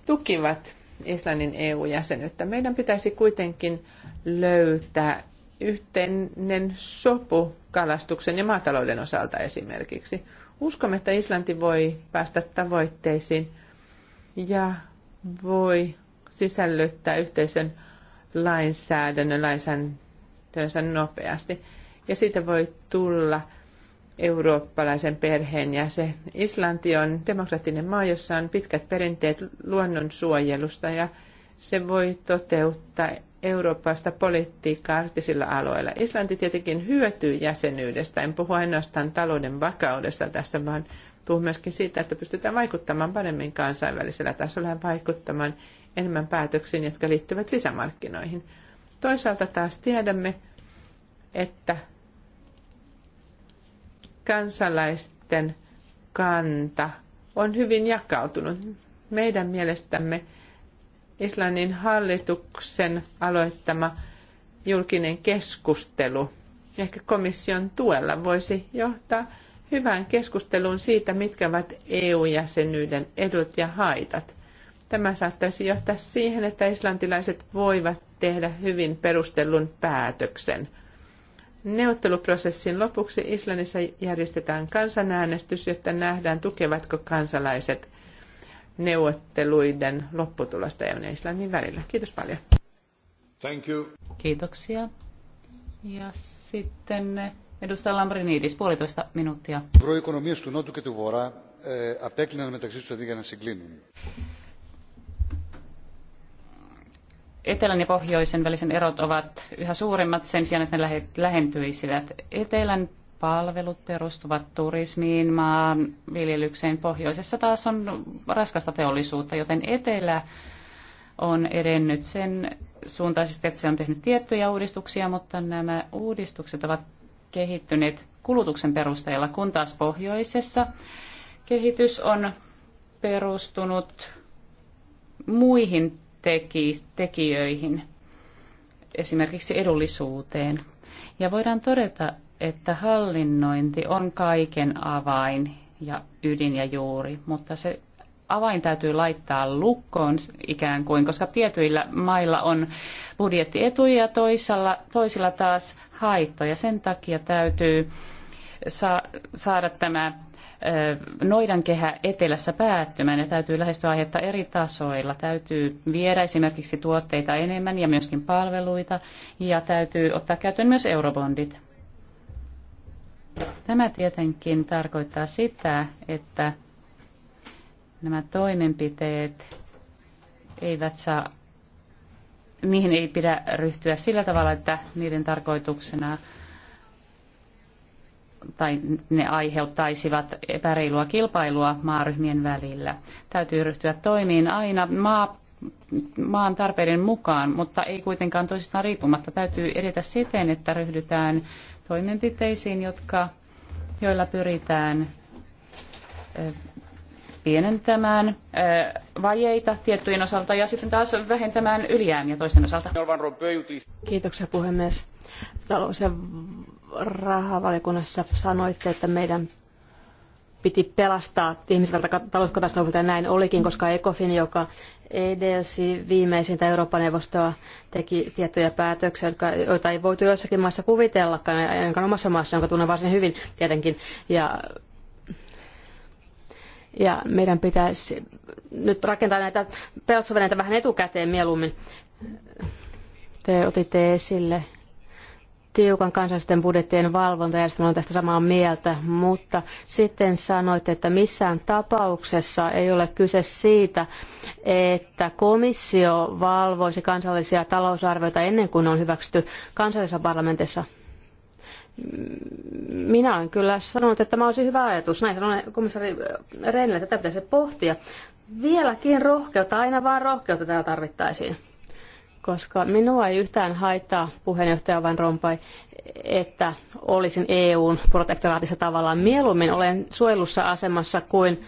tukivat Islannin EU-jäsenyyttä. Meidän pitäisi kuitenkin löytää yhteinen sopu kalastuksen ja maatalouden osalta esimerkiksi. Uskomme, että Islanti voi päästä tavoitteisiin ja voi sisällyttää yhteisen lainsäädännön lainsäädäntöönsä nopeasti. Ja siitä voi tulla eurooppalaisen perheen ja se Islanti on demokraattinen maa, jossa on pitkät perinteet luonnonsuojelusta ja se voi toteuttaa Euroopasta politiikkaa arktisilla aloilla. Islanti tietenkin hyötyy jäsenyydestä. En puhu ainoastaan talouden vakaudesta tässä, vaan puhun myöskin siitä, että pystytään vaikuttamaan paremmin kansainvälisellä tasolla ja vaikuttamaan enemmän päätöksiin, jotka liittyvät sisämarkkinoihin. Toisaalta taas tiedämme, että kansalaisten kanta on hyvin jakautunut. Meidän mielestämme Islannin hallituksen aloittama julkinen keskustelu ehkä komission tuella voisi johtaa hyvään keskusteluun siitä, mitkä ovat EU-jäsenyyden edut ja haitat. Tämä saattaisi johtaa siihen, että islantilaiset voivat tehdä hyvin perustellun päätöksen. Neuvotteluprosessin lopuksi Islannissa järjestetään kansanäänestys, jotta nähdään tukevatko kansalaiset – neuvotteluiden lopputulosta EUn ja Islannin välillä. Kiitos paljon. Thank you. Kiitoksia. Ja sitten edustaja Lambrinidis, puolitoista minuuttia. Προοικονομίες του Νότου και του Βορρά απέκλειναν Etelän ja pohjoisen välisen erot ovat yhä suuremmat sen sijaan, että ne lähentyisivät. Etelän palvelut perustuvat turismiin, maanviljelykseen. Pohjoisessa taas on raskasta teollisuutta, joten etelä on edennyt sen suuntaisesti, että se on tehnyt tiettyjä uudistuksia, mutta nämä uudistukset ovat kehittyneet kulutuksen perusteella, kun taas pohjoisessa kehitys on perustunut muihin teki, tekijöihin, esimerkiksi edullisuuteen. Ja voidaan todeta, että hallinnointi on kaiken avain ja ydin ja juuri, mutta se avain täytyy laittaa lukkoon ikään kuin, koska tietyillä mailla on budjettietuja ja toisilla, toisilla taas haittoja. Sen takia täytyy sa- saada tämä noidankehä etelässä päättymään ja täytyy lähestyä aihetta eri tasoilla. Täytyy viedä esimerkiksi tuotteita enemmän ja myöskin palveluita ja täytyy ottaa käyttöön myös eurobondit. Tämä tietenkin tarkoittaa sitä, että nämä toimenpiteet eivät saa, niihin ei pidä ryhtyä sillä tavalla, että niiden tarkoituksena tai ne aiheuttaisivat epäreilua kilpailua maaryhmien välillä. Täytyy ryhtyä toimiin aina maa, maan tarpeiden mukaan, mutta ei kuitenkaan toisistaan riippumatta. Täytyy edetä siten, että ryhdytään toimenpiteisiin, jotka, joilla pyritään pienentämään vajeita tiettyjen osalta ja sitten taas vähentämään ylijäämiä toisten osalta. Kiitoksia puhemies. Talous- ja rahavaliokunnassa sanoitte, että meidän piti pelastaa ihmisiltä talouskatastrofilta ja näin olikin, koska ECOFIN, joka edelsi viimeisintä Euroopan neuvostoa, teki tiettyjä päätöksiä, joita ei voitu joissakin maissa kuvitellakaan, ainakaan omassa maassa, jonka tunnen varsin hyvin tietenkin. Ja, ja meidän pitäisi nyt rakentaa näitä pelastusvälineitä vähän etukäteen mieluummin. Te otitte esille tiukan kansallisten budjettien ja olen tästä samaa mieltä, mutta sitten sanoitte, että missään tapauksessa ei ole kyse siitä, että komissio valvoisi kansallisia talousarvioita ennen kuin ne on hyväksytty kansallisessa parlamentissa. Minä olen kyllä sanonut, että tämä olisi hyvä ajatus. Näin sanon Rehnille, että tätä pitäisi pohtia. Vieläkin rohkeutta, aina vaan rohkeutta täällä tarvittaisiin koska minua ei yhtään haittaa puheenjohtaja Van Rompuy, että olisin EUn protektoraatissa tavallaan. Mieluummin olen suojelussa asemassa kuin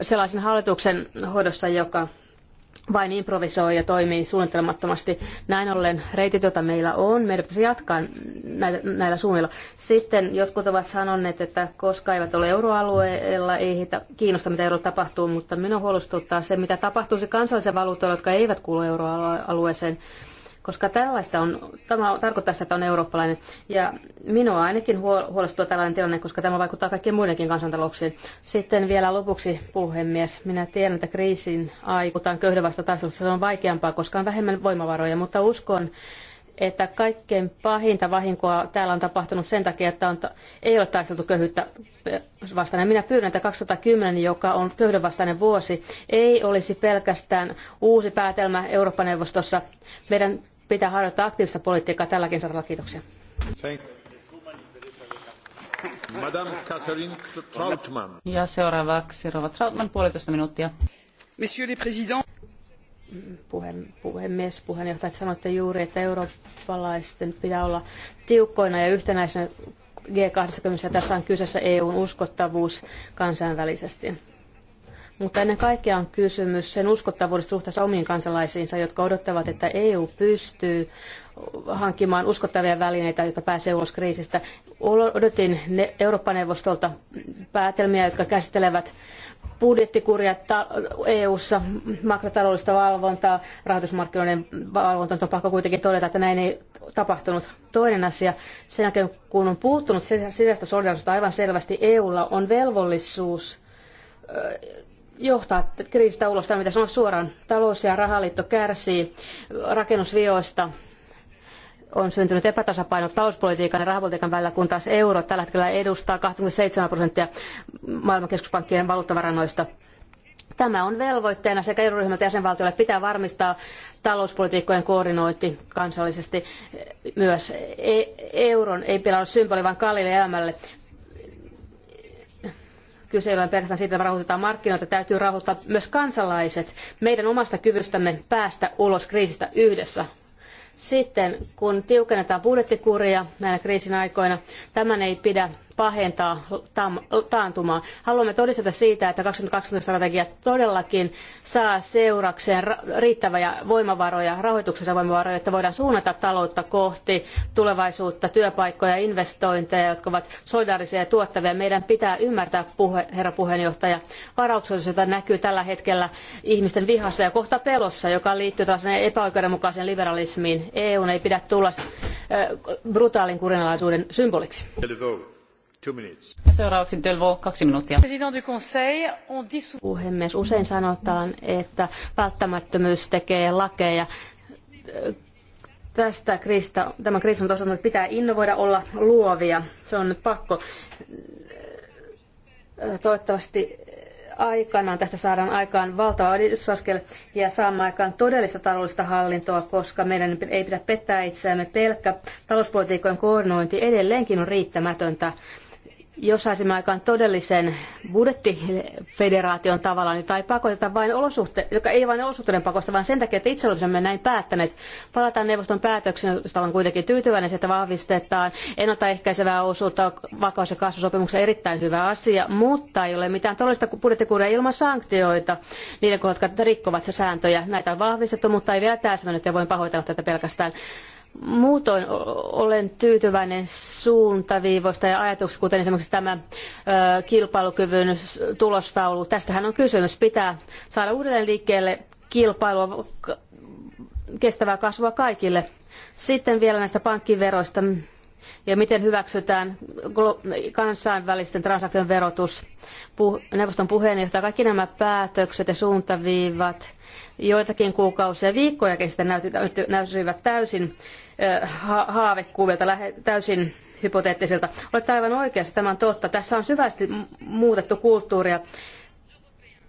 sellaisen hallituksen hoidossa, joka vain improvisoi ja toimii suunnitelmattomasti. Näin ollen reitit, joita meillä on, meidän pitäisi jatkaa näillä, näillä suunnilla. Sitten jotkut ovat sanoneet, että koska eivät ole euroalueella, ei heitä kiinnosta, mitä euro tapahtuu, mutta minua huolestuttaa se, mitä tapahtuisi kansallisen valuutoilla, jotka eivät kuulu euroalueeseen koska tällaista on, tämä tarkoittaa sitä, että on eurooppalainen. Ja minua ainakin huolestuu tällainen tilanne, koska tämä vaikuttaa kaikkien muidenkin kansantalouksiin. Sitten vielä lopuksi, puhemies, minä tiedän, että kriisin aikutaan köyhden vasta se on vaikeampaa, koska on vähemmän voimavaroja, mutta uskon, että kaikkein pahinta vahinkoa täällä on tapahtunut sen takia, että on, ei ole taisteltu köyhyyttä eh, vastaan. Minä pyydän, että 2010, joka on köyhden vastainen vuosi, ei olisi pelkästään uusi päätelmä Eurooppa-neuvostossa. Meidän pitää harjoittaa aktiivista politiikkaa tälläkin saralla. Kiitoksia. Madame Catherine Trautmann. Ja seuraavaksi Rova Trautmann, puolitoista minuuttia. Monsieur le Président. Puheen, puhemies, puheenjohtaja, että sanoitte juuri, että eurooppalaisten pitää olla tiukkoina ja yhtenäisenä G20. Ja tässä on kyseessä EUn uskottavuus kansainvälisesti mutta ennen kaikkea on kysymys sen uskottavuudesta suhteessa omiin kansalaisiinsa, jotka odottavat, että EU pystyy hankkimaan uskottavia välineitä, jotka pääsee ulos kriisistä. Odotin Eurooppa-neuvostolta päätelmiä, jotka käsittelevät budjettikuria EU-ssa, makrotaloudellista valvontaa, rahoitusmarkkinoiden valvontaa, on pakko kuitenkin todeta, että näin ei tapahtunut. Toinen asia, sen jälkeen kun on puuttunut sisäistä solidarisuutta aivan selvästi, EUlla on velvollisuus johtaa kriisistä ulos, tämä mitä sanoa suoraan. Talous- ja rahaliitto kärsii rakennusvioista, on syntynyt epätasapaino talouspolitiikan ja rahapolitiikan välillä, kun taas euro tällä hetkellä edustaa 27 prosenttia maailmankeskuspankkien valuuttavarannoista. Tämä on velvoitteena sekä euroryhmältä jäsenvaltiolle pitää varmistaa talouspolitiikkojen koordinointi kansallisesti myös. E euron ei pidä olla symboli vaan kalliille elämälle, Kyse ei ole pelkästään siitä, että rahoitetaan markkinoita, täytyy rahoittaa myös kansalaiset meidän omasta kyvystämme päästä ulos kriisistä yhdessä. Sitten kun tiukennetaan budjettikuria näinä kriisin aikoina, tämän ei pidä pahentaa taantumaa. Haluamme todisteta siitä, että 2020-strategia todellakin saa seurakseen riittäviä voimavaroja, rahoituksensa voimavaroja, että voidaan suunnata taloutta kohti tulevaisuutta, työpaikkoja, investointeja, jotka ovat solidaarisia ja tuottavia. Meidän pitää ymmärtää, puhe, herra puheenjohtaja, varauksellisuus, jota näkyy tällä hetkellä ihmisten vihassa ja kohta pelossa, joka liittyy tällaiseen epäoikeudenmukaiseen liberalismiin. EUn ei pidä tulla brutaalin kurinalaisuuden symboliksi. Seuraavaksi kaksi minuuttia. Puhemies, usein sanotaan, että välttämättömyys tekee lakeja. Tästä kriisistä, tämä kriisi on tosiaan, että pitää innovoida olla luovia. Se on nyt pakko. Toivottavasti aikanaan tästä saadaan aikaan valtava edistysaskel ja saamme aikaan todellista taloudellista hallintoa, koska meidän ei pidä pettää itseämme. Pelkkä Talouspolitiikan koordinointi edelleenkin on riittämätöntä jos saisimme aikaan todellisen budjettifederaation tavallaan, niin jota ei pakoteta vain olosuhteiden, joka ei vain olosuhteiden pakosta, vaan sen takia, että itse olisimme näin päättäneet. Palataan neuvoston päätöksen, josta olen kuitenkin tyytyväinen, että vahvistetaan ennaltaehkäisevää osuutta vakaus- ja kasvusopimuksen erittäin hyvä asia, mutta ei ole mitään todellista budjettikuria ilman sanktioita niiden kohdalla, jotka rikkovat sääntöjä. Näitä on vahvistettu, mutta ei vielä täsmännyt ja voin pahoitella tätä pelkästään. Muutoin olen tyytyväinen suuntaviivoista ja ajatuksista, kuten esimerkiksi tämä ö, kilpailukyvyn tulostaulu. Tästähän on kysymys. Pitää saada uudelleen liikkeelle kilpailua, kestävää kasvua kaikille. Sitten vielä näistä pankkiveroista ja miten hyväksytään kansainvälisten transaktion verotus. Neuvoston puheenjohtaja, kaikki nämä päätökset ja suuntaviivat joitakin kuukausia, viikkojakin sitten näyttivät täysin äh, haavekuvilta, täysin hypoteettisilta. Olette aivan oikeassa, tämä on totta. Tässä on syvästi muutettu kulttuuria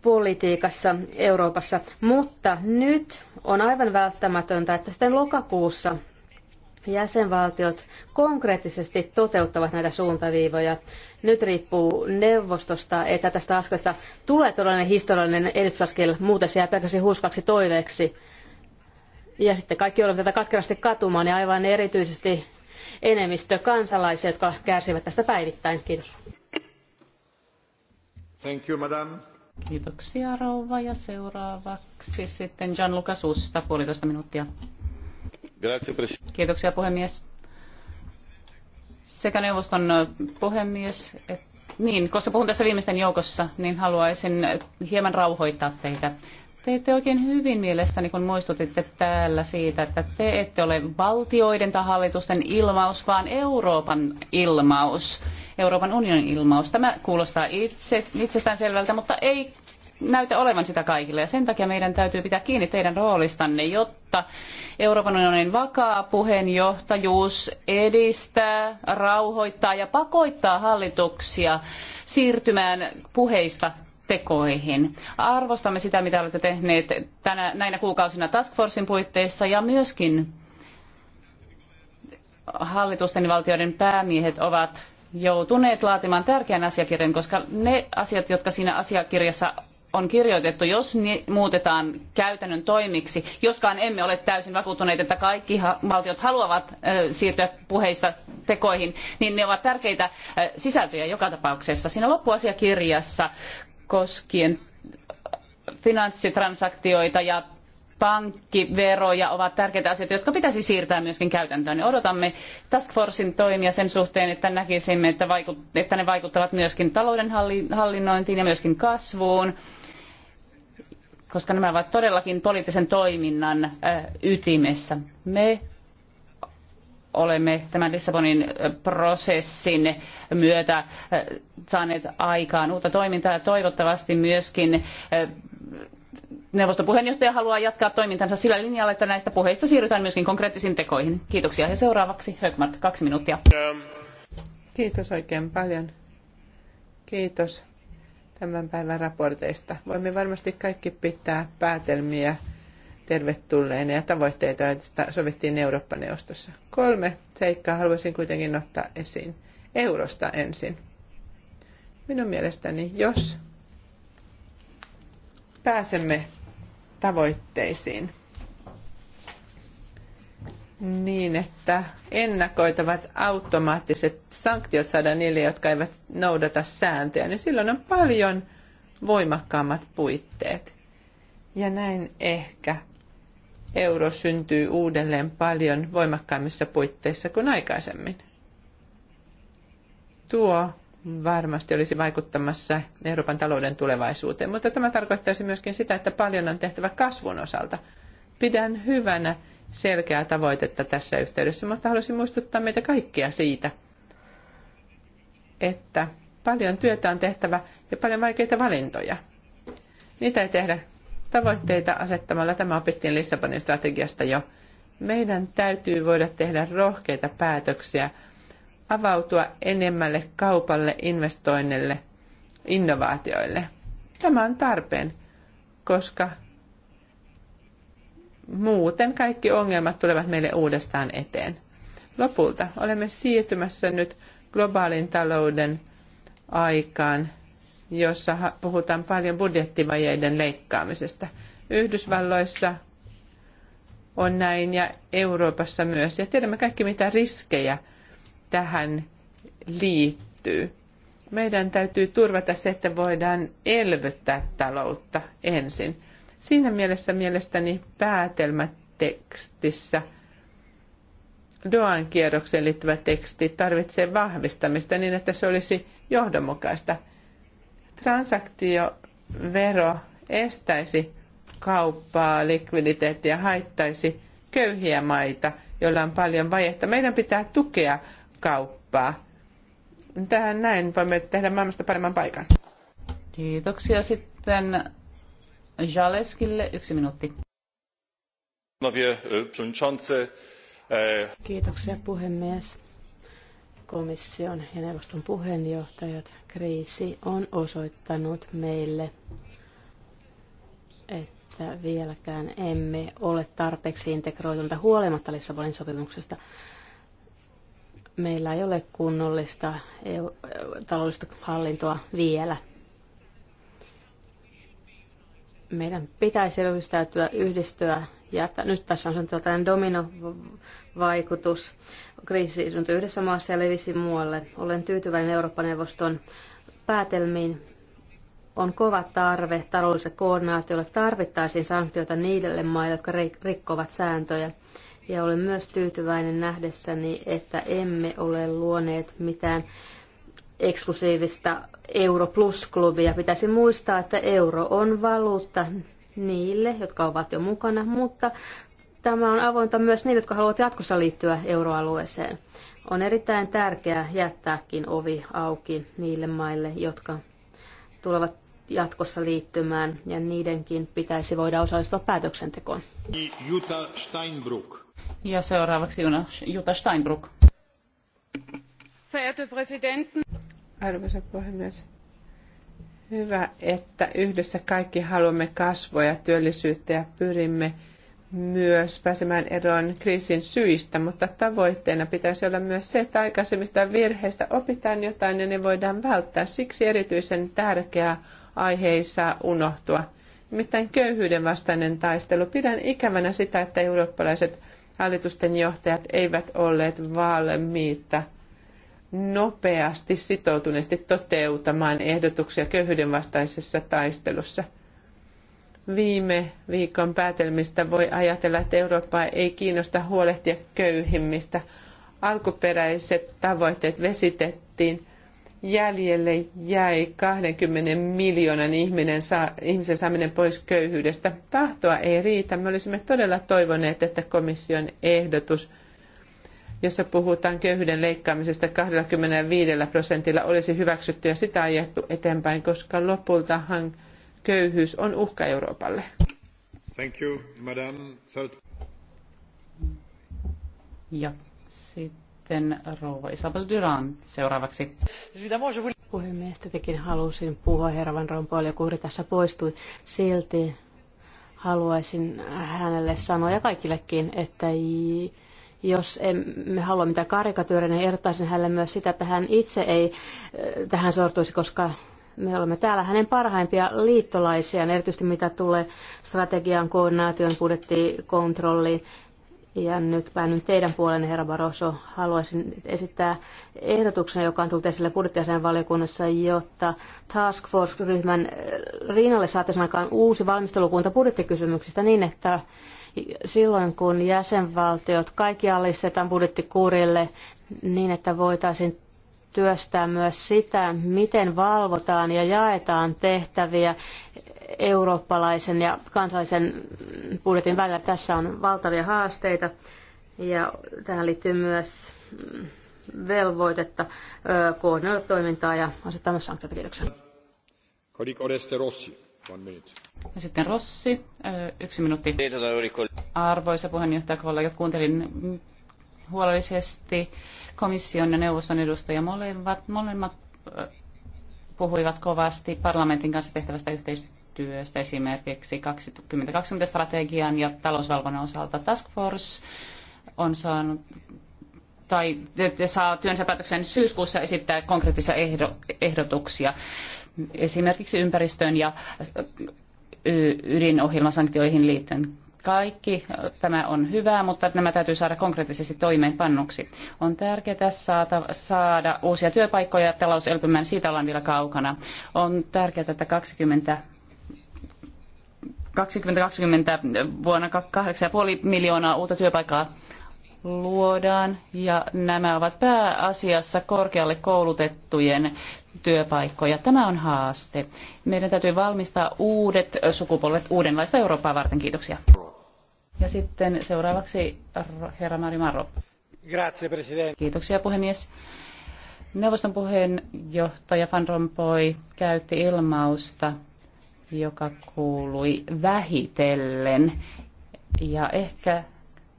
politiikassa Euroopassa, mutta nyt on aivan välttämätöntä, että sitten lokakuussa jäsenvaltiot konkreettisesti toteuttavat näitä suuntaviivoja. Nyt riippuu neuvostosta, että tästä askelesta tulee todellinen historiallinen edistysaskel, muuten se jää pelkästään huuskaksi toiveeksi. Ja sitten kaikki joudumme tätä katkerasti katumaan ja aivan erityisesti enemmistö kansalaisia, jotka kärsivät tästä päivittäin. Kiitos. Thank you, madam. Kiitoksia rouva ja seuraavaksi sitten Gianluca Susta, puolitoista minuuttia. Kiitoksia puhemies. Sekä neuvoston puhemies, että niin, koska puhun tässä viimeisten joukossa, niin haluaisin hieman rauhoittaa teitä. Teitte oikein hyvin mielestäni, kun muistutitte täällä siitä, että te ette ole valtioiden tai hallitusten ilmaus, vaan Euroopan ilmaus, Euroopan unionin ilmaus. Tämä kuulostaa itse, itsestään selvältä, mutta ei näytä olevan sitä kaikille. Ja sen takia meidän täytyy pitää kiinni teidän roolistanne, jotta Euroopan unionin vakaa puheenjohtajuus edistää, rauhoittaa ja pakoittaa hallituksia siirtymään puheista tekoihin. Arvostamme sitä, mitä olette tehneet tänä, näinä kuukausina Task Forcein puitteissa ja myöskin hallitusten ja valtioiden päämiehet ovat joutuneet laatimaan tärkeän asiakirjan, koska ne asiat, jotka siinä asiakirjassa on kirjoitettu, jos muutetaan käytännön toimiksi, joskaan emme ole täysin vakuuttuneita, että kaikki valtiot haluavat siirtyä puheista tekoihin, niin ne ovat tärkeitä sisältöjä joka tapauksessa. Siinä loppuasiakirjassa koskien finanssitransaktioita ja pankkiveroja ovat tärkeitä asioita, jotka pitäisi siirtää myöskin käytäntöön. Niin odotamme Task Forcein toimia sen suhteen, että näkisimme, että, että ne vaikuttavat myöskin talouden hallinnointiin ja myöskin kasvuun koska nämä ovat todellakin poliittisen toiminnan äh, ytimessä. Me olemme tämän Lissabonin äh, prosessin myötä äh, saaneet aikaan uutta toimintaa ja toivottavasti myöskin neuvoston puheenjohtaja haluaa jatkaa toimintansa sillä linjalla, että näistä puheista siirrytään myöskin konkreettisiin tekoihin. Kiitoksia. Ja seuraavaksi Högmark, kaksi minuuttia. Kiitos oikein paljon. Kiitos tämän päivän raporteista. Voimme varmasti kaikki pitää päätelmiä tervetulleina ja tavoitteita, joita sovittiin Eurooppa-neuvostossa. Kolme seikkaa haluaisin kuitenkin ottaa esiin. Eurosta ensin. Minun mielestäni, jos pääsemme tavoitteisiin niin, että ennakoitavat automaattiset sanktiot saadaan niille, jotka eivät noudata sääntöjä, niin silloin on paljon voimakkaammat puitteet. Ja näin ehkä euro syntyy uudelleen paljon voimakkaammissa puitteissa kuin aikaisemmin. Tuo varmasti olisi vaikuttamassa Euroopan talouden tulevaisuuteen, mutta tämä tarkoittaisi myöskin sitä, että paljon on tehtävä kasvun osalta. Pidän hyvänä selkeää tavoitetta tässä yhteydessä, mutta haluaisin muistuttaa meitä kaikkia siitä, että paljon työtä on tehtävä ja paljon vaikeita valintoja. Niitä ei tehdä tavoitteita asettamalla. Tämä opittiin Lissabonin strategiasta jo. Meidän täytyy voida tehdä rohkeita päätöksiä – avautua enemmälle kaupalle, investoinnille, innovaatioille. Tämä on tarpeen, koska muuten kaikki ongelmat tulevat meille uudestaan eteen. Lopulta olemme siirtymässä nyt globaalin talouden aikaan, jossa puhutaan paljon budjettivajeiden leikkaamisesta. Yhdysvalloissa on näin ja Euroopassa myös. Ja tiedämme kaikki, mitä riskejä tähän liittyy. Meidän täytyy turvata se, että voidaan elvyttää taloutta ensin. Siinä mielessä mielestäni päätelmätekstissä Doan kierrokseen liittyvä teksti tarvitsee vahvistamista niin, että se olisi johdonmukaista. Transaktiovero estäisi kauppaa, likviditeettiä haittaisi köyhiä maita, joilla on paljon vajetta. Meidän pitää tukea kauppaa. Tähän näin voimme tehdä maailmasta paremman paikan. Kiitoksia sitten Jalevskille. Yksi minuutti. E, e, Kiitoksia puhemies. Komission ja neuvoston puheenjohtajat, kriisi on osoittanut meille, että vieläkään emme ole tarpeeksi integroitunta huolimatta Lissabonin sopimuksesta meillä ei ole kunnollista taloudellista hallintoa vielä. Meidän pitäisi ryhdistäytyä, yhdistyä ja nyt tässä on syntynyt tällainen dominovaikutus. Kriisi syntyi yhdessä maassa ja levisi muualle. Olen tyytyväinen Eurooppa-neuvoston päätelmiin. On kova tarve taloudelliselle koordinaatiolle. Tarvittaisiin sanktioita niille maille, jotka rikkovat sääntöjä. Ja olen myös tyytyväinen nähdessäni, että emme ole luoneet mitään eksklusiivista Euro Plus-klubia. Pitäisi muistaa, että euro on valuutta niille, jotka ovat jo mukana, mutta tämä on avointa myös niille, jotka haluavat jatkossa liittyä euroalueeseen. On erittäin tärkeää jättääkin ovi auki niille maille, jotka tulevat jatkossa liittymään, ja niidenkin pitäisi voida osallistua päätöksentekoon. Jutta Steinbrück. Ja seuraavaksi Jutta Steinbrück. Arvoisa puhemies, hyvä, että yhdessä kaikki haluamme kasvua ja työllisyyttä ja pyrimme myös pääsemään eroon kriisin syistä, mutta tavoitteena pitäisi olla myös se, että aikaisemmista virheistä opitaan jotain ja ne voidaan välttää. Siksi erityisen tärkeä aihe ei saa unohtua. Nimittäin köyhyyden vastainen taistelu. Pidän ikävänä sitä, että eurooppalaiset hallitusten johtajat eivät olleet valmiita nopeasti sitoutuneesti toteutamaan ehdotuksia köyhyyden vastaisessa taistelussa. Viime viikon päätelmistä voi ajatella, että Eurooppaa ei kiinnosta huolehtia köyhimmistä. Alkuperäiset tavoitteet vesitettiin jäljelle jäi 20 miljoonan ihminen saa, ihmisen saaminen pois köyhyydestä. Tahtoa ei riitä. Me olisimme todella toivoneet, että komission ehdotus, jossa puhutaan köyhyyden leikkaamisesta 25 prosentilla, olisi hyväksytty ja sitä ajettu eteenpäin, koska lopultahan köyhyys on uhka Euroopalle. Thank you, madam. Ja sitten sitten rouva Isabel Duran seuraavaksi. Puhemies, tietenkin halusin puhua herra Van Rompuille, kun tässä poistui. Silti haluaisin hänelle sanoa ja kaikillekin, että jos emme halua mitään karikatyöriä, niin ehdottaisin hänelle myös sitä, että hän itse ei eh, tähän sortuisi, koska me olemme täällä hänen parhaimpia liittolaisiaan, erityisesti mitä tulee strategian, koordinaation, budjettikontrolliin ja nyt nyt teidän puolenne, herra Barroso. Haluaisin esittää ehdotuksen, joka on tullut esille budjettiasian valiokunnassa, jotta Task Force-ryhmän äh, rinnalle saataisiin aikaan uusi valmistelukunta budjettikysymyksistä niin, että silloin kun jäsenvaltiot kaikki alistetaan budjettikurille, niin että voitaisiin työstää myös sitä, miten valvotaan ja jaetaan tehtäviä eurooppalaisen ja kansallisen budjetin välillä. Tässä on valtavia haasteita ja tähän liittyy myös mm, velvoitetta koordinoida toimintaa ja asettaa myös sanktioita. Kiitoksia. Kolik Oreste Rossi, one minute. Ja sitten Rossi, yksi minuutti. Arvoisa puheenjohtaja kollegat, kuuntelin huolellisesti komission ja neuvoston edustajia. Molemmat, molemmat puhuivat kovasti parlamentin kanssa tehtävästä yhteistyöstä työstä esimerkiksi 2020-strategian ja talousvalvonnan osalta Task Force on saanut tai saa työnsä päätöksen syyskuussa esittää konkreettisia ehdo, ehdotuksia esimerkiksi ympäristöön ja ydinohjelmasanktioihin liittyen kaikki tämä on hyvää, mutta nämä täytyy saada konkreettisesti toimeenpannuksi. On tärkeää saada, saada uusia työpaikkoja ja siitä ollaan vielä kaukana. On tärkeää, että 20 2020 vuonna 8,5 miljoonaa uutta työpaikkaa luodaan ja nämä ovat pääasiassa korkealle koulutettujen työpaikkoja. Tämä on haaste. Meidän täytyy valmistaa uudet sukupolvet uudenlaista Eurooppaa varten. Kiitoksia. Ja sitten seuraavaksi herra Mari Marro. Grazie, Kiitoksia puhemies. Neuvoston puheenjohtaja Van Rompuy käytti ilmausta joka kuului vähitellen. Ja ehkä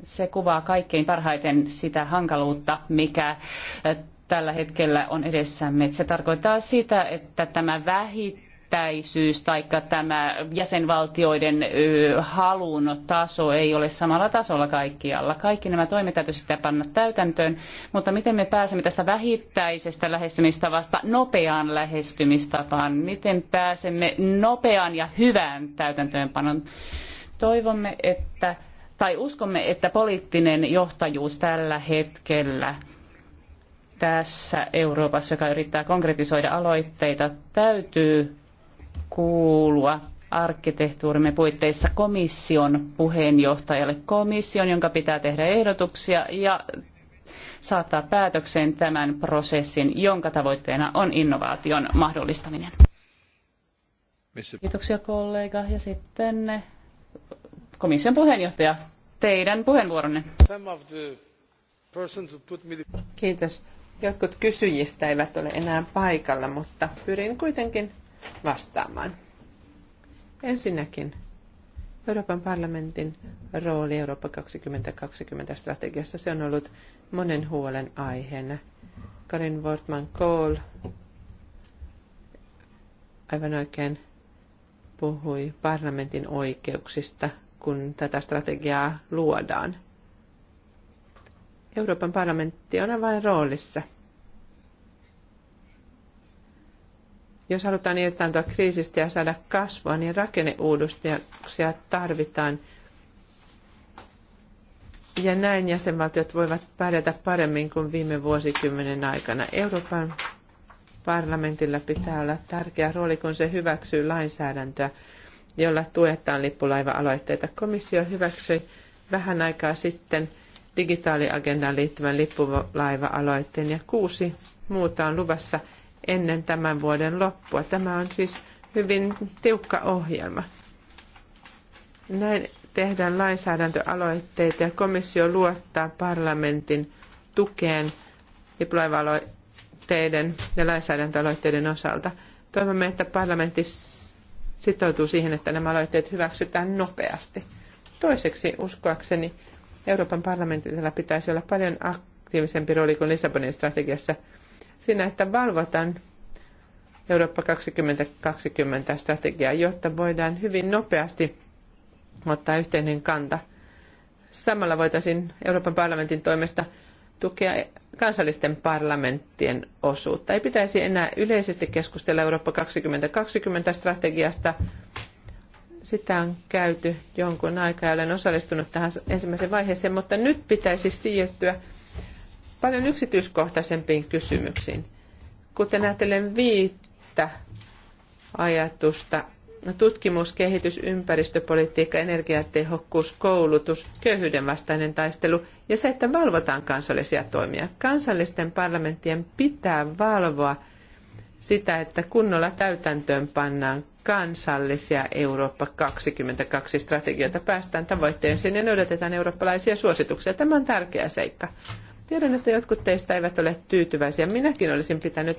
se kuvaa kaikkein parhaiten sitä hankaluutta, mikä eh, tällä hetkellä on edessämme. Se tarkoittaa sitä, että tämä vähitellen yksittäisyys tai tämä jäsenvaltioiden halun taso ei ole samalla tasolla kaikkialla. Kaikki nämä toimet täytyy sitten panna täytäntöön, mutta miten me pääsemme tästä vähittäisestä lähestymistavasta nopeaan lähestymistapaan? Miten pääsemme nopeaan ja hyvään täytäntöönpanon? Toivomme, että tai uskomme, että poliittinen johtajuus tällä hetkellä tässä Euroopassa, joka yrittää konkretisoida aloitteita, täytyy kuulua arkkitehtuurimme puitteissa komission puheenjohtajalle. Komission, jonka pitää tehdä ehdotuksia ja saattaa päätökseen tämän prosessin, jonka tavoitteena on innovaation mahdollistaminen. Kiitoksia kollega. Ja sitten komission puheenjohtaja, teidän puheenvuoronne. Kiitos. Jotkut kysyjistä eivät ole enää paikalla, mutta pyrin kuitenkin vastaamaan. Ensinnäkin Euroopan parlamentin rooli Eurooppa 2020 strategiassa, se on ollut monen huolen aiheena. Karin Wortman Kohl aivan oikein puhui parlamentin oikeuksista, kun tätä strategiaa luodaan. Euroopan parlamentti on avainroolissa roolissa Jos halutaan irtaantua kriisistä ja saada kasvua, niin rakenneuudistuksia tarvitaan. Ja näin jäsenvaltiot voivat pärjätä paremmin kuin viime vuosikymmenen aikana. Euroopan parlamentilla pitää olla tärkeä rooli, kun se hyväksyy lainsäädäntöä, jolla tuetaan lippulaiva-aloitteita. Komissio hyväksyi vähän aikaa sitten digitaaliagendaan liittyvän lippulaiva-aloitteen ja kuusi muuta on luvassa – ennen tämän vuoden loppua. Tämä on siis hyvin tiukka ohjelma. Näin tehdään lainsäädäntöaloitteita ja komissio luottaa parlamentin tukeen diplomaaloitteiden ja lainsäädäntöaloitteiden osalta. Toivomme, että parlamentti sitoutuu siihen, että nämä aloitteet hyväksytään nopeasti. Toiseksi uskoakseni Euroopan parlamentilla pitäisi olla paljon aktiivisempi rooli kuin Lissabonin strategiassa – siinä, että valvotaan Eurooppa 2020 strategiaa, jotta voidaan hyvin nopeasti ottaa yhteinen kanta. Samalla voitaisiin Euroopan parlamentin toimesta tukea kansallisten parlamenttien osuutta. Ei pitäisi enää yleisesti keskustella Eurooppa 2020 strategiasta. Sitä on käyty jonkun aikaa ja olen osallistunut tähän ensimmäiseen vaiheeseen, mutta nyt pitäisi siirtyä paljon yksityiskohtaisempiin kysymyksiin. Kuten ajattelen viittä ajatusta, tutkimus, kehitys, ympäristöpolitiikka, energiatehokkuus, koulutus, köyhyyden vastainen taistelu ja se, että valvotaan kansallisia toimia. Kansallisten parlamenttien pitää valvoa sitä, että kunnolla täytäntöön pannaan kansallisia Eurooppa 22 strategioita, päästään tavoitteeseen ja noudatetaan eurooppalaisia suosituksia. Tämä on tärkeä seikka. Tiedän, että jotkut teistä eivät ole tyytyväisiä. Minäkin olisin pitänyt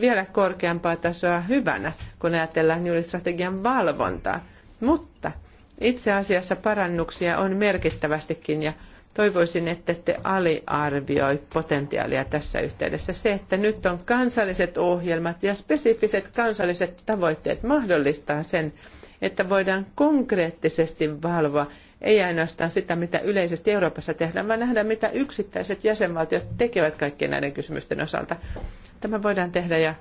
vielä korkeampaa tasoa hyvänä, kun ajatellaan strategian valvontaa. Mutta itse asiassa parannuksia on merkittävästikin ja toivoisin, että te aliarvioi potentiaalia tässä yhteydessä. Se, että nyt on kansalliset ohjelmat ja spesifiset kansalliset tavoitteet mahdollistaa sen, että voidaan konkreettisesti valvoa ei ainoastaan sitä, mitä yleisesti Euroopassa tehdään, vaan nähdään, mitä yksittäiset jäsenvaltiot tekevät kaikkien näiden kysymysten osalta. Tämä voidaan tehdä ja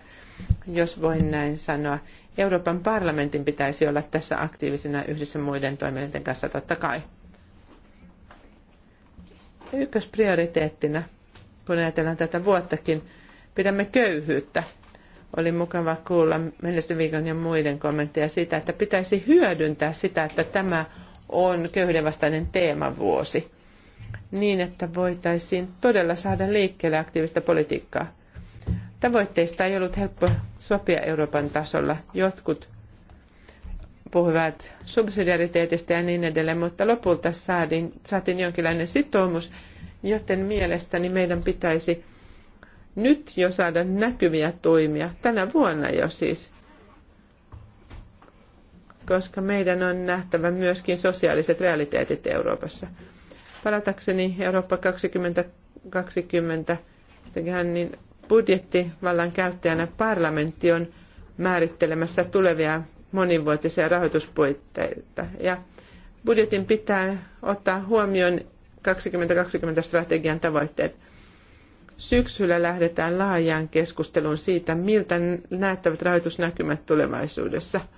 jos voin näin sanoa, Euroopan parlamentin pitäisi olla tässä aktiivisena yhdessä muiden toimielinten kanssa totta kai. Ykkösprioriteettina, kun ajatellaan tätä vuottakin, pidämme köyhyyttä. Oli mukava kuulla mennessä viikon ja muiden kommentteja siitä, että pitäisi hyödyntää sitä, että tämä on köyhyyden vastainen teemavuosi niin, että voitaisiin todella saada liikkeelle aktiivista politiikkaa. Tavoitteista ei ollut helppo sopia Euroopan tasolla. Jotkut puhuvat subsidiariteetista ja niin edelleen, mutta lopulta saatiin, saatiin jonkinlainen sitoumus, joten mielestäni meidän pitäisi nyt jo saada näkyviä toimia, tänä vuonna jo siis, koska meidän on nähtävä myöskin sosiaaliset realiteetit Euroopassa. Palatakseni Eurooppa 2020, niin budjettivallan käyttäjänä parlamentti on määrittelemässä tulevia monivuotisia rahoituspuitteita. Ja budjetin pitää ottaa huomioon 2020 strategian tavoitteet. Syksyllä lähdetään laajaan keskusteluun siitä, miltä näyttävät rahoitusnäkymät tulevaisuudessa –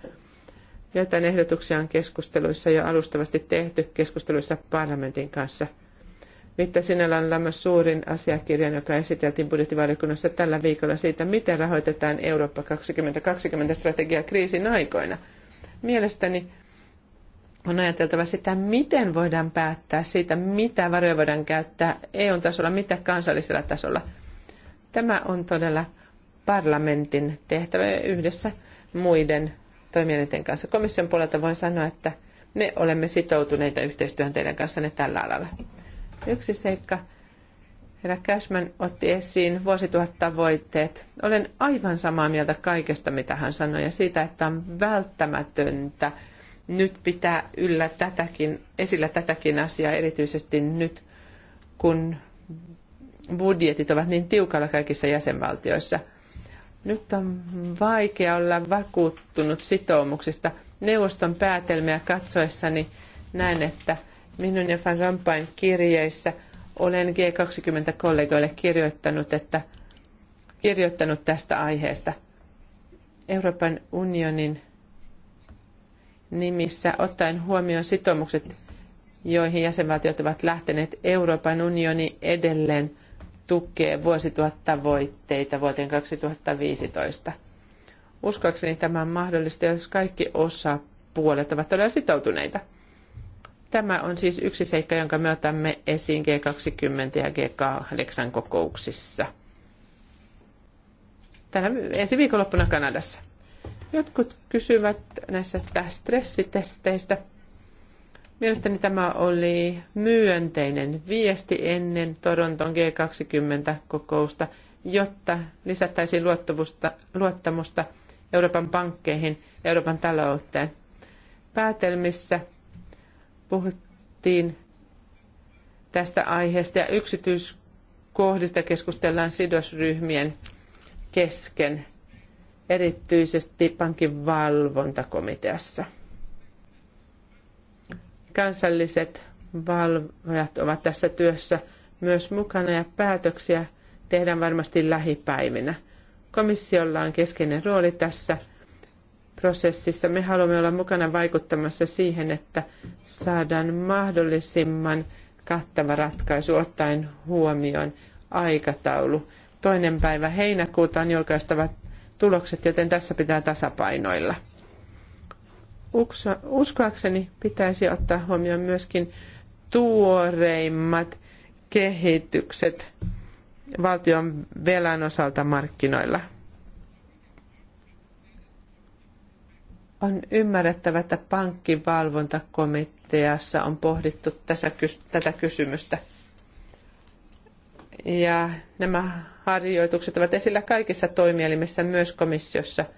Joitain ehdotuksia on keskusteluissa jo alustavasti tehty keskusteluissa parlamentin kanssa. Viittasin alan lämmön suurin asiakirja, joka esiteltiin budjettivaliokunnassa tällä viikolla siitä, miten rahoitetaan Eurooppa 2020-strategia kriisin aikoina. Mielestäni on ajateltava sitä, miten voidaan päättää siitä, mitä varoja voidaan käyttää EU-tasolla, mitä kansallisella tasolla. Tämä on todella parlamentin tehtävä yhdessä muiden toimielinten kanssa. Komission puolelta voin sanoa, että me olemme sitoutuneita yhteistyöhön teidän kanssanne tällä alalla. Yksi seikka. Herra Cashman otti esiin vuosituhattavoitteet. Olen aivan samaa mieltä kaikesta, mitä hän sanoi, ja siitä, että on välttämätöntä nyt pitää yllä tätäkin, esillä tätäkin asiaa, erityisesti nyt, kun budjetit ovat niin tiukalla kaikissa jäsenvaltioissa. Nyt on vaikea olla vakuuttunut sitoumuksista. Neuvoston päätelmiä katsoessani näen, että minun ja Van Rampain kirjeissä olen G20-kollegoille kirjoittanut, että, kirjoittanut tästä aiheesta. Euroopan unionin nimissä ottaen huomioon sitoumukset, joihin jäsenvaltiot ovat lähteneet, Euroopan unioni edelleen tukee vuosituhattavoitteita vuoteen 2015. Uskoakseni tämä on mahdollista, jos kaikki osapuolet ovat todella sitoutuneita. Tämä on siis yksi seikka, jonka me otamme esiin G20 ja G8 kokouksissa. Tänä ensi viikonloppuna Kanadassa. Jotkut kysyvät näistä stressitesteistä – Mielestäni tämä oli myönteinen viesti ennen Toronton G20-kokousta, jotta lisättäisiin luottamusta Euroopan pankkeihin ja Euroopan talouteen. Päätelmissä puhuttiin tästä aiheesta ja yksityiskohdista keskustellaan sidosryhmien kesken, erityisesti pankin valvontakomiteassa. Kansalliset valvojat ovat tässä työssä myös mukana ja päätöksiä tehdään varmasti lähipäivinä. Komissiolla on keskeinen rooli tässä prosessissa. Me haluamme olla mukana vaikuttamassa siihen, että saadaan mahdollisimman kattava ratkaisu ottaen huomioon aikataulu. Toinen päivä heinäkuuta on julkaistava tulokset, joten tässä pitää tasapainoilla uskoakseni pitäisi ottaa huomioon myöskin tuoreimmat kehitykset valtion velan osalta markkinoilla. On ymmärrettävä, että pankkivalvontakomiteassa on pohdittu tässä, tätä kysymystä. Ja nämä harjoitukset ovat esillä kaikissa toimielimissä, myös komissiossa –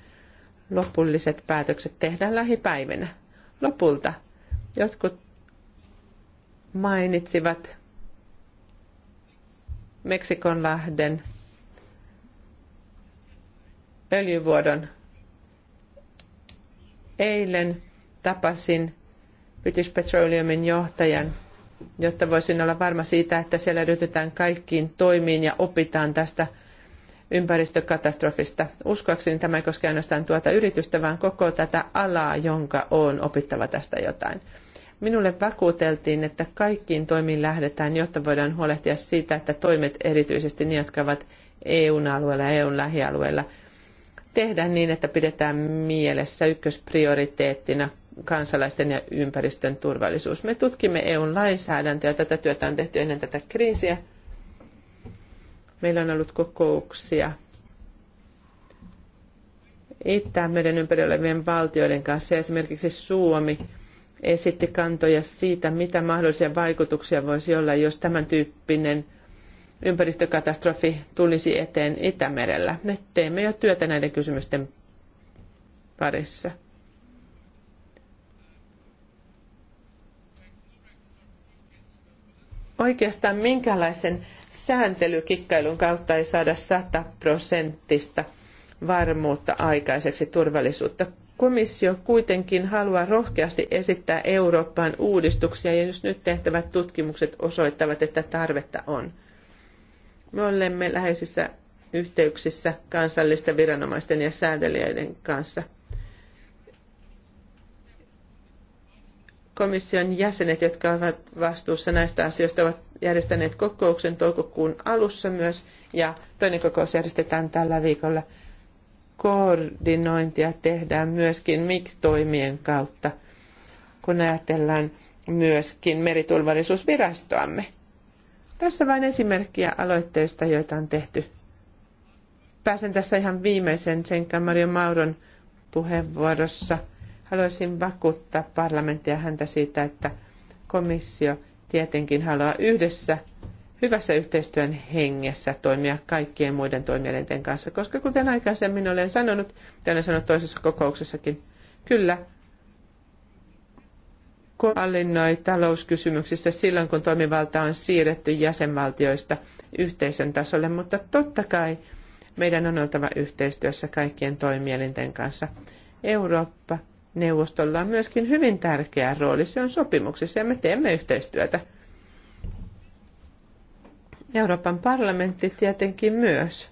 lopulliset päätökset tehdään lähipäivinä. Lopulta jotkut mainitsivat Meksikon Meksikonlahden öljyvuodon. Eilen tapasin British Petroleumin johtajan, jotta voisin olla varma siitä, että siellä ryhdytään kaikkiin toimiin ja opitaan tästä – ympäristökatastrofista. Uskoakseni tämä ei koske ainoastaan tuota yritystä, vaan koko tätä alaa, jonka on opittava tästä jotain. Minulle vakuuteltiin, että kaikkiin toimiin lähdetään, jotta voidaan huolehtia siitä, että toimet erityisesti ne, jotka ovat EUn alueella ja EUn lähialueella, tehdään niin, että pidetään mielessä ykkösprioriteettina kansalaisten ja ympäristön turvallisuus. Me tutkimme EUn lainsäädäntöä. Tätä työtä on tehty ennen tätä kriisiä. Meillä on ollut kokouksia Itämeren ympärillä olevien valtioiden kanssa. Esimerkiksi Suomi esitti kantoja siitä, mitä mahdollisia vaikutuksia voisi olla, jos tämän tyyppinen ympäristökatastrofi tulisi eteen Itämerellä. Me teemme jo työtä näiden kysymysten parissa. Oikeastaan minkälaisen sääntelykikkailun kautta ei saada sataprosenttista varmuutta aikaiseksi turvallisuutta. Komissio kuitenkin haluaa rohkeasti esittää Eurooppaan uudistuksia, ja jos nyt tehtävät tutkimukset osoittavat, että tarvetta on. Me olemme läheisissä yhteyksissä kansallisten viranomaisten ja sääntelijöiden kanssa – komission jäsenet, jotka ovat vastuussa näistä asioista, ovat järjestäneet kokouksen toukokuun alussa myös, ja toinen kokous järjestetään tällä viikolla. Koordinointia tehdään myöskin MIG-toimien kautta, kun ajatellaan myöskin meriturvallisuusvirastoamme. Tässä vain esimerkkiä aloitteista, joita on tehty. Pääsen tässä ihan viimeisen Senkan Mario Mauron puheenvuorossa – Haluaisin vakuuttaa parlamenttia häntä siitä, että komissio tietenkin haluaa yhdessä hyvässä yhteistyön hengessä toimia kaikkien muiden toimielinten kanssa, koska kuten aikaisemmin olen sanonut, ja olen sanonut toisessa kokouksessakin, kyllä, kun hallinnoi talouskysymyksissä silloin, kun toimivalta on siirretty jäsenvaltioista yhteisön tasolle, mutta totta kai meidän on oltava yhteistyössä kaikkien toimielinten kanssa. Eurooppa neuvostolla on myöskin hyvin tärkeä rooli. Se on sopimuksessa ja me teemme yhteistyötä. Euroopan parlamentti tietenkin myös.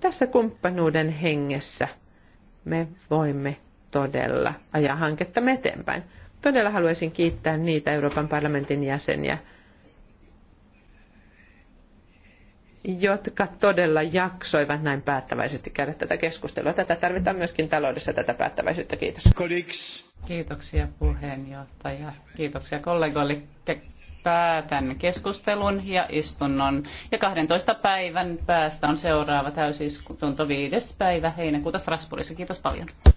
Tässä kumppanuuden hengessä me voimme todella ajaa hankettamme eteenpäin. Todella haluaisin kiittää niitä Euroopan parlamentin jäseniä, jotka todella jaksoivat näin päättäväisesti käydä tätä keskustelua. Tätä tarvitaan myöskin taloudessa tätä päättäväisyyttä. Kiitos. Kiitoksia puheenjohtaja. Kiitoksia kollegoille. Päätän keskustelun ja istunnon. Ja 12 päivän päästä on seuraava täysistunto 5. päivä heinäkuuta Strasbourgissa. Kiitos paljon.